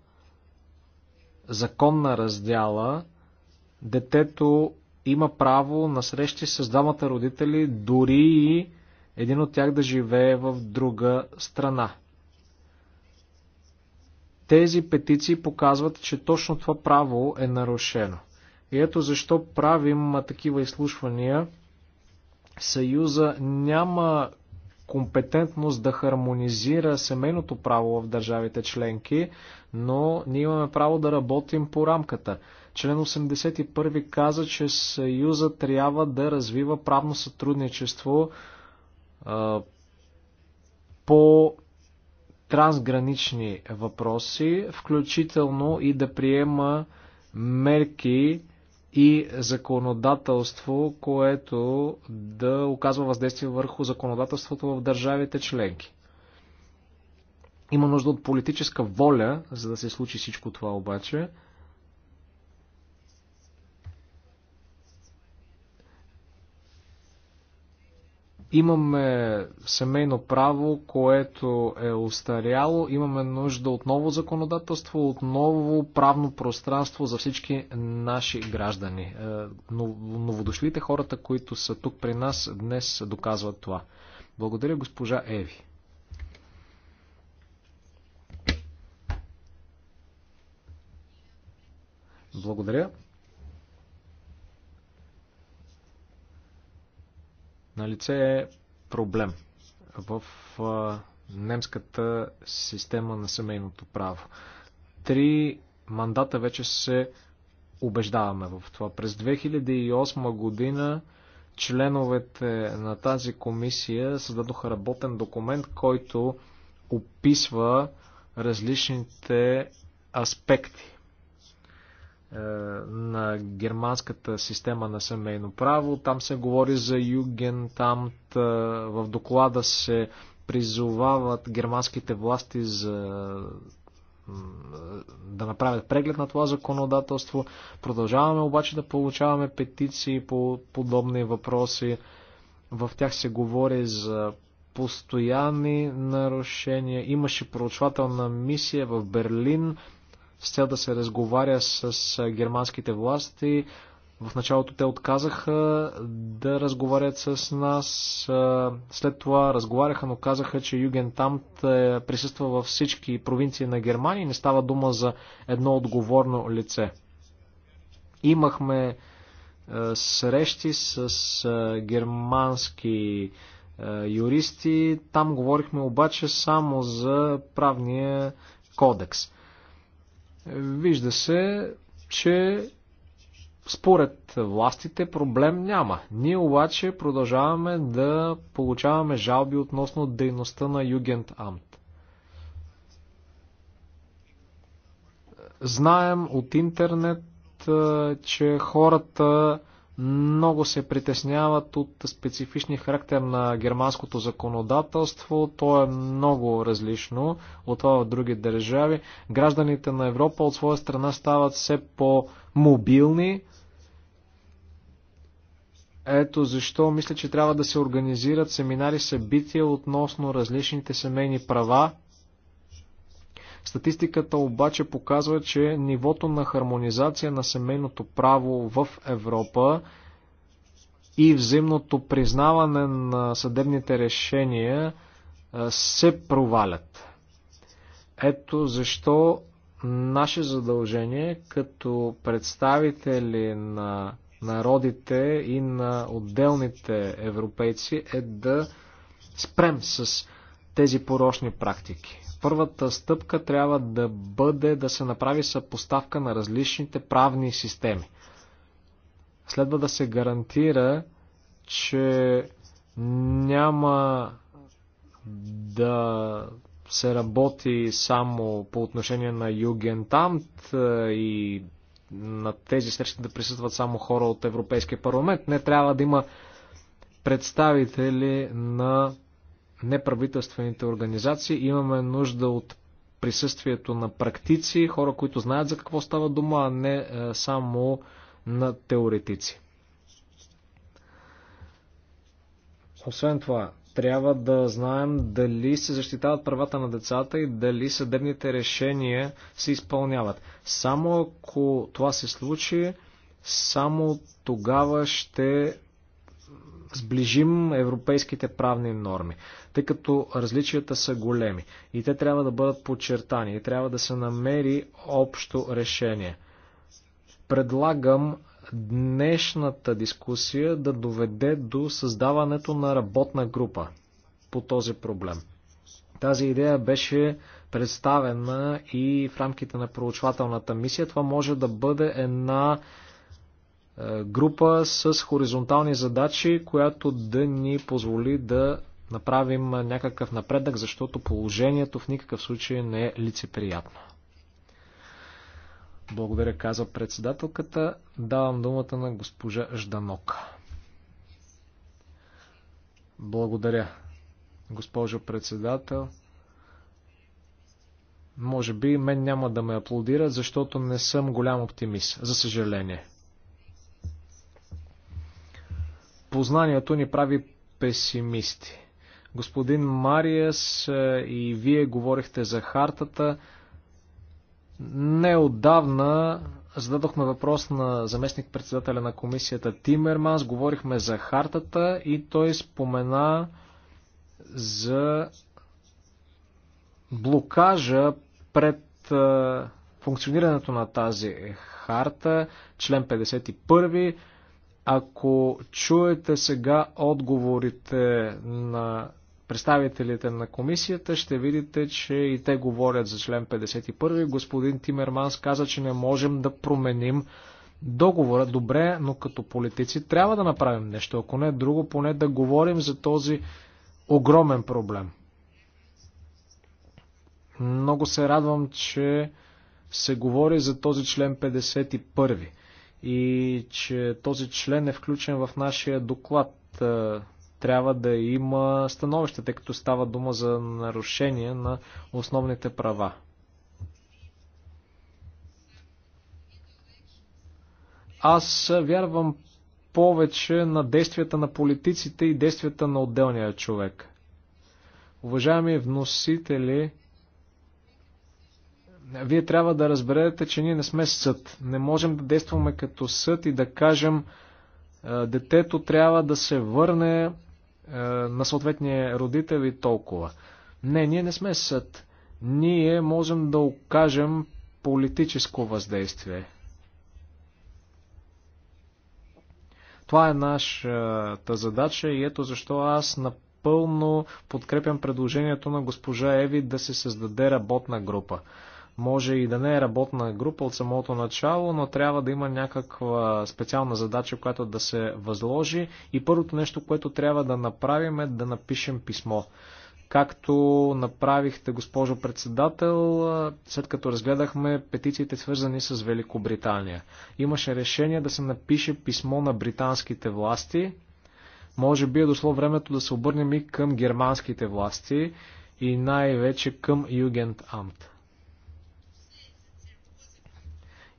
законна раздяла, детето има право на срещи с двамата родители, дори и един от тях да живее в друга страна. Тези петиции показват, че точно това право е нарушено. И ето защо правим такива изслушвания. Съюза няма компетентност да хармонизира семейното право в държавите членки, но ние имаме право да работим по рамката. Член 81 каза, че Съюза трябва да развива правно сътрудничество а, по трансгранични въпроси, включително и да приема мерки и законодателство, което да оказва въздействие върху законодателството в държавите членки. Има нужда от политическа воля, за да се случи всичко това обаче – Имаме семейно право, което е устаряло, имаме нужда от ново законодателство, от ново правно пространство за всички наши граждани. Е, новодошлите хората, които са тук при нас, днес доказват това. Благодаря госпожа Еви. Благодаря. На лице е проблем в немската система на семейното право. Три мандата вече се убеждаваме в това. През 2008 година членовете на тази комисия създадоха работен документ, който описва различните аспекти е, на германската система на семейно право. Там се говори за Юген, там е, в доклада се призовават германските власти за да направят преглед на това законодателство. Продължаваме обаче да получаваме петиции по подобни въпроси. В тях се говори за постоянни нарушения. Имаше проучвателна мисия в Берлин, с цел да се разговаря с германските власти. В началото те отказаха да разговарят с нас. След това разговаряха, но казаха, че Югентамт присъства във всички провинции на Германия и не става дума за едно отговорно лице. Имахме срещи с германски юристи. Там говорихме обаче само за правния кодекс. Вижда се, че според властите проблем няма. Ние обаче продължаваме да получаваме жалби относно дейността на Югент Амт. Знаем от интернет, че хората много се притесняват от специфичния характер на германското законодателство. То е много различно от това в други държави. Гражданите на Европа от своя страна стават все по-мобилни. Ето защо мисля, че трябва да се организират семинари, събития относно различните семейни права. Статистиката обаче показва, че нивото на хармонизация на семейното право в Европа и взаимното признаване на съдебните решения се провалят. Ето защо наше задължение като представители на народите и на отделните европейци е да спрем с тези порочни практики. Първата стъпка трябва да бъде да се направи съпоставка на различните правни системи. Следва да се гарантира, че няма да се работи само по отношение на Югентамт е, и на тези срещи да присъстват само хора от Европейския парламент. Не трябва да има представители на неправителствените организации. Имаме нужда от присъствието на практици, хора, които знаят за какво става дума, а не е, само на теоретици. Освен това, трябва да знаем дали се защитават правата на децата и дали съдебните решения се изпълняват. Само ако това се случи, само тогава ще сближим европейските правни норми тъй като различията са големи и те трябва да бъдат подчертани и трябва да се намери общо решение. Предлагам днешната дискусия да доведе до създаването на работна група по този проблем. Тази идея беше представена и в рамките на проучвателната мисия. Това може да бъде една е, група с хоризонтални задачи, която да ни позволи да направим някакъв напредък, защото положението в никакъв случай не е лицеприятно. Благодаря, казва председателката. Давам думата на госпожа Жданок. Благодаря, госпожо председател. Може би мен няма да ме аплодират, защото не съм голям оптимист, за съжаление. Познанието ни прави песимисти. Господин Мариес е, и вие говорихте за хартата. Неодавна зададохме въпрос на заместник председателя на комисията Тимерманс, говорихме за хартата и той спомена за блокажа пред е, функционирането на тази харта, член 51. Ако чуете сега отговорите на представителите на комисията, ще видите, че и те говорят за член 51. Господин Тимерманс каза, че не можем да променим договора. Добре, но като политици трябва да направим нещо. Ако не друго, поне да говорим за този огромен проблем. Много се радвам, че се говори за този член 51 и че този член е включен в нашия доклад е, трябва да има становище, тъй като става дума за нарушение на основните права. Аз вярвам повече на действията на политиците и действията на отделния човек. Уважаеми вносители, вие трябва да разберете, че ние не сме съд. Не можем да действаме като съд и да кажем, детето трябва да се върне е, на съответния родител и толкова. Не, ние не сме съд. Ние можем да окажем политическо въздействие. Това е нашата задача и ето защо аз напълно подкрепям предложението на госпожа Еви да се създаде работна група. Може и да не е работна група от самото начало, но трябва да има някаква специална задача, която да се възложи. И първото нещо, което трябва да направим е да напишем писмо. Както направихте, госпожо председател, след като разгледахме петициите свързани с Великобритания. Имаше решение да се напише писмо на британските власти. Може би е дошло времето да се обърнем и към германските власти и най-вече към Югент Амт.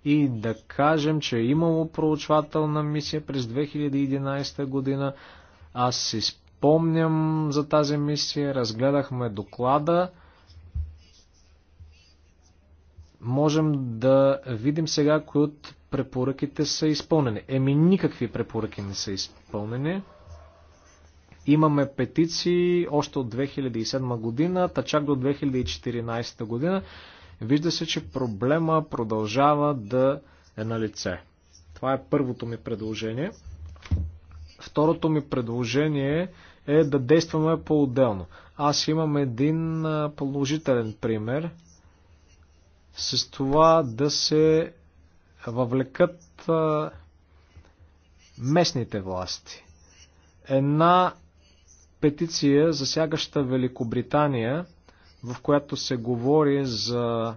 и да кажем, че е имало проучвателна мисия през 2011 година. Аз си спомням за тази мисия, разгледахме доклада. Можем да видим сега кои от препоръките са изпълнени. Еми никакви препоръки не са изпълнени. Имаме петиции още от 2007 година, та чак до 2014 година. Вижда се, че проблема продължава да е на лице. Това е първото ми предложение. Второто ми предложение е да действаме по-отделно. Аз имам един положителен пример с това да се въвлекат местните власти. Една петиция, засягаща Великобритания, в която се говори за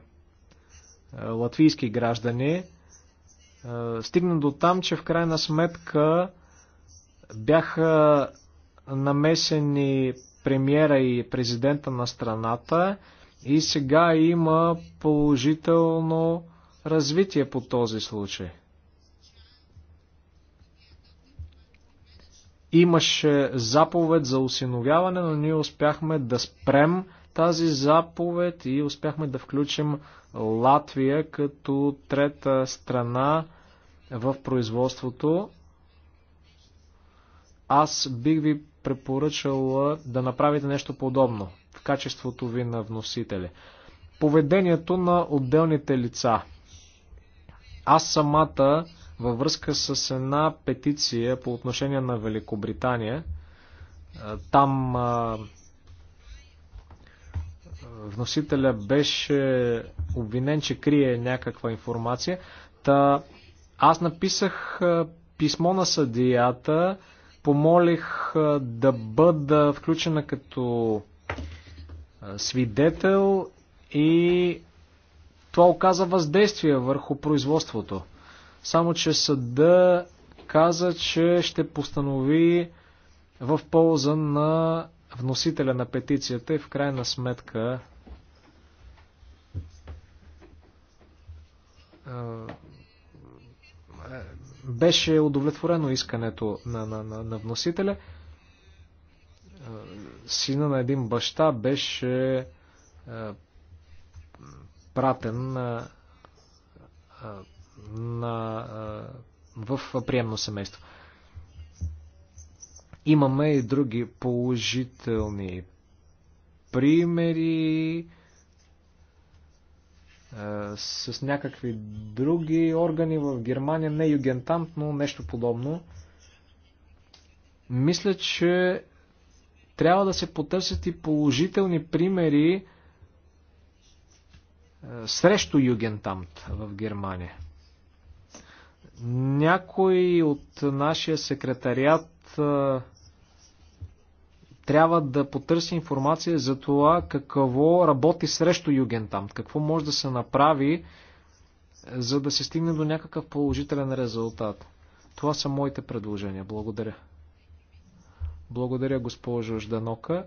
е, латвийски граждани, е, стигна до там, че в крайна сметка бяха намесени премиера и президента на страната и сега има положително развитие по този случай. Имаше заповед за осиновяване, но ние успяхме да спрем тази заповед и успяхме да включим Латвия като трета страна в производството. Аз бих ви препоръчал да направите нещо подобно в качеството ви на вносители. Поведението на отделните лица. Аз самата във връзка с една петиция по отношение на Великобритания, там вносителя беше обвинен, че крие някаква информация. Та, аз написах писмо на съдията, помолих да бъда включена като свидетел и това оказа въздействие върху производството. Само, че съда каза, че ще постанови в полза на вносителя на петицията и в крайна сметка беше удовлетворено искането на, на, на, на вносителя. Сина на един баща беше пратен на, на, в приемно семейство. Имаме и други положителни примери е, с някакви други органи в Германия, не югентант, но нещо подобно. Мисля, че трябва да се потърсят и положителни примери е, срещу югентамт в Германия. Някой от нашия секретариат е, трябва да потърси информация за това какво работи срещу югентамт. какво може да се направи, за да се стигне до някакъв положителен резултат. Това са моите предложения. Благодаря. Благодаря, госпожо Жданока.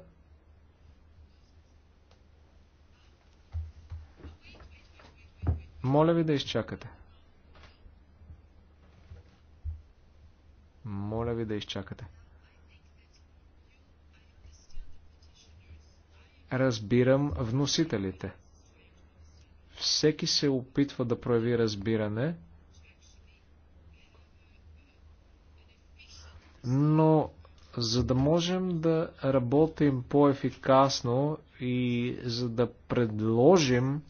Моля ви да изчакате. Моля ви да изчакате. разбирам вносителите. Всеки се опитва да прояви разбиране, но за да можем да работим по-ефикасно и за да предложим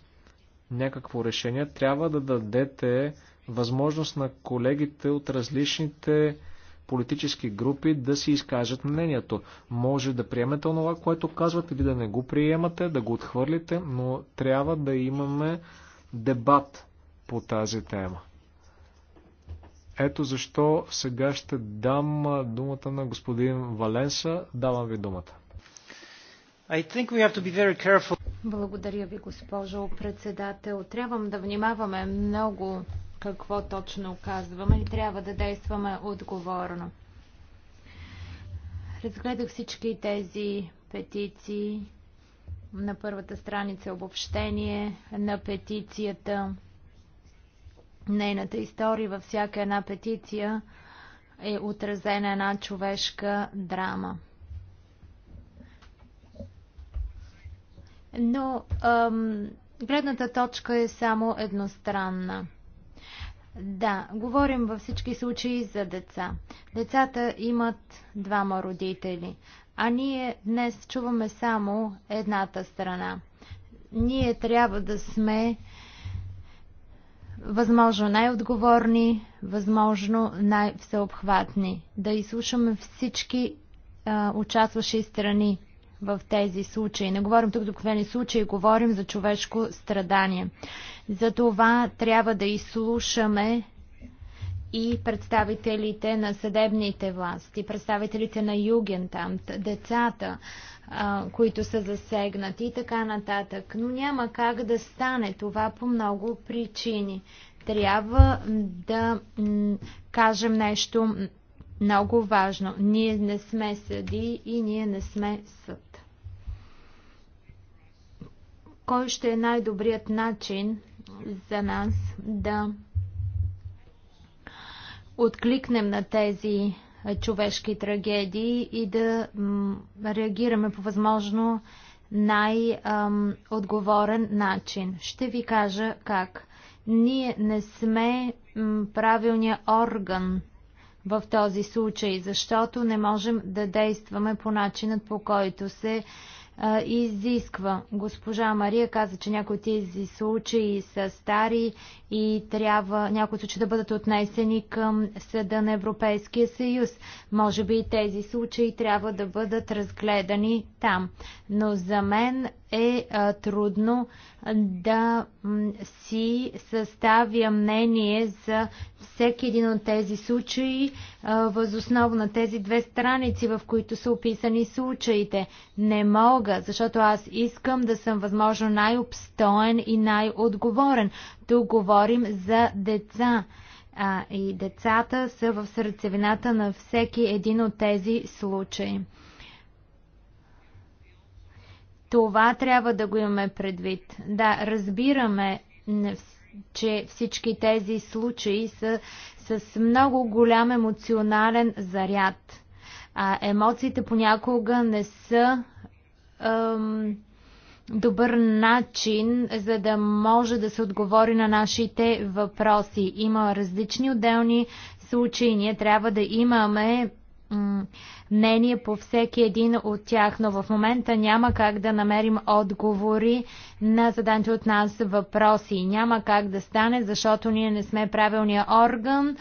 някакво решение, трябва да дадете възможност на колегите от различните политически групи да си изкажат мнението. Може да приемете онова, което казват или да не го приемате, да го отхвърлите, но трябва да имаме дебат по тази тема. Ето защо сега ще дам думата на господин Валенса. Давам ви думата. I think we have to be very careful. Благодаря ви, госпожо председател. Трябвам да внимаваме много какво точно казваме и трябва да действаме отговорно. Разгледах всички тези петиции. На първата страница обобщение на петицията, нейната история във всяка една петиция е отразена една човешка драма. Но ам, гледната точка е само едностранна. Да, говорим във всички случаи за деца. Децата имат двама родители, а ние днес чуваме само едната страна. Ние трябва да сме възможно най-отговорни, възможно най-всеобхватни, да изслушаме всички а, участващи страни, в тези случаи. Не говорим тук за обикновени случаи, говорим за човешко страдание. За това трябва да изслушаме и представителите на съдебните власти, представителите на Югентамт, децата, които са засегнати и така нататък. Но няма как да стане това по много причини. Трябва да кажем нещо много важно. Ние не сме съди и ние не сме съд кой ще е най-добрият начин за нас да откликнем на тези човешки трагедии и да реагираме по възможно най-отговорен начин. Ще ви кажа как. Ние не сме правилният орган в този случай, защото не можем да действаме по начинът по който се изисква. Госпожа Мария каза, че някои от тези случаи са стари и трябва някои случаи да бъдат отнесени към Съда на Европейския съюз. Може би и тези случаи трябва да бъдат разгледани там. Но за мен е трудно да си съставя мнение за всеки един от тези случаи възоснова на тези две страници, в които са описани случаите. Не мога, защото аз искам да съм възможно най-обстоен и най-отговорен. Тук говорим за деца. А, и децата са в сърцевината на всеки един от тези случаи. Това трябва да го имаме предвид. Да, разбираме, че всички тези случаи са с много голям емоционален заряд. А емоциите понякога не са ем, добър начин, за да може да се отговори на нашите въпроси. Има различни отделни случаи. Ние трябва да имаме мнение по всеки един от тях, но в момента няма как да намерим отговори на заданите от нас въпроси. Няма как да стане, защото ние не сме правилния орган,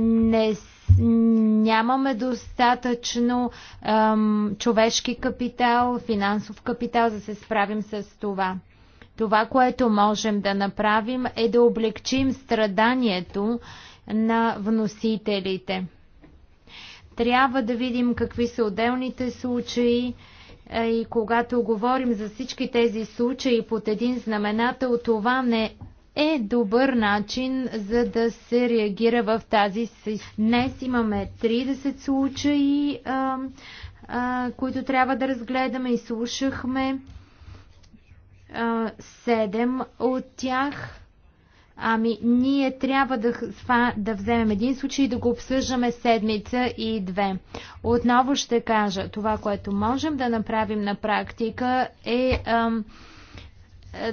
не сме Нямаме достатъчно ем, човешки капитал, финансов капитал, за да се справим с това. Това, което можем да направим е да облегчим страданието на вносителите. Трябва да видим какви са отделните случаи и когато говорим за всички тези случаи под един знаменател, това не е добър начин за да се реагира в тази система. Днес имаме 30 случаи, а, а, които трябва да разгледаме и слушахме. А, 7 от тях. Ами, ние трябва да, да вземем един случай и да го обсъждаме седмица и две. Отново ще кажа, това, което можем да направим на практика е... А,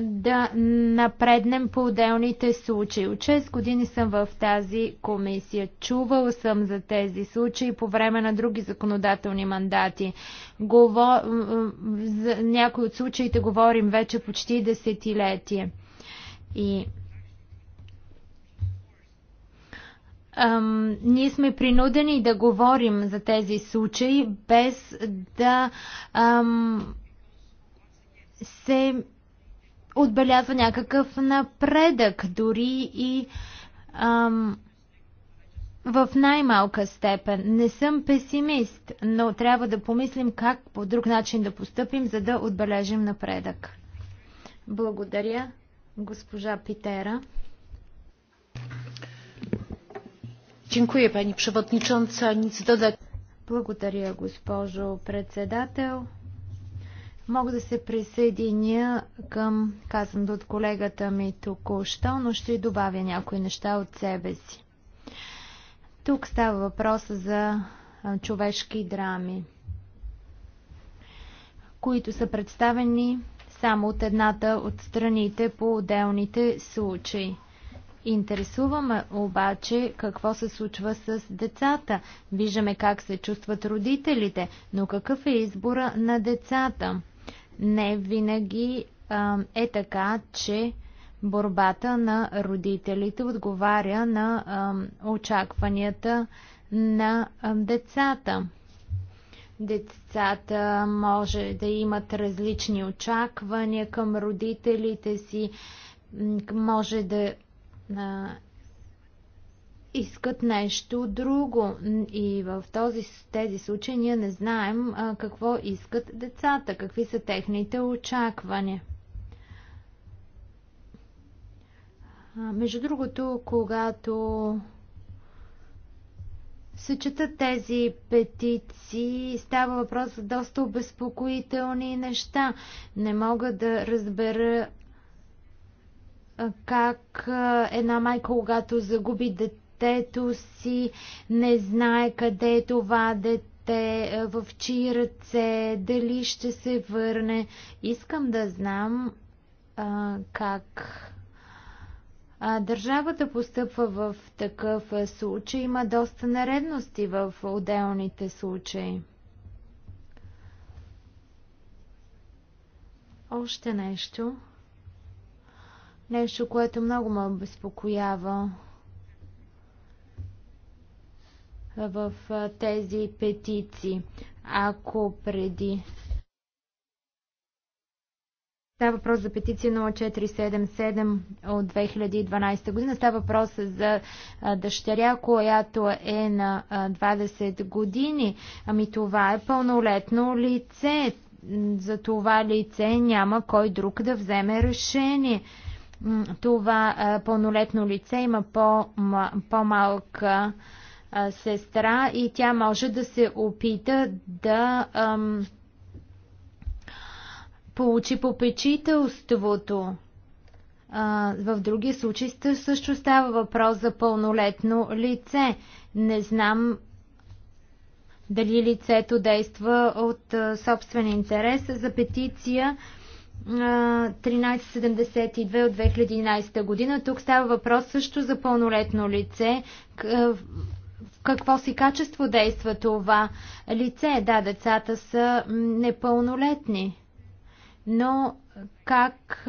да напреднем по отделните случаи. От 6 години съм в тази комисия. Чувал съм за тези случаи по време на други законодателни мандати. Говор... За някои от случаите говорим вече почти десетилетие. И Ам, ние сме принудени да говорим за тези случаи без да ам, се отбелязва някакъв напредък, дори и ам, в най-малка степен. Не съм песимист, но трябва да помислим как по друг начин да поступим, за да отбележим напредък. Благодаря, госпожа Питера. Dziękuję Pani Przewodnicząca. Nic dodać. Благодаря, госпожо председател. Мога да се присъединя към казаното от колегата ми току-що, но ще и добавя някои неща от себе си. Тук става въпрос за човешки драми, които са представени само от едната от страните по отделните случаи. Интересуваме обаче какво се случва с децата. Виждаме как се чувстват родителите, но какъв е избора на децата? не винаги е така, че борбата на родителите отговаря на очакванията на децата. Децата може да имат различни очаквания към родителите си, може да искат нещо друго. И в този, тези случаи ние не знаем а, какво искат децата, какви са техните очаквания. А, между другото, когато се четат тези петиции, става въпрос за доста обезпокоителни неща. Не мога да разбера как една майка, когато загуби дете, детето си, не знае къде е това дете, е, в чии ръце, дали ще се върне. Искам да знам а, как а, държавата постъпва в такъв случай. Има доста наредности в отделните случаи. Още нещо. Нещо, което много ме обезпокоява. в тези петиции. Ако преди Става въпрос за петиция 0477 от 2012 година. Става въпрос за дъщеря, която е на 20 години. Ами това е пълнолетно лице. За това лице няма кой друг да вземе решение. Това пълнолетно лице има по-малка по, по малка сестра и тя може да се опита да ам, получи попечителството. А, в други случаи също става въпрос за пълнолетно лице. Не знам дали лицето действа от а, собствен интерес. За петиция 1372 от 2011 година. Тук става въпрос също за пълнолетно лице какво си качество действа това лице. Да, децата са непълнолетни, но как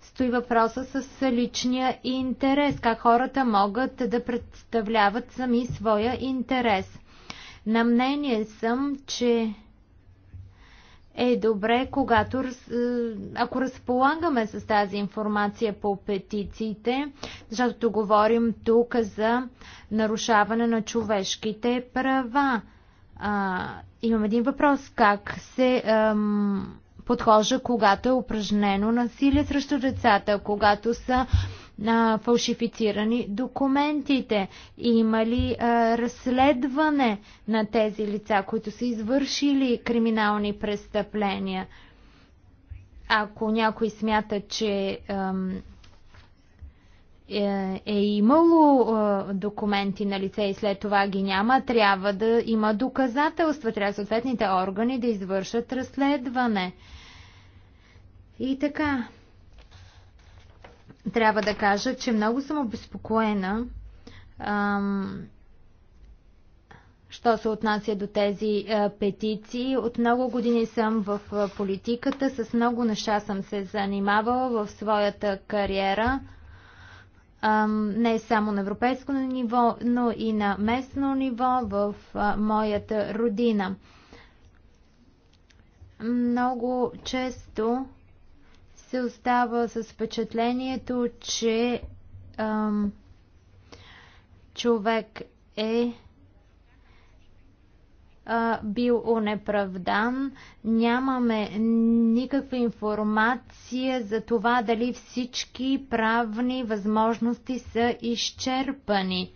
стои въпроса с личния интерес, как хората могат да представляват сами своя интерес. На мнение съм, че е добре, когато, е, ако разполагаме с тази информация по петициите, защото говорим тук за нарушаване на човешките права. А, имам един въпрос. Как се ам, подхожа, когато е упражнено насилие срещу децата, когато са на фалшифицирани документите? Има ли а, разследване на тези лица, които са извършили криминални престъпления? Ако някой смята, че ам, е, е имало а, документи на лице и след това ги няма, трябва да има доказателства, трябва съответните органи да извършат разследване. И така, трябва да кажа, че много съм обезпокоена, ам, що се отнася до тези а, петиции. От много години съм в а, политиката, с много неща съм се занимавала в своята кариера. Ам, не само на европейско ниво, но и на местно ниво в а, моята родина. Много често се остава с впечатлението, че ам, човек е а, бил унеправдан. Нямаме никаква информация за това дали всички правни възможности са изчерпани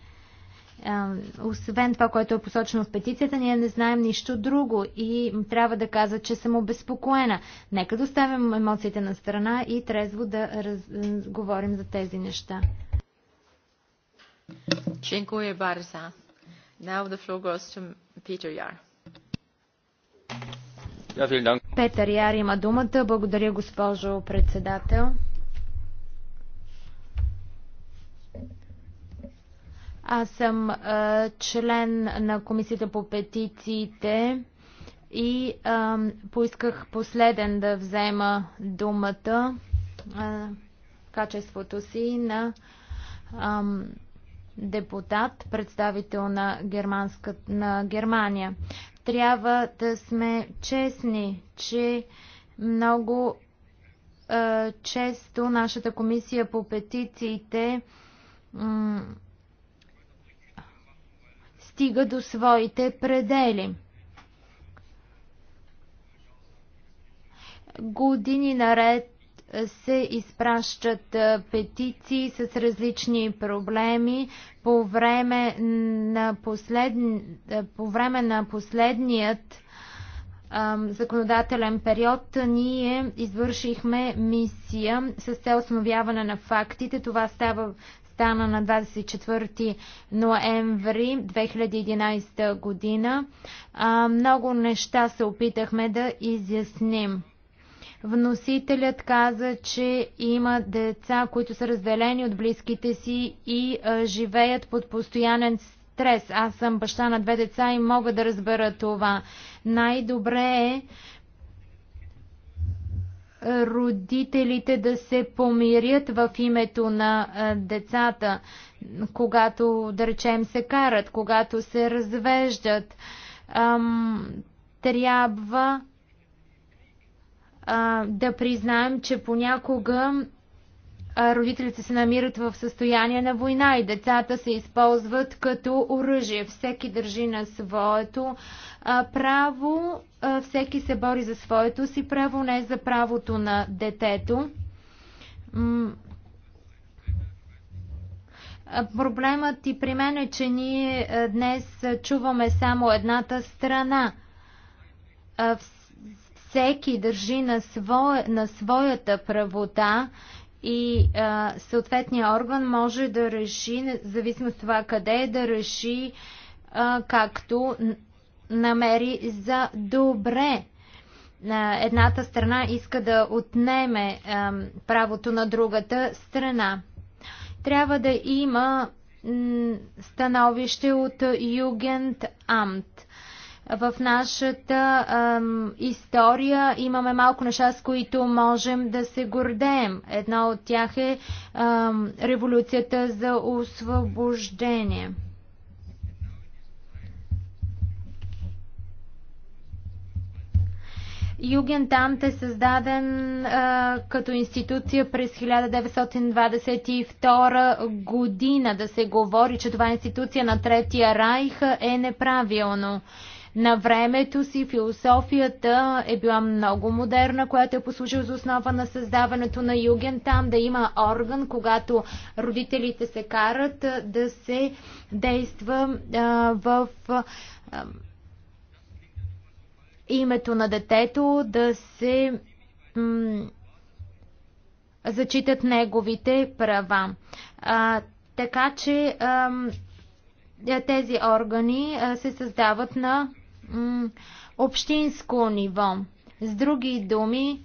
освен това, което е посочено в петицията, ние не знаем нищо друго и трябва да кажа, че съм обезпокоена. Нека да оставим емоциите на страна и трезво да раз... говорим за тези неща. Dziękuję bardzo. Now the floor goes to Peter Yar. Петър Яр има думата. Благодаря, госпожо председател. Аз съм а, член на Комисията по петициите и а, поисках последен да взема думата а, качеството си на а, депутат, представител на, германска, на Германия. Трябва да сме честни, че много а, често нашата комисия по петициите стига до своите предели. Години наред се изпращат петиции с различни проблеми. По време на, послед... по време на последният законодателен период ние извършихме мисия с цел основяване на фактите. Това става стана на 24 ноември 2011 година. Много неща се опитахме да изясним. Вносителят каза, че има деца, които са разделени от близките си и а, живеят под постоянен стрес. Аз съм баща на две деца и мога да разбера това. Най-добре е родителите да се помирят в името на децата, когато, да речем, се карат, когато се развеждат. Трябва да признаем, че понякога родителите се намират в състояние на война и децата се използват като оръжие. Всеки държи на своето право, всеки се бори за своето си право, не за правото на детето. Проблемът и при мен е, че ние днес чуваме само едната страна. Всеки държи на, на своята правота и а, съответния орган може да реши, зависимо от това къде е, да реши а, както намери за добре. А, едната страна иска да отнеме а, правото на другата страна. Трябва да има становище от Югент Амт в нашата ам, история имаме малко неща, с които можем да се гордеем. Едно от тях е ам, революцията за освобождение. Югентамт е създаден а, като институция през 1922 година. Да се говори, че това е институция на Третия райх е неправилно. А, на времето си философията е била много модерна, която е послужила за основа на създаването на юген. Там да има орган, когато родителите се карат, да се действа а, в а, името на детето, да се зачитат неговите права. А, така че а, тези органи а, се създават на общинско ниво. С други думи,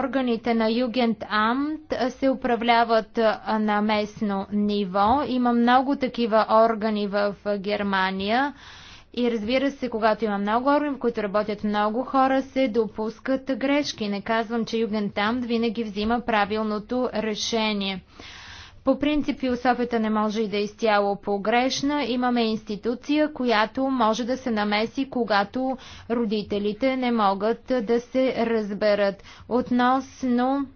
органите на Югентамт се управляват на местно ниво. Има много такива органи в Германия. И разбира се, когато има много органи, в които работят много хора, се допускат грешки. Не казвам, че Югентамт винаги взима правилното решение. По принцип философията не може и да е изцяло погрешна. Имаме институция, която може да се намеси, когато родителите не могат да се разберат. Относно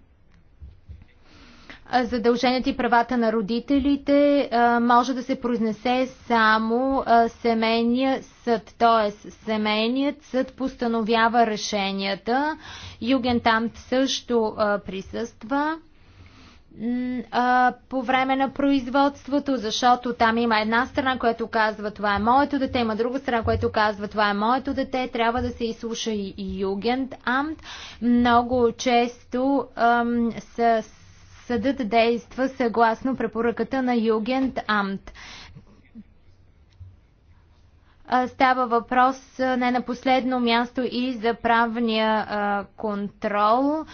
задълженията и правата на родителите може да се произнесе само семейния съд, т.е. семейният съд постановява решенията. Югентамт също присъства а, по време на производството, защото там има една страна, която казва това е моето дете, има друга страна, която казва това е моето дете, трябва да се изслуша и югент амт. Много често ам, с, съдът действа съгласно препоръката на югент амт. Става въпрос не на последно място и за правния контрол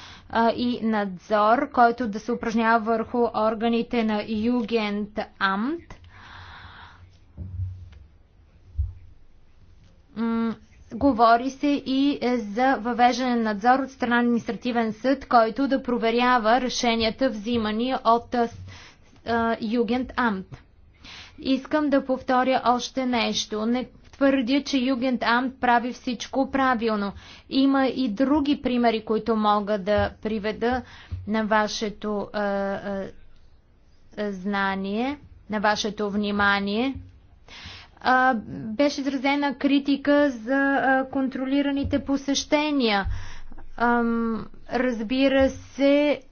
и надзор, който да се упражнява върху органите на Югент Амт. Говори се и е, за въвеждане на надзор от страна административен съд, който да проверява решенията взимани от Югент Амт. Искам да повторя още нещо твърдя, че Югент Амт прави всичко правилно. Има и други примери, които мога да приведа на вашето а, а, знание, на вашето внимание. А, беше изразена критика за а, контролираните посещения. Ам, разбира се,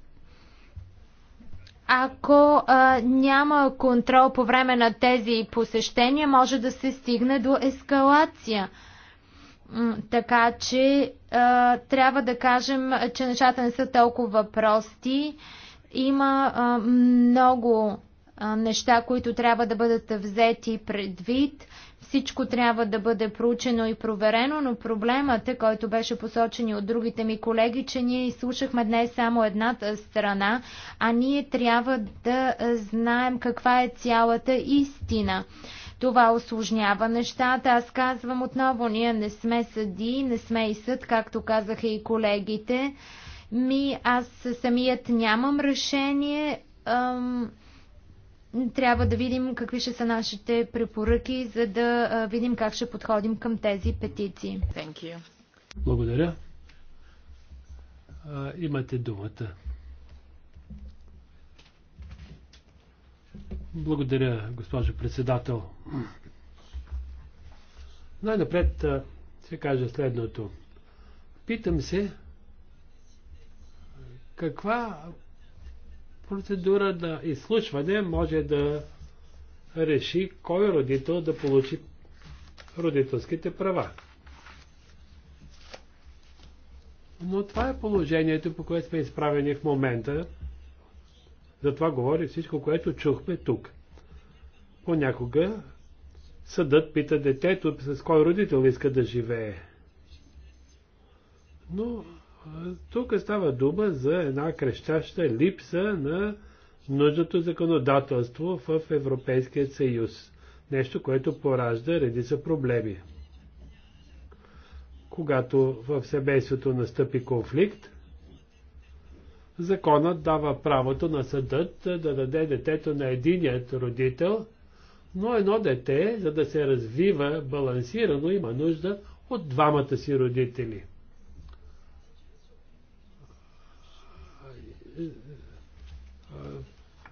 ако а, няма контрол по време на тези посещения, може да се стигне до ескалация. Така че а, трябва да кажем, че нещата не са толкова прости. Има а, много а, неща, които трябва да бъдат взети предвид. Всичко трябва да бъде проучено и проверено, но проблемът е, който беше посочен и от другите ми колеги, че ние изслушахме днес само едната страна, а ние трябва да знаем каква е цялата истина. Това осложнява нещата. Аз казвам отново, ние не сме съди, не сме и съд, както казаха и колегите. Ми, аз самият нямам решение. Ам, трябва да видим какви ще са нашите препоръки, за да видим как ще подходим към тези петиции. Благодаря. А, имате думата. Благодаря, госпожо председател. Най-напред се каже следното. Питам се, каква процедура на изслушване може да реши кой родител да получи родителските права. Но това е положението, по което сме изправени в момента. За това говори всичко, което чухме тук. Понякога съдът пита детето с кой родител иска да живее. Но тук става дума за една крещаща липса на нужното законодателство в Европейския съюз. Нещо, което поражда редица проблеми. Когато в семейството настъпи конфликт, законът дава правото на съдът да даде детето на единият родител, но едно дете, за да се развива балансирано, има нужда от двамата си родители – Е, е, е,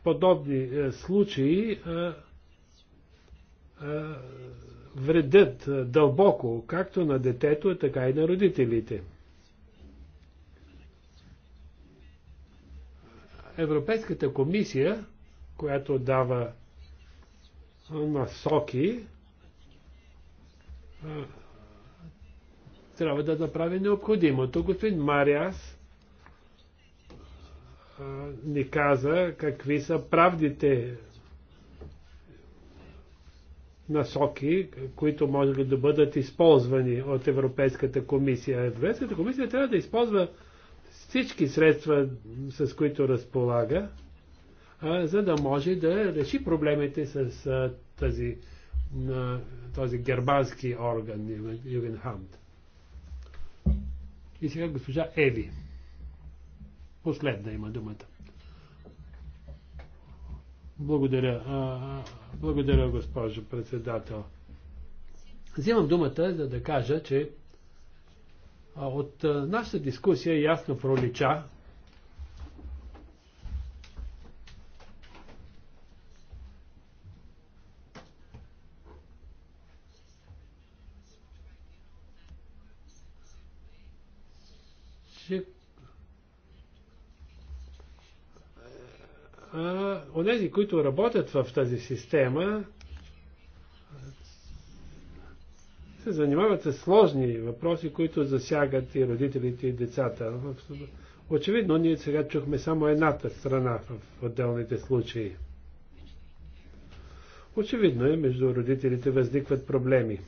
подобни случаи вредят дълбоко както на детето, така и на родителите. Европейската комисия, която дава насоки, трябва да направи необходимото. Господин Мариас ни каза какви са правдите насоки, които може да бъдат използвани от Европейската комисия. Европейската комисия трябва да използва всички средства, с които разполага, за да може да реши проблемите с тази, този германски орган, Югенхамт. И сега госпожа Еви последна има думата. Благодаря. Благодаря, госпожо председател. Взимам думата, за да кажа, че от нашата дискусия ясно пролича, а, онези, които работят в тази система, се занимават с сложни въпроси, които засягат и родителите, и децата. Очевидно, ние сега чухме само едната страна в отделните случаи. Очевидно е, между родителите възникват проблеми.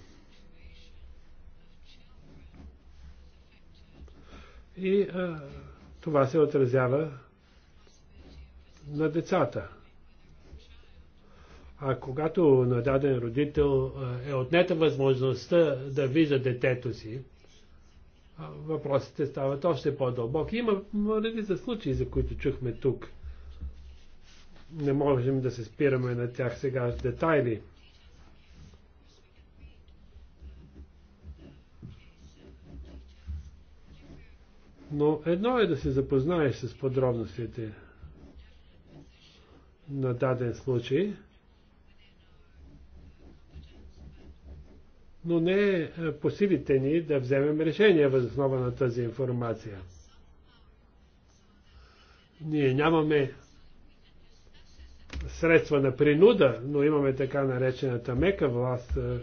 И а, това се отразява на децата. А когато на даден родител е отнета възможността да вижда детето си, въпросите стават още по-дълбоки. Има за случаи, за които чухме тук. Не можем да се спираме на тях сега в детайли. Но едно е да се запознаеш с подробностите на даден случай, но не е, е по силите ни да вземем решение въз основа на тази информация. Ние нямаме средства на принуда, но имаме така наречената мека власт, е,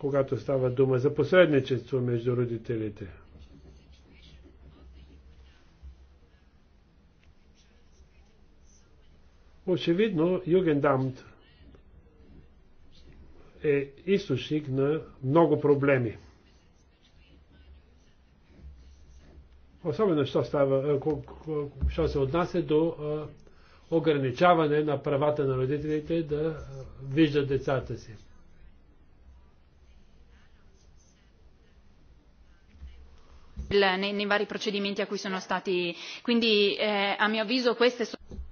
когато става дума за посредничество между родителите. Очевидно, Югендамт е източник на много проблеми. Особено, що, става, е, що се отнася до е, ограничаване на правата на родителите да е, виждат децата си. Nei, nei vari procedimenti a cui sono stati. Quindi, eh, a mio avviso, queste sono.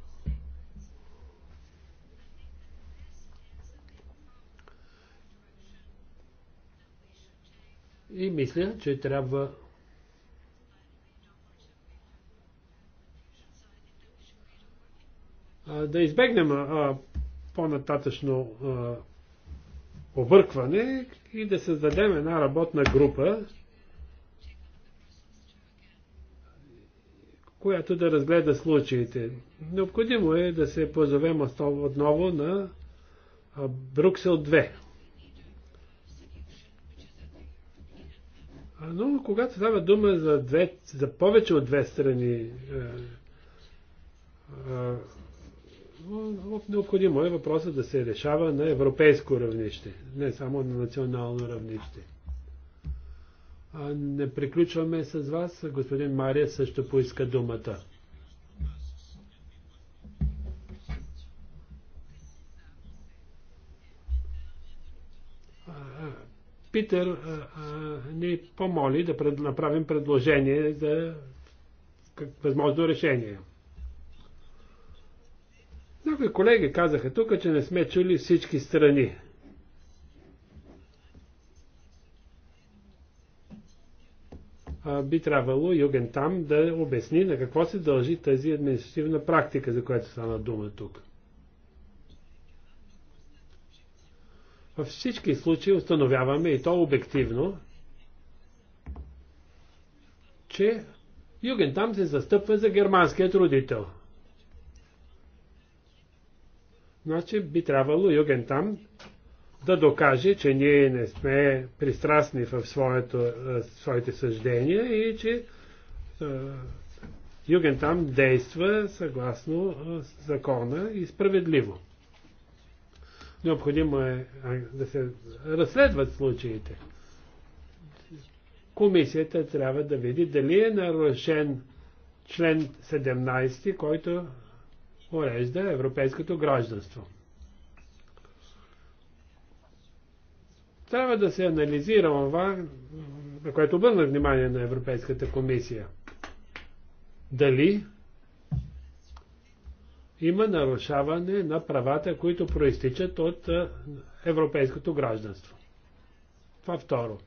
И мисля, че трябва да избегнем по-нататъчно объркване и да създадем една работна група, която да разгледа случаите. Необходимо е да се позовем отново на Бруксел 2. Но когато става дума за, две, за повече от две страни, е, е, необходимо е въпросът да се решава на европейско равнище, не само на национално равнище. А не приключваме с вас. Господин Мария също поиска думата. Питър а, а, ни помоли да пред, направим предложение за възможно решение. Някои колеги казаха тук, че не сме чули всички страни. А, би трябвало Юген там да обясни на какво се дължи тази административна практика, за която стана дума тук. Във всички случаи установяваме и то обективно, че Югентам се застъпва за германският родител. Значи би трябвало Югентам да докаже, че ние не сме пристрастни в своето, своите съждения и че юген там действа съгласно закона и справедливо. Необходимо е да се разследват случаите. Комисията трябва да види дали е нарушен член 17, който урежда европейското гражданство. Трябва да се анализира това, на което обърна внимание на Европейската комисия. Дали има нарушаване на правата, които проистичат от европейското гражданство. Това второ.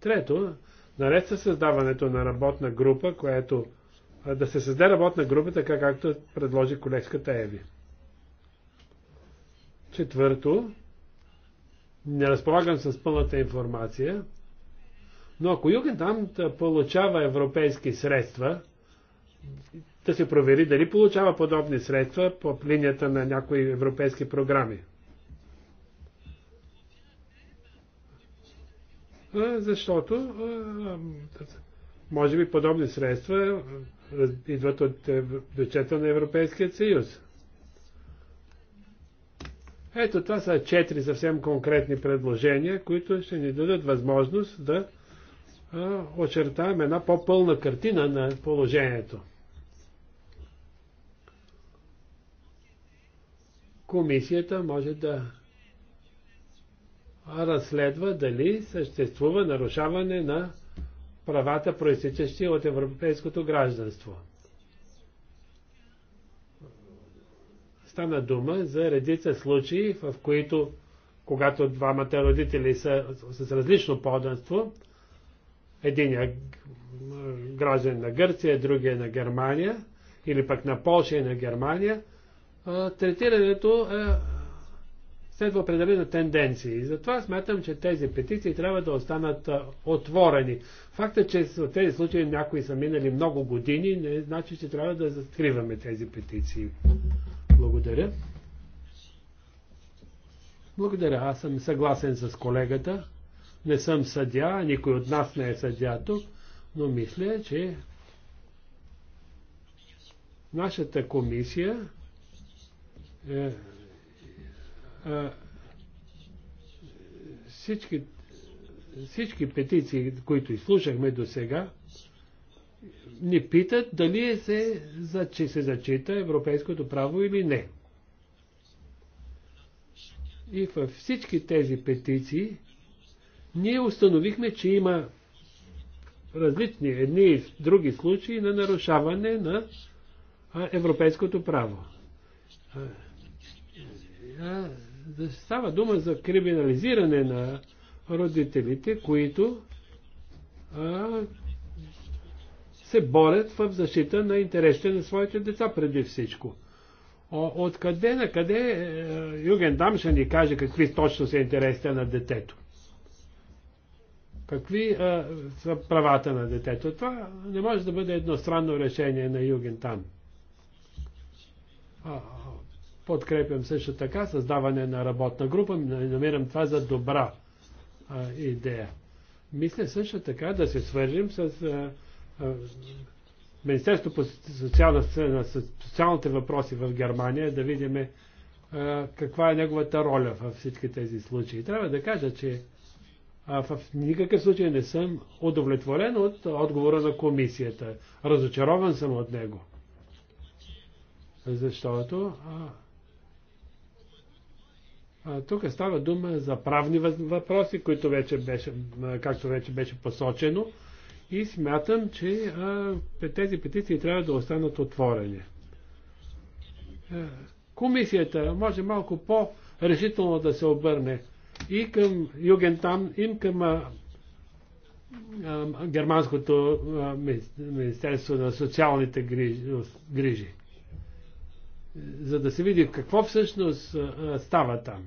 Трето, наред със създаването на работна група, което да се създаде работна група, така както предложи колежката Еви. Четвърто, не разполагам с пълната информация, но ако Югентамт получава европейски средства, да се провери дали получава подобни средства по линията на някои европейски програми. Защото може би подобни средства идват от е, бюджета на Европейския съюз. Ето това са четири съвсем конкретни предложения, които ще ни дадат възможност да очертаем една по-пълна картина на положението. комисията може да разследва дали съществува нарушаване на правата, проистичащи от европейското гражданство. Стана дума за редица случаи, в които, когато двамата родители са с различно поданство, единият е граждан на Гърция, другия е на Германия, или пък на Польша и на Германия, третирането е следва определена тенденция. И затова смятам, че тези петиции трябва да останат отворени. Факта, е, че в тези случаи някои са минали много години, не значи, че трябва да закриваме тези петиции. Благодаря. Благодаря. Аз съм съгласен с колегата. Не съм съдя, никой от нас не е съдя тук, но мисля, че нашата комисия е, е, всички, всички петиции, които изслушахме до сега, ни питат дали се, че се зачита европейското право или не. И във всички тези петиции ние установихме, че има различни едни и други случаи на нарушаване на европейското право да става дума за криминализиране на родителите, които а, се борят в защита на интересите на своите деца преди всичко. Откъде на къде Юген Дам ще ни каже какви точно са интересите на детето? Какви а, са правата на детето? Това не може да бъде едностранно решение на Юген Дам. Подкрепям също така създаване на работна група. Намирам това за добра а, идея. Мисля също така да се свържим с а, а, Министерството по социална, социалните въпроси в Германия, да видим каква е неговата роля във всички тези случаи. Трябва да кажа, че а, в никакъв случай не съм удовлетворен от отговора на комисията. Разочарован съм от него. Защото а, тук става дума за правни въпроси, които вече беше, както вече беше посочено, и смятам, че тези петиции трябва да останат отворени. Е, комисията може малко по-решително да се обърне и към Югентам, и към Германското Министерство на социалните грижи за да се види какво всъщност става там.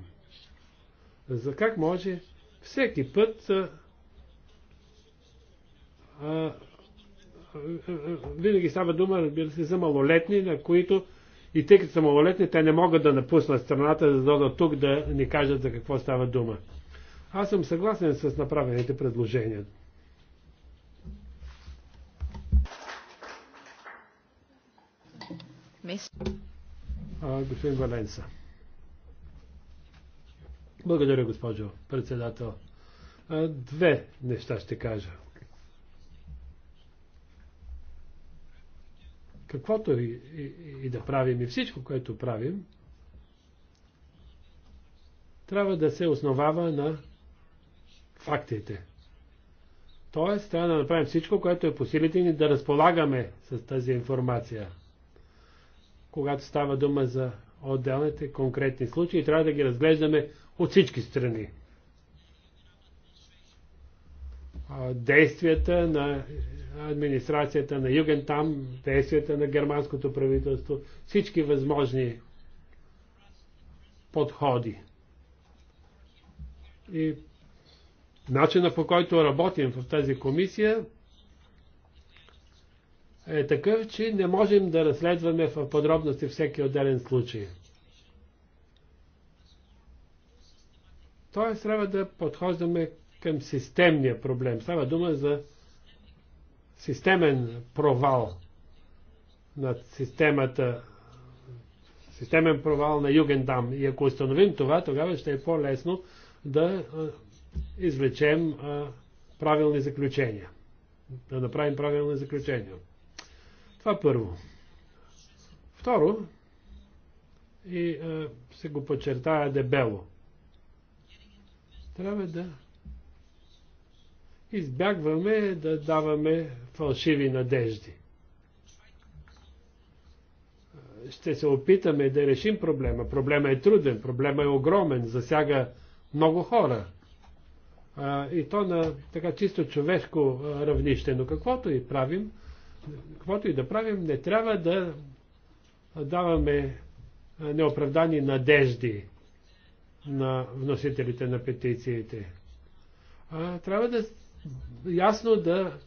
За как може всеки път винаги става дума, разбира се, за малолетни, на които и тъй като са малолетни, те не могат да напуснат страната, за да дойдат тук да ни кажат за какво става дума. Аз съм съгласен с направените предложения. Мисля господин Валенса. Благодаря, госпожо председател. Две неща ще кажа. Каквото и, и, и да правим, и всичко, което правим, трябва да се основава на фактите. Тоест, трябва да направим всичко, което е по силите ни да разполагаме с тази информация когато става дума за отделните конкретни случаи, трябва да ги разглеждаме от всички страни. Действията на администрацията на Югентам, действията на германското правителство, всички възможни подходи. И начина по който работим в тази комисия е такъв, че не можем да разследваме в подробности всеки отделен случай. Тоест трябва да подхождаме към системния проблем. Става дума за системен провал на системата, системен провал на Югендам. И ако установим това, тогава ще е по-лесно да извлечем правилни заключения. Да направим правилни заключения. Това е първо. Второ, и а, е, се го подчертая дебело, трябва да избягваме да даваме фалшиви надежди. Ще се опитаме да решим проблема. Проблема е труден, проблема е огромен, засяга много хора. А, и то на така чисто човешко равнище, но каквото и правим, каквото и да правим, не трябва да даваме неоправдани надежди на вносителите на петициите. А, трябва да ясно да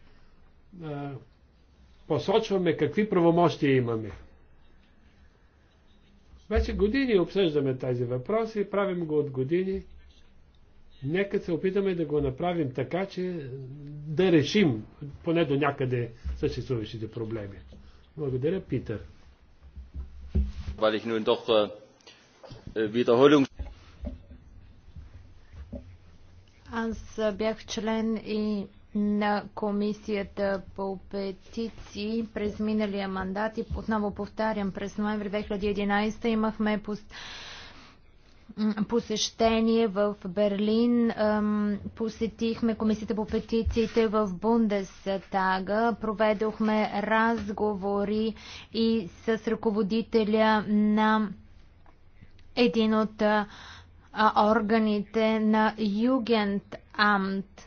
а, посочваме какви правомощия имаме. Вече години обсъждаме тези въпроси и правим го от години нека се опитаме да го направим така, че да решим поне до някъде съществуващите проблеми. Благодаря, Питър. Äh, äh, Аз бях член и на комисията по петиции през миналия мандат и отново повтарям, през ноември 2011 имахме пост посещение в Берлин. Посетихме комисията по петициите в Бундестага. Проведохме разговори и с ръководителя на един от органите на Югент Амт.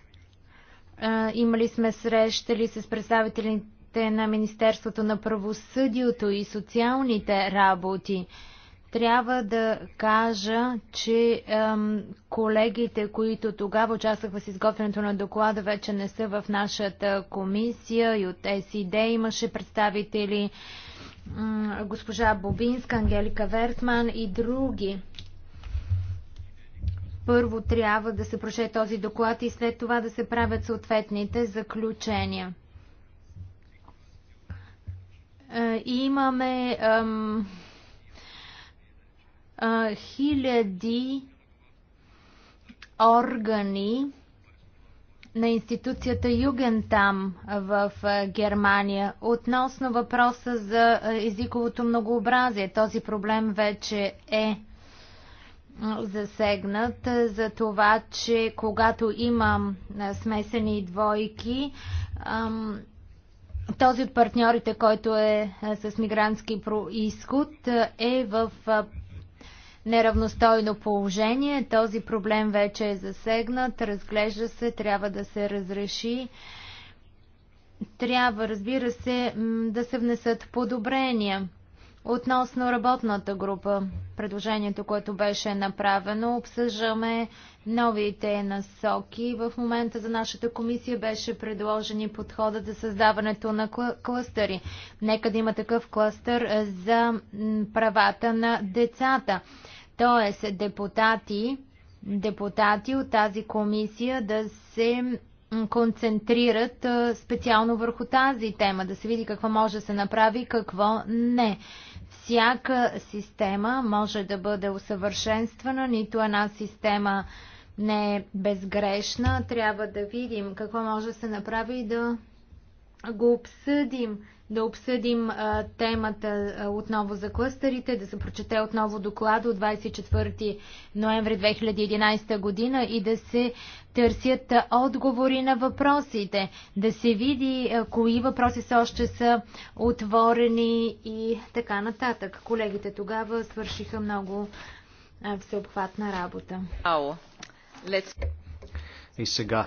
Имали сме срещали с представителите на Министерството на правосъдието и социалните работи. Трябва да кажа, че ем, колегите, които тогава участваха в изготвянето на доклада, вече не са в нашата комисия и от е СИД имаше представители госпожа Бобинска, Ангелика Вертман и други. Първо трябва да се проше този доклад и след това да се правят съответните заключения. Е, имаме ем, а, хиляди органи на институцията Югентам в Германия относно въпроса за езиковото многообразие. Този проблем вече е засегнат за това, че когато има смесени двойки, този от партньорите, който е с мигрантски происход, е в неравностойно положение. Този проблем вече е засегнат, разглежда се, трябва да се разреши. Трябва, разбира се, да се внесат подобрения. Относно работната група, предложението, което беше направено, обсъждаме новите насоки. В момента за нашата комисия беше предложен и подхода за създаването на кластъри. Нека да има такъв клъстър е, за правата на децата. Тоест, депутати, депутати от тази комисия да се концентрират специално върху тази тема, да се види какво може да се направи, какво не. Всяка система може да бъде усъвършенствана, нито една система не е безгрешна. Трябва да видим какво може да се направи и да го обсъдим да обсъдим а, темата а, отново за клъстерите, да се прочете отново доклада от 24 ноември 2011 година и да се търсят отговори на въпросите, да се види а, кои въпроси са още са отворени и така нататък. Колегите тогава свършиха много а, всеобхватна работа. И сега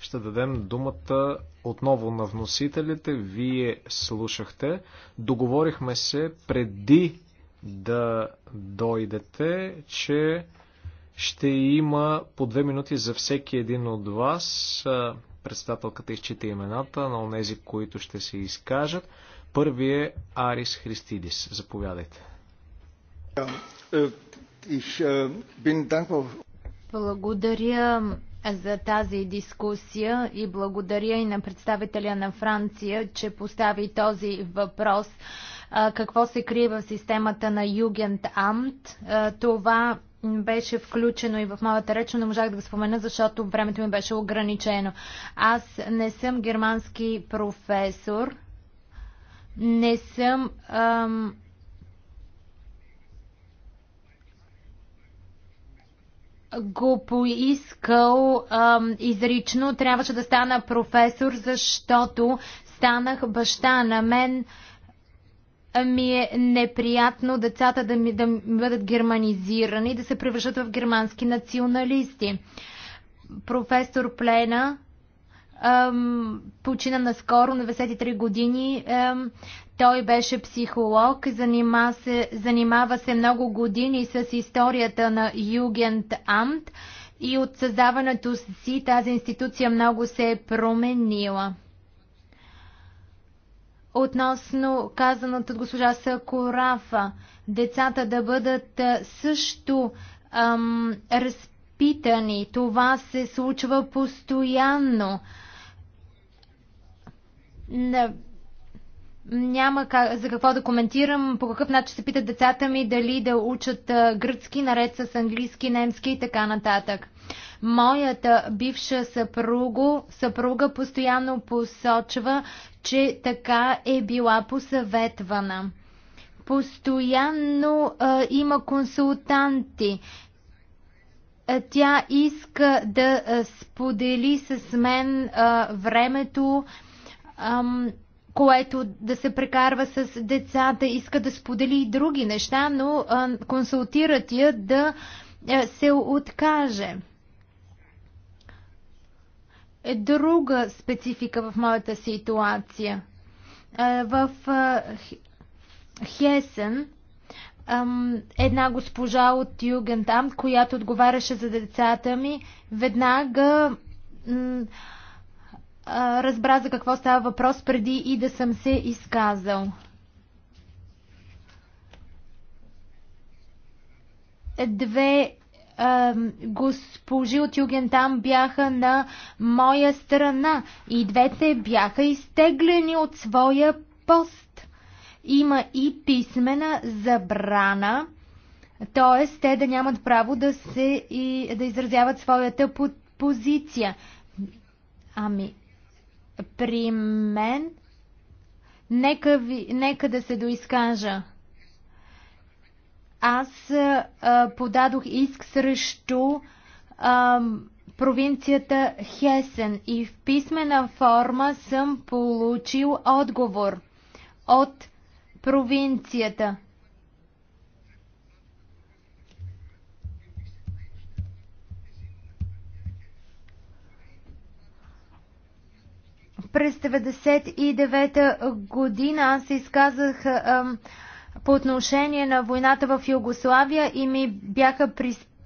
ще дадем думата отново на вносителите. Вие слушахте. Договорихме се преди да дойдете, че ще има по две минути за всеки един от вас. Председателката изчита имената на онези, които ще се изкажат. Първи е Арис Христидис. Заповядайте. Благодаря за тази дискусия и благодаря и на представителя на Франция, че постави този въпрос. Какво се крие в системата на югент Амт? Това беше включено и в моята реч, но не можах да го спомена, защото времето ми беше ограничено. Аз не съм германски професор, не съм ам, го поискал ам, изрично, трябваше да стана професор, защото станах баща на мен. Ми е неприятно децата да, ми, да бъдат германизирани, да се превръщат в германски националисти. Професор Плена ам, почина наскоро, на 93 години. Ам, той беше психолог, занима се, занимава се много години с историята на Югент Амт и от създаването си тази институция много се е променила. Относно казаното от госпожа Сакорафа, децата да бъдат също ам, разпитани. Това се случва постоянно. Не, няма как, за какво да коментирам, по какъв начин се питат децата ми дали да учат гръцки наред с английски, немски и така нататък. Моята бивша съпруга, съпруга постоянно посочва, че така е била посъветвана. Постоянно а, има консултанти. Тя иска да сподели с мен а, времето, а, ам, което да се прекарва с децата, иска да сподели и други неща, но ам, консултират я да а, се откаже. Е друга специфика в моята ситуация. А, в а, Хесен една госпожа от Югентам, която отговаряше за децата ми, веднага разбра за какво става въпрос преди и да съм се изказал. Две а, госпожи от Югентам бяха на моя страна и двете бяха изтеглени от своя пост. Има и писмена забрана т.е. те да нямат право да се и да изразяват своята позиция. Ами, при мен. Нека, ви, нека да се доискажа. Аз а, подадох иск срещу а, провинцията Хесен и в писмена форма съм получил отговор от провинцията. През 1999 година аз се изказах ам, по отношение на войната в Югославия и ми бяха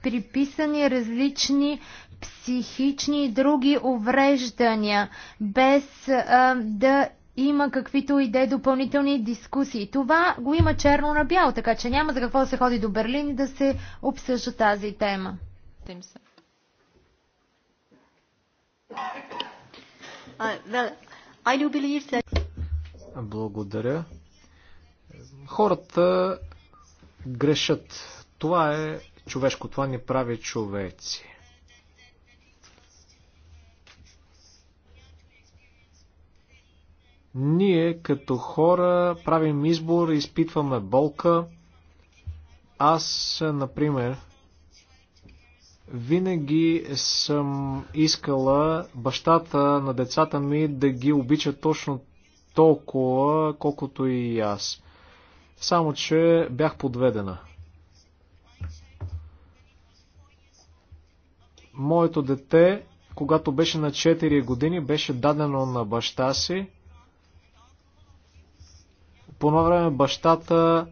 приписани различни психични и други увреждания, без а, да има каквито и да е допълнителни дискусии. Това го има черно на бяло, така че няма за какво да се ходи до Берлин и да се обсъжда тази тема. Uh, Благодаря. Хората грешат. Това е човешко. Това ни прави човеци. Ние като хора правим избор, изпитваме болка. Аз, например, винаги съм искала бащата на децата ми да ги обича точно толкова, колкото и аз. Само, че бях подведена. Моето дете, когато беше на 4 години, беше дадено на баща си. По време бащата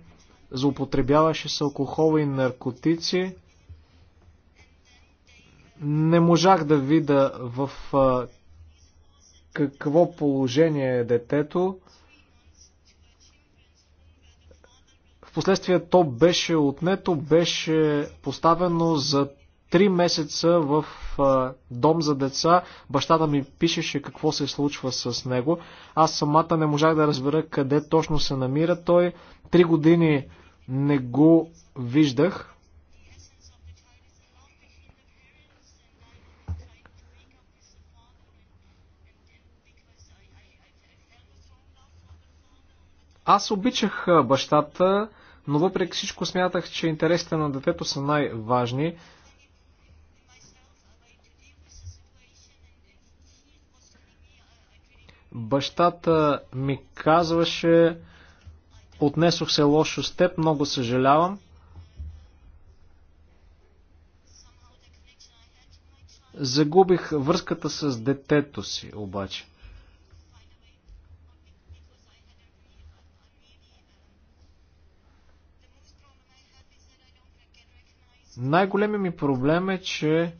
злоупотребяваше с алкохол и наркотици. Не можах да видя в какво положение е детето. Впоследствие то беше отнето, беше поставено за три месеца в дом за деца. Бащата ми пишеше какво се случва с него. Аз самата не можах да разбера къде точно се намира той. Три години не го виждах. Аз обичах бащата, но въпреки всичко смятах, че интересите на детето са най-важни. Бащата ми казваше, отнесох се лошо с теб, много съжалявам. Загубих връзката с детето си, обаче. Най-големият ми проблем е, че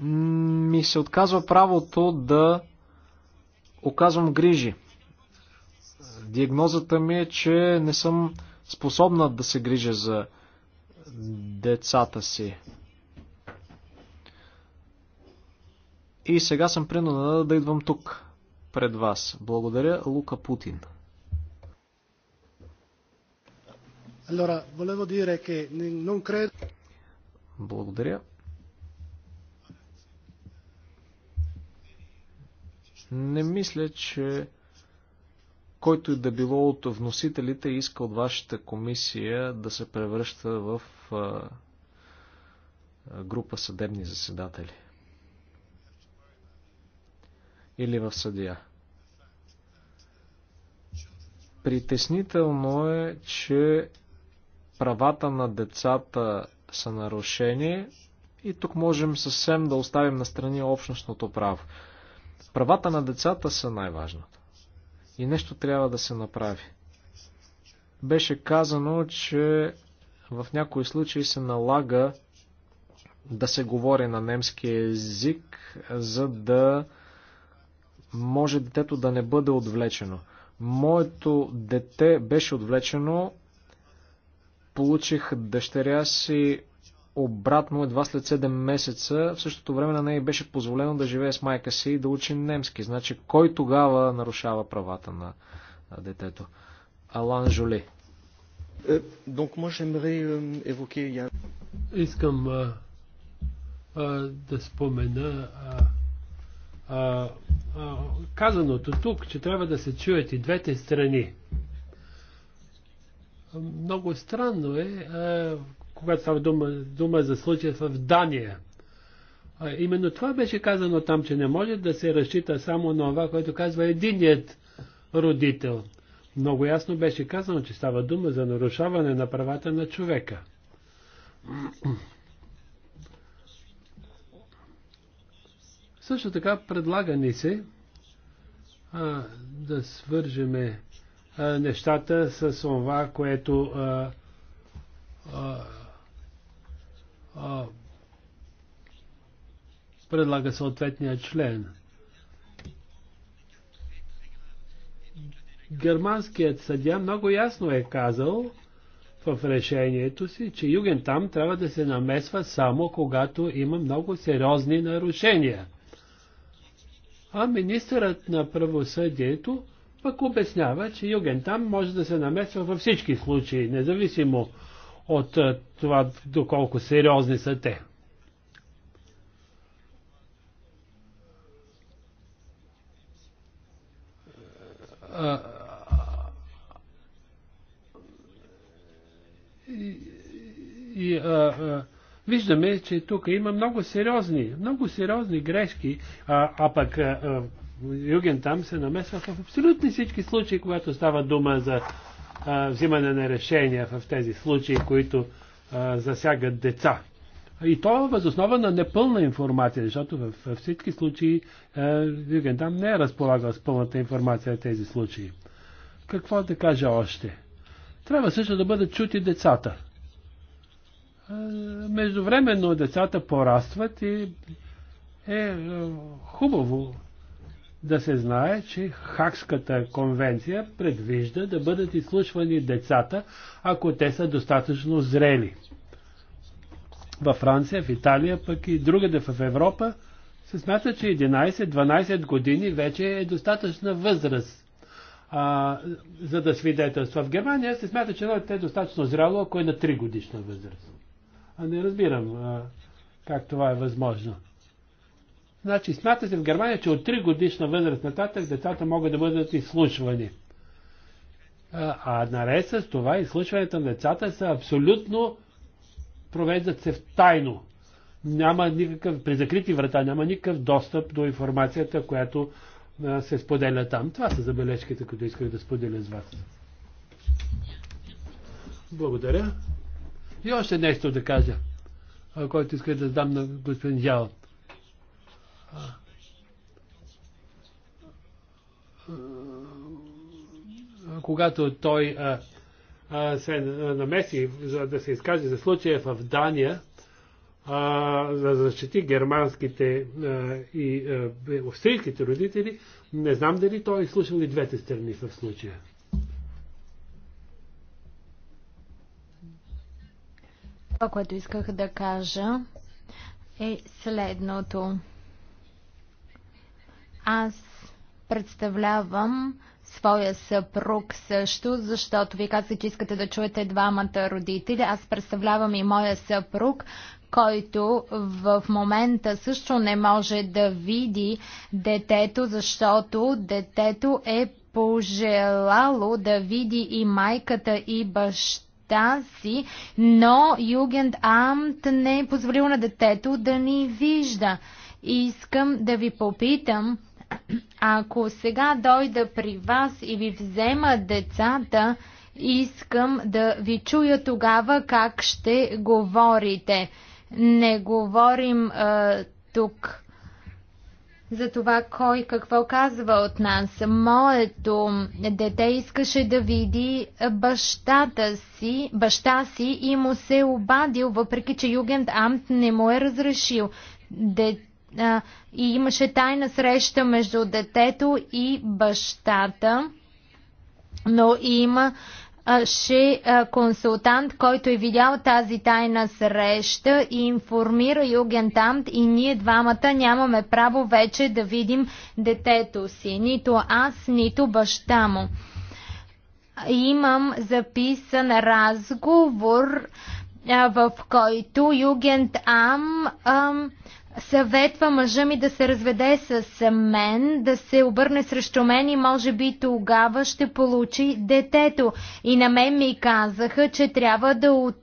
ми се отказва правото да оказвам грижи. Диагнозата ми е, че не съм способна да се грижа за децата си. И сега съм принудена да идвам тук, пред вас. Благодаря, Лука Путин. Allora, volevo dire che non credo... Благодаря. Не мисля, че който и да било от вносителите иска от вашата комисия да се превръща в група съдебни заседатели. Или в съдия. Притеснително е, че правата на децата са нарушени и тук можем съвсем да оставим на страни общностното право. Правата на децата са най-важното. И нещо трябва да се направи. Беше казано, че в някои случаи се налага да се говори на немски език, за да може детето да не бъде отвлечено. Моето дете беше отвлечено получих дъщеря си обратно едва след 7 месеца. В същото време на нея беше позволено да живее с майка си и да учи немски. Значи кой тогава нарушава правата на детето? Алан Жоли. Е, euh, Искам а, а, да спомена а, казаното тук, че трябва да се чуят и двете страни. Много странно е, когато става дума, дума за случая в Дания. Именно това беше казано там, че не може да се разчита само на това, което казва единият родител. Много ясно беше казано, че става дума за нарушаване на правата на човека. Също така предлага ни се а, да свържеме нещата с това, което а, а, а, предлага съответния член. Германският съдя много ясно е казал в решението си, че юген там трябва да се намесва само когато има много сериозни нарушения. А министърът на правосъдието пък обяснява, че юген там може да се намесва във всички случаи, независимо от това доколко сериозни са те. И, и, а, а, виждаме, че тук има много сериозни, много сериозни грешки, а, а пък а, Юген там се намесва в абсолютно всички случаи, когато става дума за а, взимане на решения в тези случаи, които а, засягат деца. И то възоснова на непълна информация, защото във всички случаи Юген там не е разполагал с пълната информация в тези случаи. Какво да кажа още? Трябва също да бъдат чути децата. Междувременно децата порастват и е, е хубаво да се знае, че Хакската конвенция предвижда да бъдат изслушвани децата, ако те са достатъчно зрели. Във Франция, в Италия, пък и другаде в Европа се смята, че 11-12 години вече е достатъчна възраст а, за да свидетелства. В Германия се смята, че едно е достатъчно зряло, ако е на 3 годишна възраст. А не разбирам а, как това е възможно. Значи смята се в Германия, че от 3 годишна възраст нататък децата могат да бъдат изслушвани. А, наред с това изслушването на децата са абсолютно провеждат се в тайно. Няма никакъв, при закрити врата няма никакъв достъп до информацията, която се споделя там. Това са забележките, които исках да споделя с вас. Благодаря. И още нещо да кажа, което исках да дам на господин Жалът когато той а, а, се намеси за да се изкаже за случая в Дания, а, за да защити германските а, и а, австрийските родители, не знам дали той е слушал и двете страни в случая. Това, което исках да кажа е следното. Аз представлявам своя съпруг също, защото вие казах, че искате да чуете двамата родители. Аз представлявам и моя съпруг, който в момента също не може да види детето, защото детето е пожелало да види и майката и баща си, но Югент Амт не е позволил на детето да ни вижда. И искам да ви попитам, ако сега дойда при вас и ви взема децата, искам да ви чуя тогава как ще говорите. Не говорим а, тук за това кой какво казва от нас. Моето дете искаше да види бащата си, баща си и му се обадил, въпреки че Югент Амт не му е разрешил. Дете а, и имаше тайна среща между детето и бащата, но има имаше консултант, който е видял тази тайна среща и информира Югентамт и ние двамата нямаме право вече да видим детето си. Нито аз, нито баща му. Имам записан разговор, в който Югент Ам съветва мъжа ми да се разведе с мен, да се обърне срещу мен и може би тогава ще получи детето. И на мен ми казаха, че трябва да от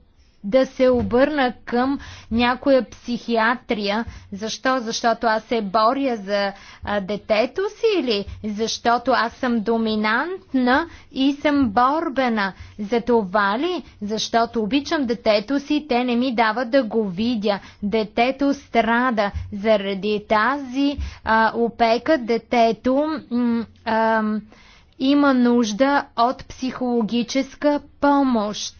да се обърна към някоя психиатрия. Защо? Защото аз се боря за а, детето си или защото аз съм доминантна и съм борбена. За това ли? Защото обичам детето си, те не ми дават да го видя. Детето страда. Заради тази а, опека детето а, има нужда от психологическа помощ.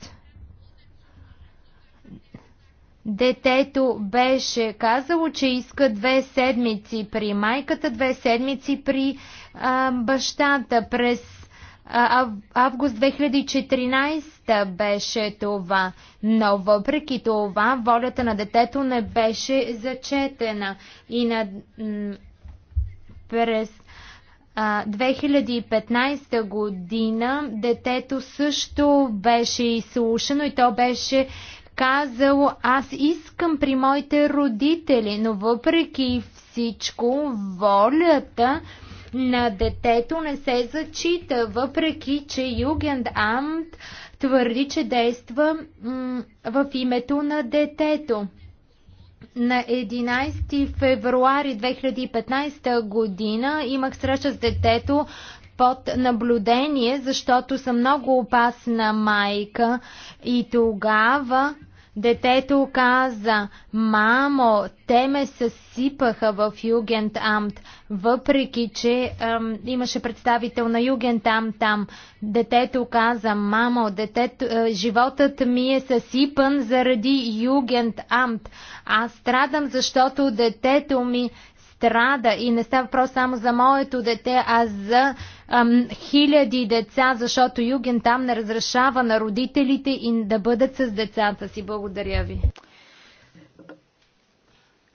Детето беше казало, че иска две седмици при майката, две седмици при а, бащата. През а, август 2014 беше това. Но въпреки това, волята на детето не беше зачетена. И на, през 2015 година детето също беше изслушано и то беше казал, аз искам при моите родители, но въпреки всичко, волята на детето не се зачита, въпреки че Амт твърди, че действа в името на детето. На 11 февруари 2015 година имах среща с детето под наблюдение, защото съм много опасна майка и тогава Детето каза, мамо, те ме съсипаха в Югентамт, въпреки че ем, имаше представител на Югентам там. Детето каза, мамо, детето, е, животът ми е съсипан заради Югентамт. Аз страдам, защото детето ми страда и не става въпрос само за моето дете, а за ам, хиляди деца, защото Юген там не разрешава на родителите и да бъдат с децата си. Благодаря ви.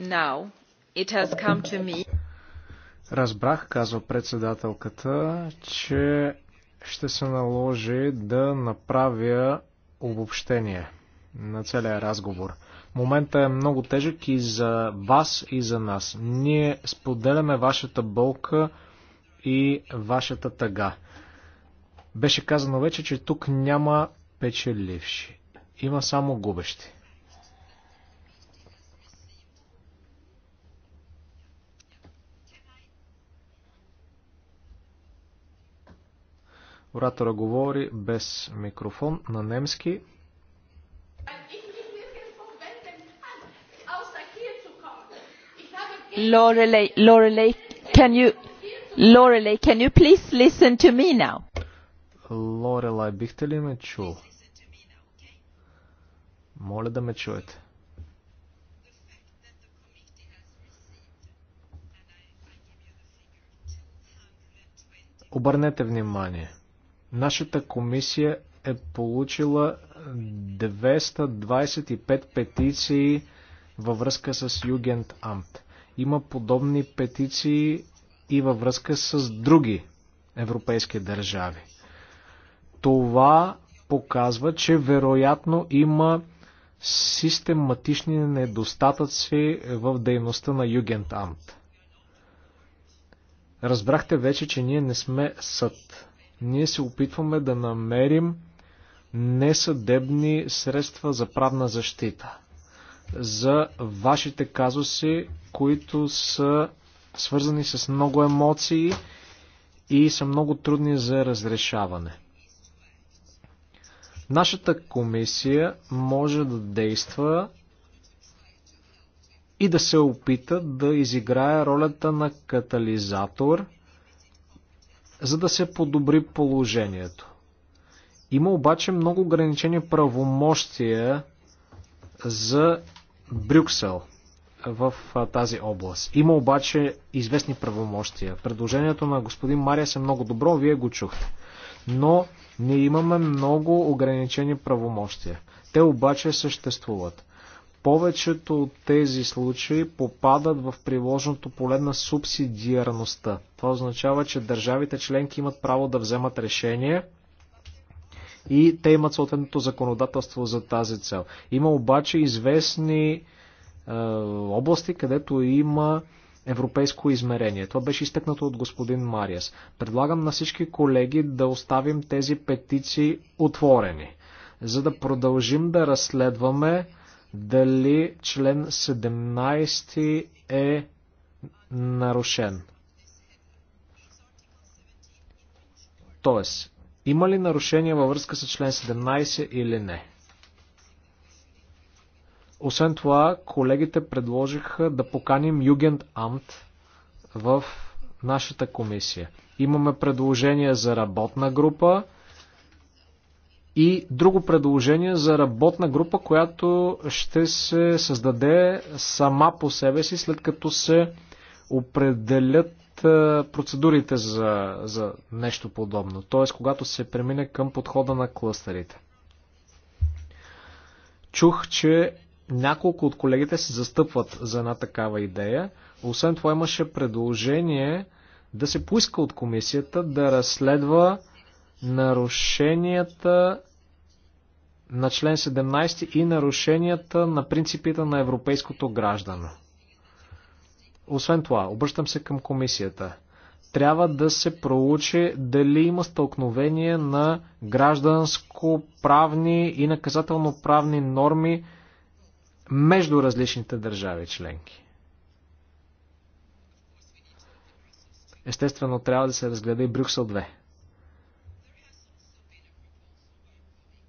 Now, it has come to me. Разбрах, казва председателката, че ще се наложи да направя обобщение на целия разговор. Момента е много тежък и за вас, и за нас. Ние споделяме вашата болка, и вашата тъга. Беше казано вече, че тук няма печеливши. Има само губещи. Оратора говори без микрофон на немски. Лорелей, Лорелей, can you Лорелей, can you please listen to me now? Лорелай, бихте ли ме чул? Моля да ме чуете. Обърнете внимание. Нашата комисия е получила 225 петиции във връзка с Югент Амт. Има подобни петиции и във връзка с други европейски държави. Това показва, че вероятно има систематични недостатъци в дейността на Югентамт. Разбрахте вече, че ние не сме съд. Ние се опитваме да намерим несъдебни средства за правна защита за вашите казуси, които са свързани с много емоции и са много трудни за разрешаване. Нашата комисия може да действа и да се опита да изиграе ролята на катализатор, за да се подобри положението. Има обаче много ограничени правомощия за Брюксел – в тази област. Има обаче известни правомощия. Предложението на господин Мария е много добро, вие го чухте. Но ние имаме много ограничени правомощия. Те обаче съществуват. Повечето от тези случаи попадат в приложното поле на субсидиарността. Това означава, че държавите членки имат право да вземат решение и те имат съответното законодателство за тази цел. Има обаче известни е, области, където има европейско измерение. Това беше изтъкнато от господин Мариас. Предлагам на всички колеги да оставим тези петиции отворени, за да продължим да разследваме дали член 17 е нарушен. Тоест, има ли нарушение във връзка с член 17 или не? Освен това, колегите предложиха да поканим Югент Амт в нашата комисия. Имаме предложение за работна група и друго предложение за работна група, която ще се създаде сама по себе си, след като се определят е, процедурите за, за нещо подобно. Т.е. когато се премине към подхода на клъстерите. Чух, че няколко от колегите се застъпват за една такава идея. Освен това имаше предложение да се поиска от комисията да разследва нарушенията на член 17 и нарушенията на принципите на европейското граждане. Освен това, обръщам се към комисията. Трябва да се проучи дали има стълкновение на гражданско-правни и наказателно-правни норми между различните държави членки. Естествено, трябва да се разгледа и Брюксел 2.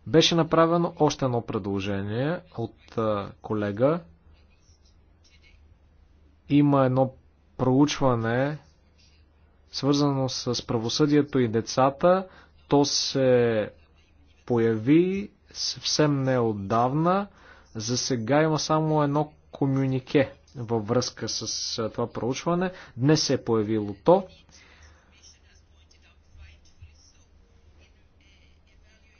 Беше направено още едно предложение от колега. Има едно проучване, свързано с правосъдието и децата. То се появи съвсем неотдавна. За сега има само едно комюнике във връзка с това проучване. Днес се е появило то.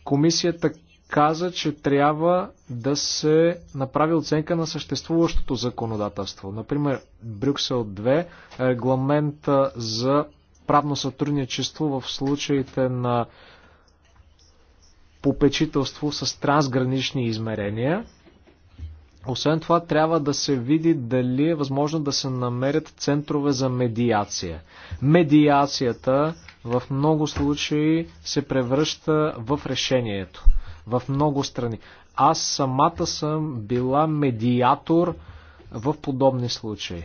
Комисията каза, че трябва да се направи оценка на съществуващото законодателство. Например, Брюксел 2, регламента за правно сътрудничество в случаите на попечителство с трансгранични измерения – освен това, трябва да се види дали е възможно да се намерят центрове за медиация. Медиацията в много случаи се превръща в решението. В много страни. Аз самата съм била медиатор в подобни случаи.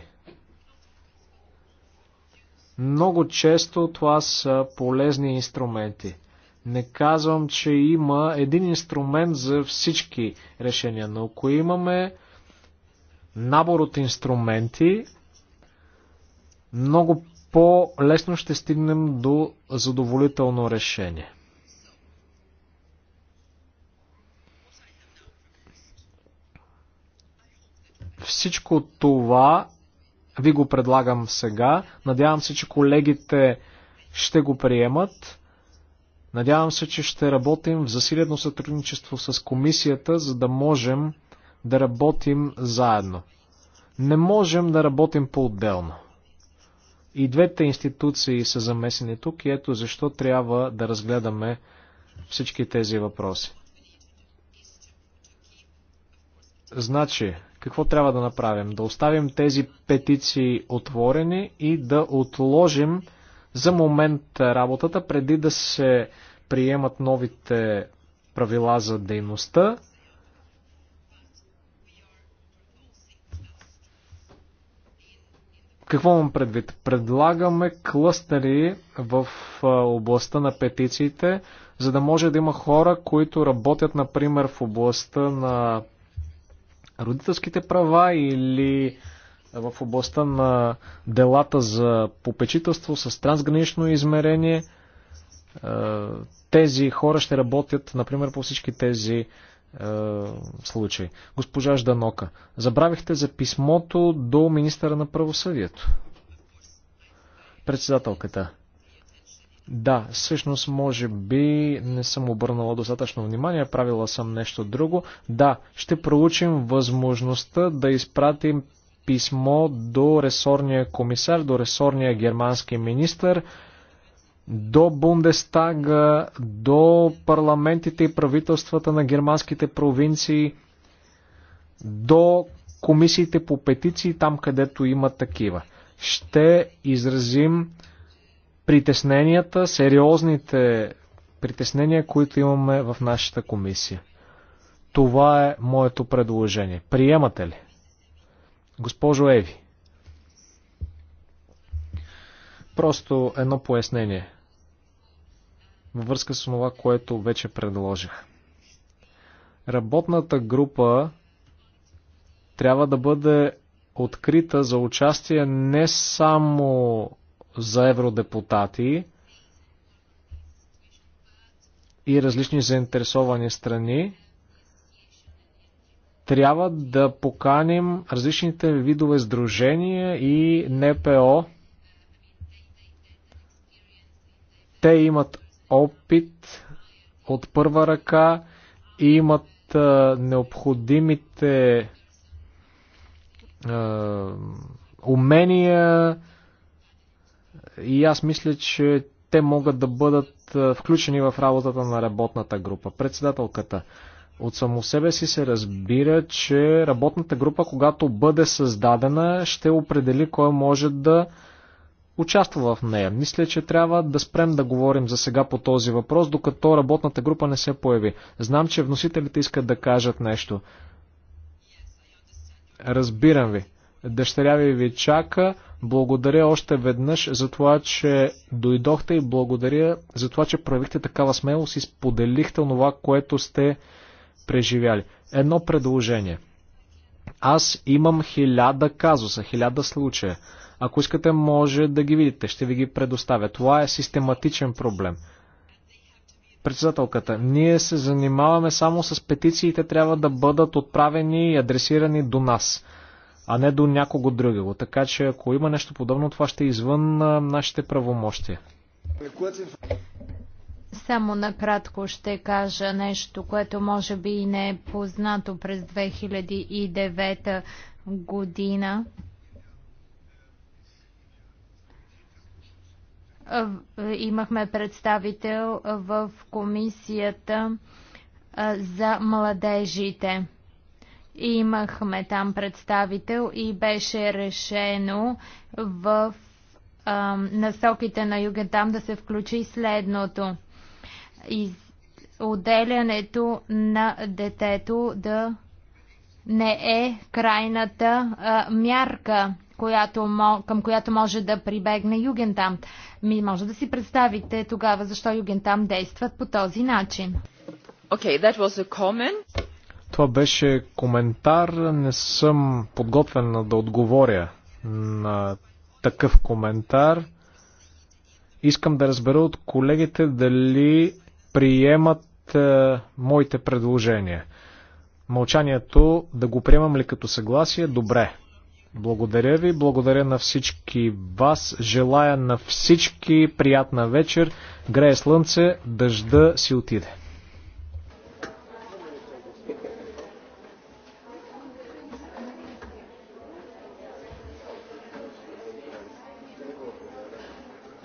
Много често това са полезни инструменти. Не казвам, че има един инструмент за всички решения, но ако имаме набор от инструменти, много по-лесно ще стигнем до задоволително решение. Всичко това ви го предлагам сега. Надявам се, че колегите ще го приемат. Надявам се, че ще работим в засилено сътрудничество с комисията, за да можем да работим заедно. Не можем да работим по-отделно. И двете институции са замесени тук и ето защо трябва да разгледаме всички тези въпроси. Значи, какво трябва да направим? Да оставим тези петиции отворени и да отложим за момент работата, преди да се приемат новите правила за дейността. Какво имам предвид? Предлагаме клъстери в областта на петициите, за да може да има хора, които работят, например, в областта на родителските права или в областта на делата за попечителство с трансгранично измерение. Е, тези хора ще работят, например, по всички тези е, случаи. Госпожа Жданока, забравихте за писмото до министъра на правосъдието. Председателката. Да, всъщност може би не съм обърнала достатъчно внимание, правила съм нещо друго. Да, ще проучим възможността да изпратим писмо до ресорния комисар, до ресорния германски министр, до Бундестага, до парламентите и правителствата на германските провинции, до комисиите по петиции, там където има такива. Ще изразим притесненията, сериозните притеснения, които имаме в нашата комисия. Това е моето предложение. Приемате ли? Госпожо Еви, просто едно пояснение във връзка с това, което вече предложих. Работната група трябва да бъде открита за участие не само за евродепутати и различни заинтересовани страни, трябва да поканим различните видове сдружения и НПО. Те имат опит от първа ръка и имат а, необходимите а, умения и аз мисля, че те могат да бъдат включени в работата на работната група. Председателката. От само себе си се разбира, че работната група, когато бъде създадена, ще определи кой може да участва в нея. Мисля, че трябва да спрем да говорим за сега по този въпрос, докато работната група не се появи. Знам, че вносителите искат да кажат нещо. Разбирам ви. Дъщеря ви ви чака. Благодаря още веднъж за това, че дойдохте и благодаря за това, че проявихте такава смелост и споделихте това, което сте преживяли. Едно предложение. Аз имам хиляда казуса, хиляда случая. Ако искате, може да ги видите. Ще ви ги предоставя. Това е систематичен проблем. Председателката, ние се занимаваме само с петициите, трябва да бъдат отправени и адресирани до нас, а не до някого другого. Така че, ако има нещо подобно, това ще е извън нашите правомощия. Само накратко ще кажа нещо, което може би и не е познато през 2009 година. Имахме представител в комисията за младежите. Имахме там представител и беше решено в насоките на Югентам да се включи следното – из... отделянето на детето да не е крайната а, мярка, която, към която може да прибегне Югентам. Ми може да си представите тогава защо Югентам действат по този начин. Okay, that was a comment. Това беше коментар. Не съм подготвен да отговоря на такъв коментар. Искам да разбера от колегите дали приемат е, моите предложения. Мълчанието да го приемам ли като съгласие? Добре. Благодаря ви, благодаря на всички вас, желая на всички приятна вечер, грее слънце, дъжда си отиде.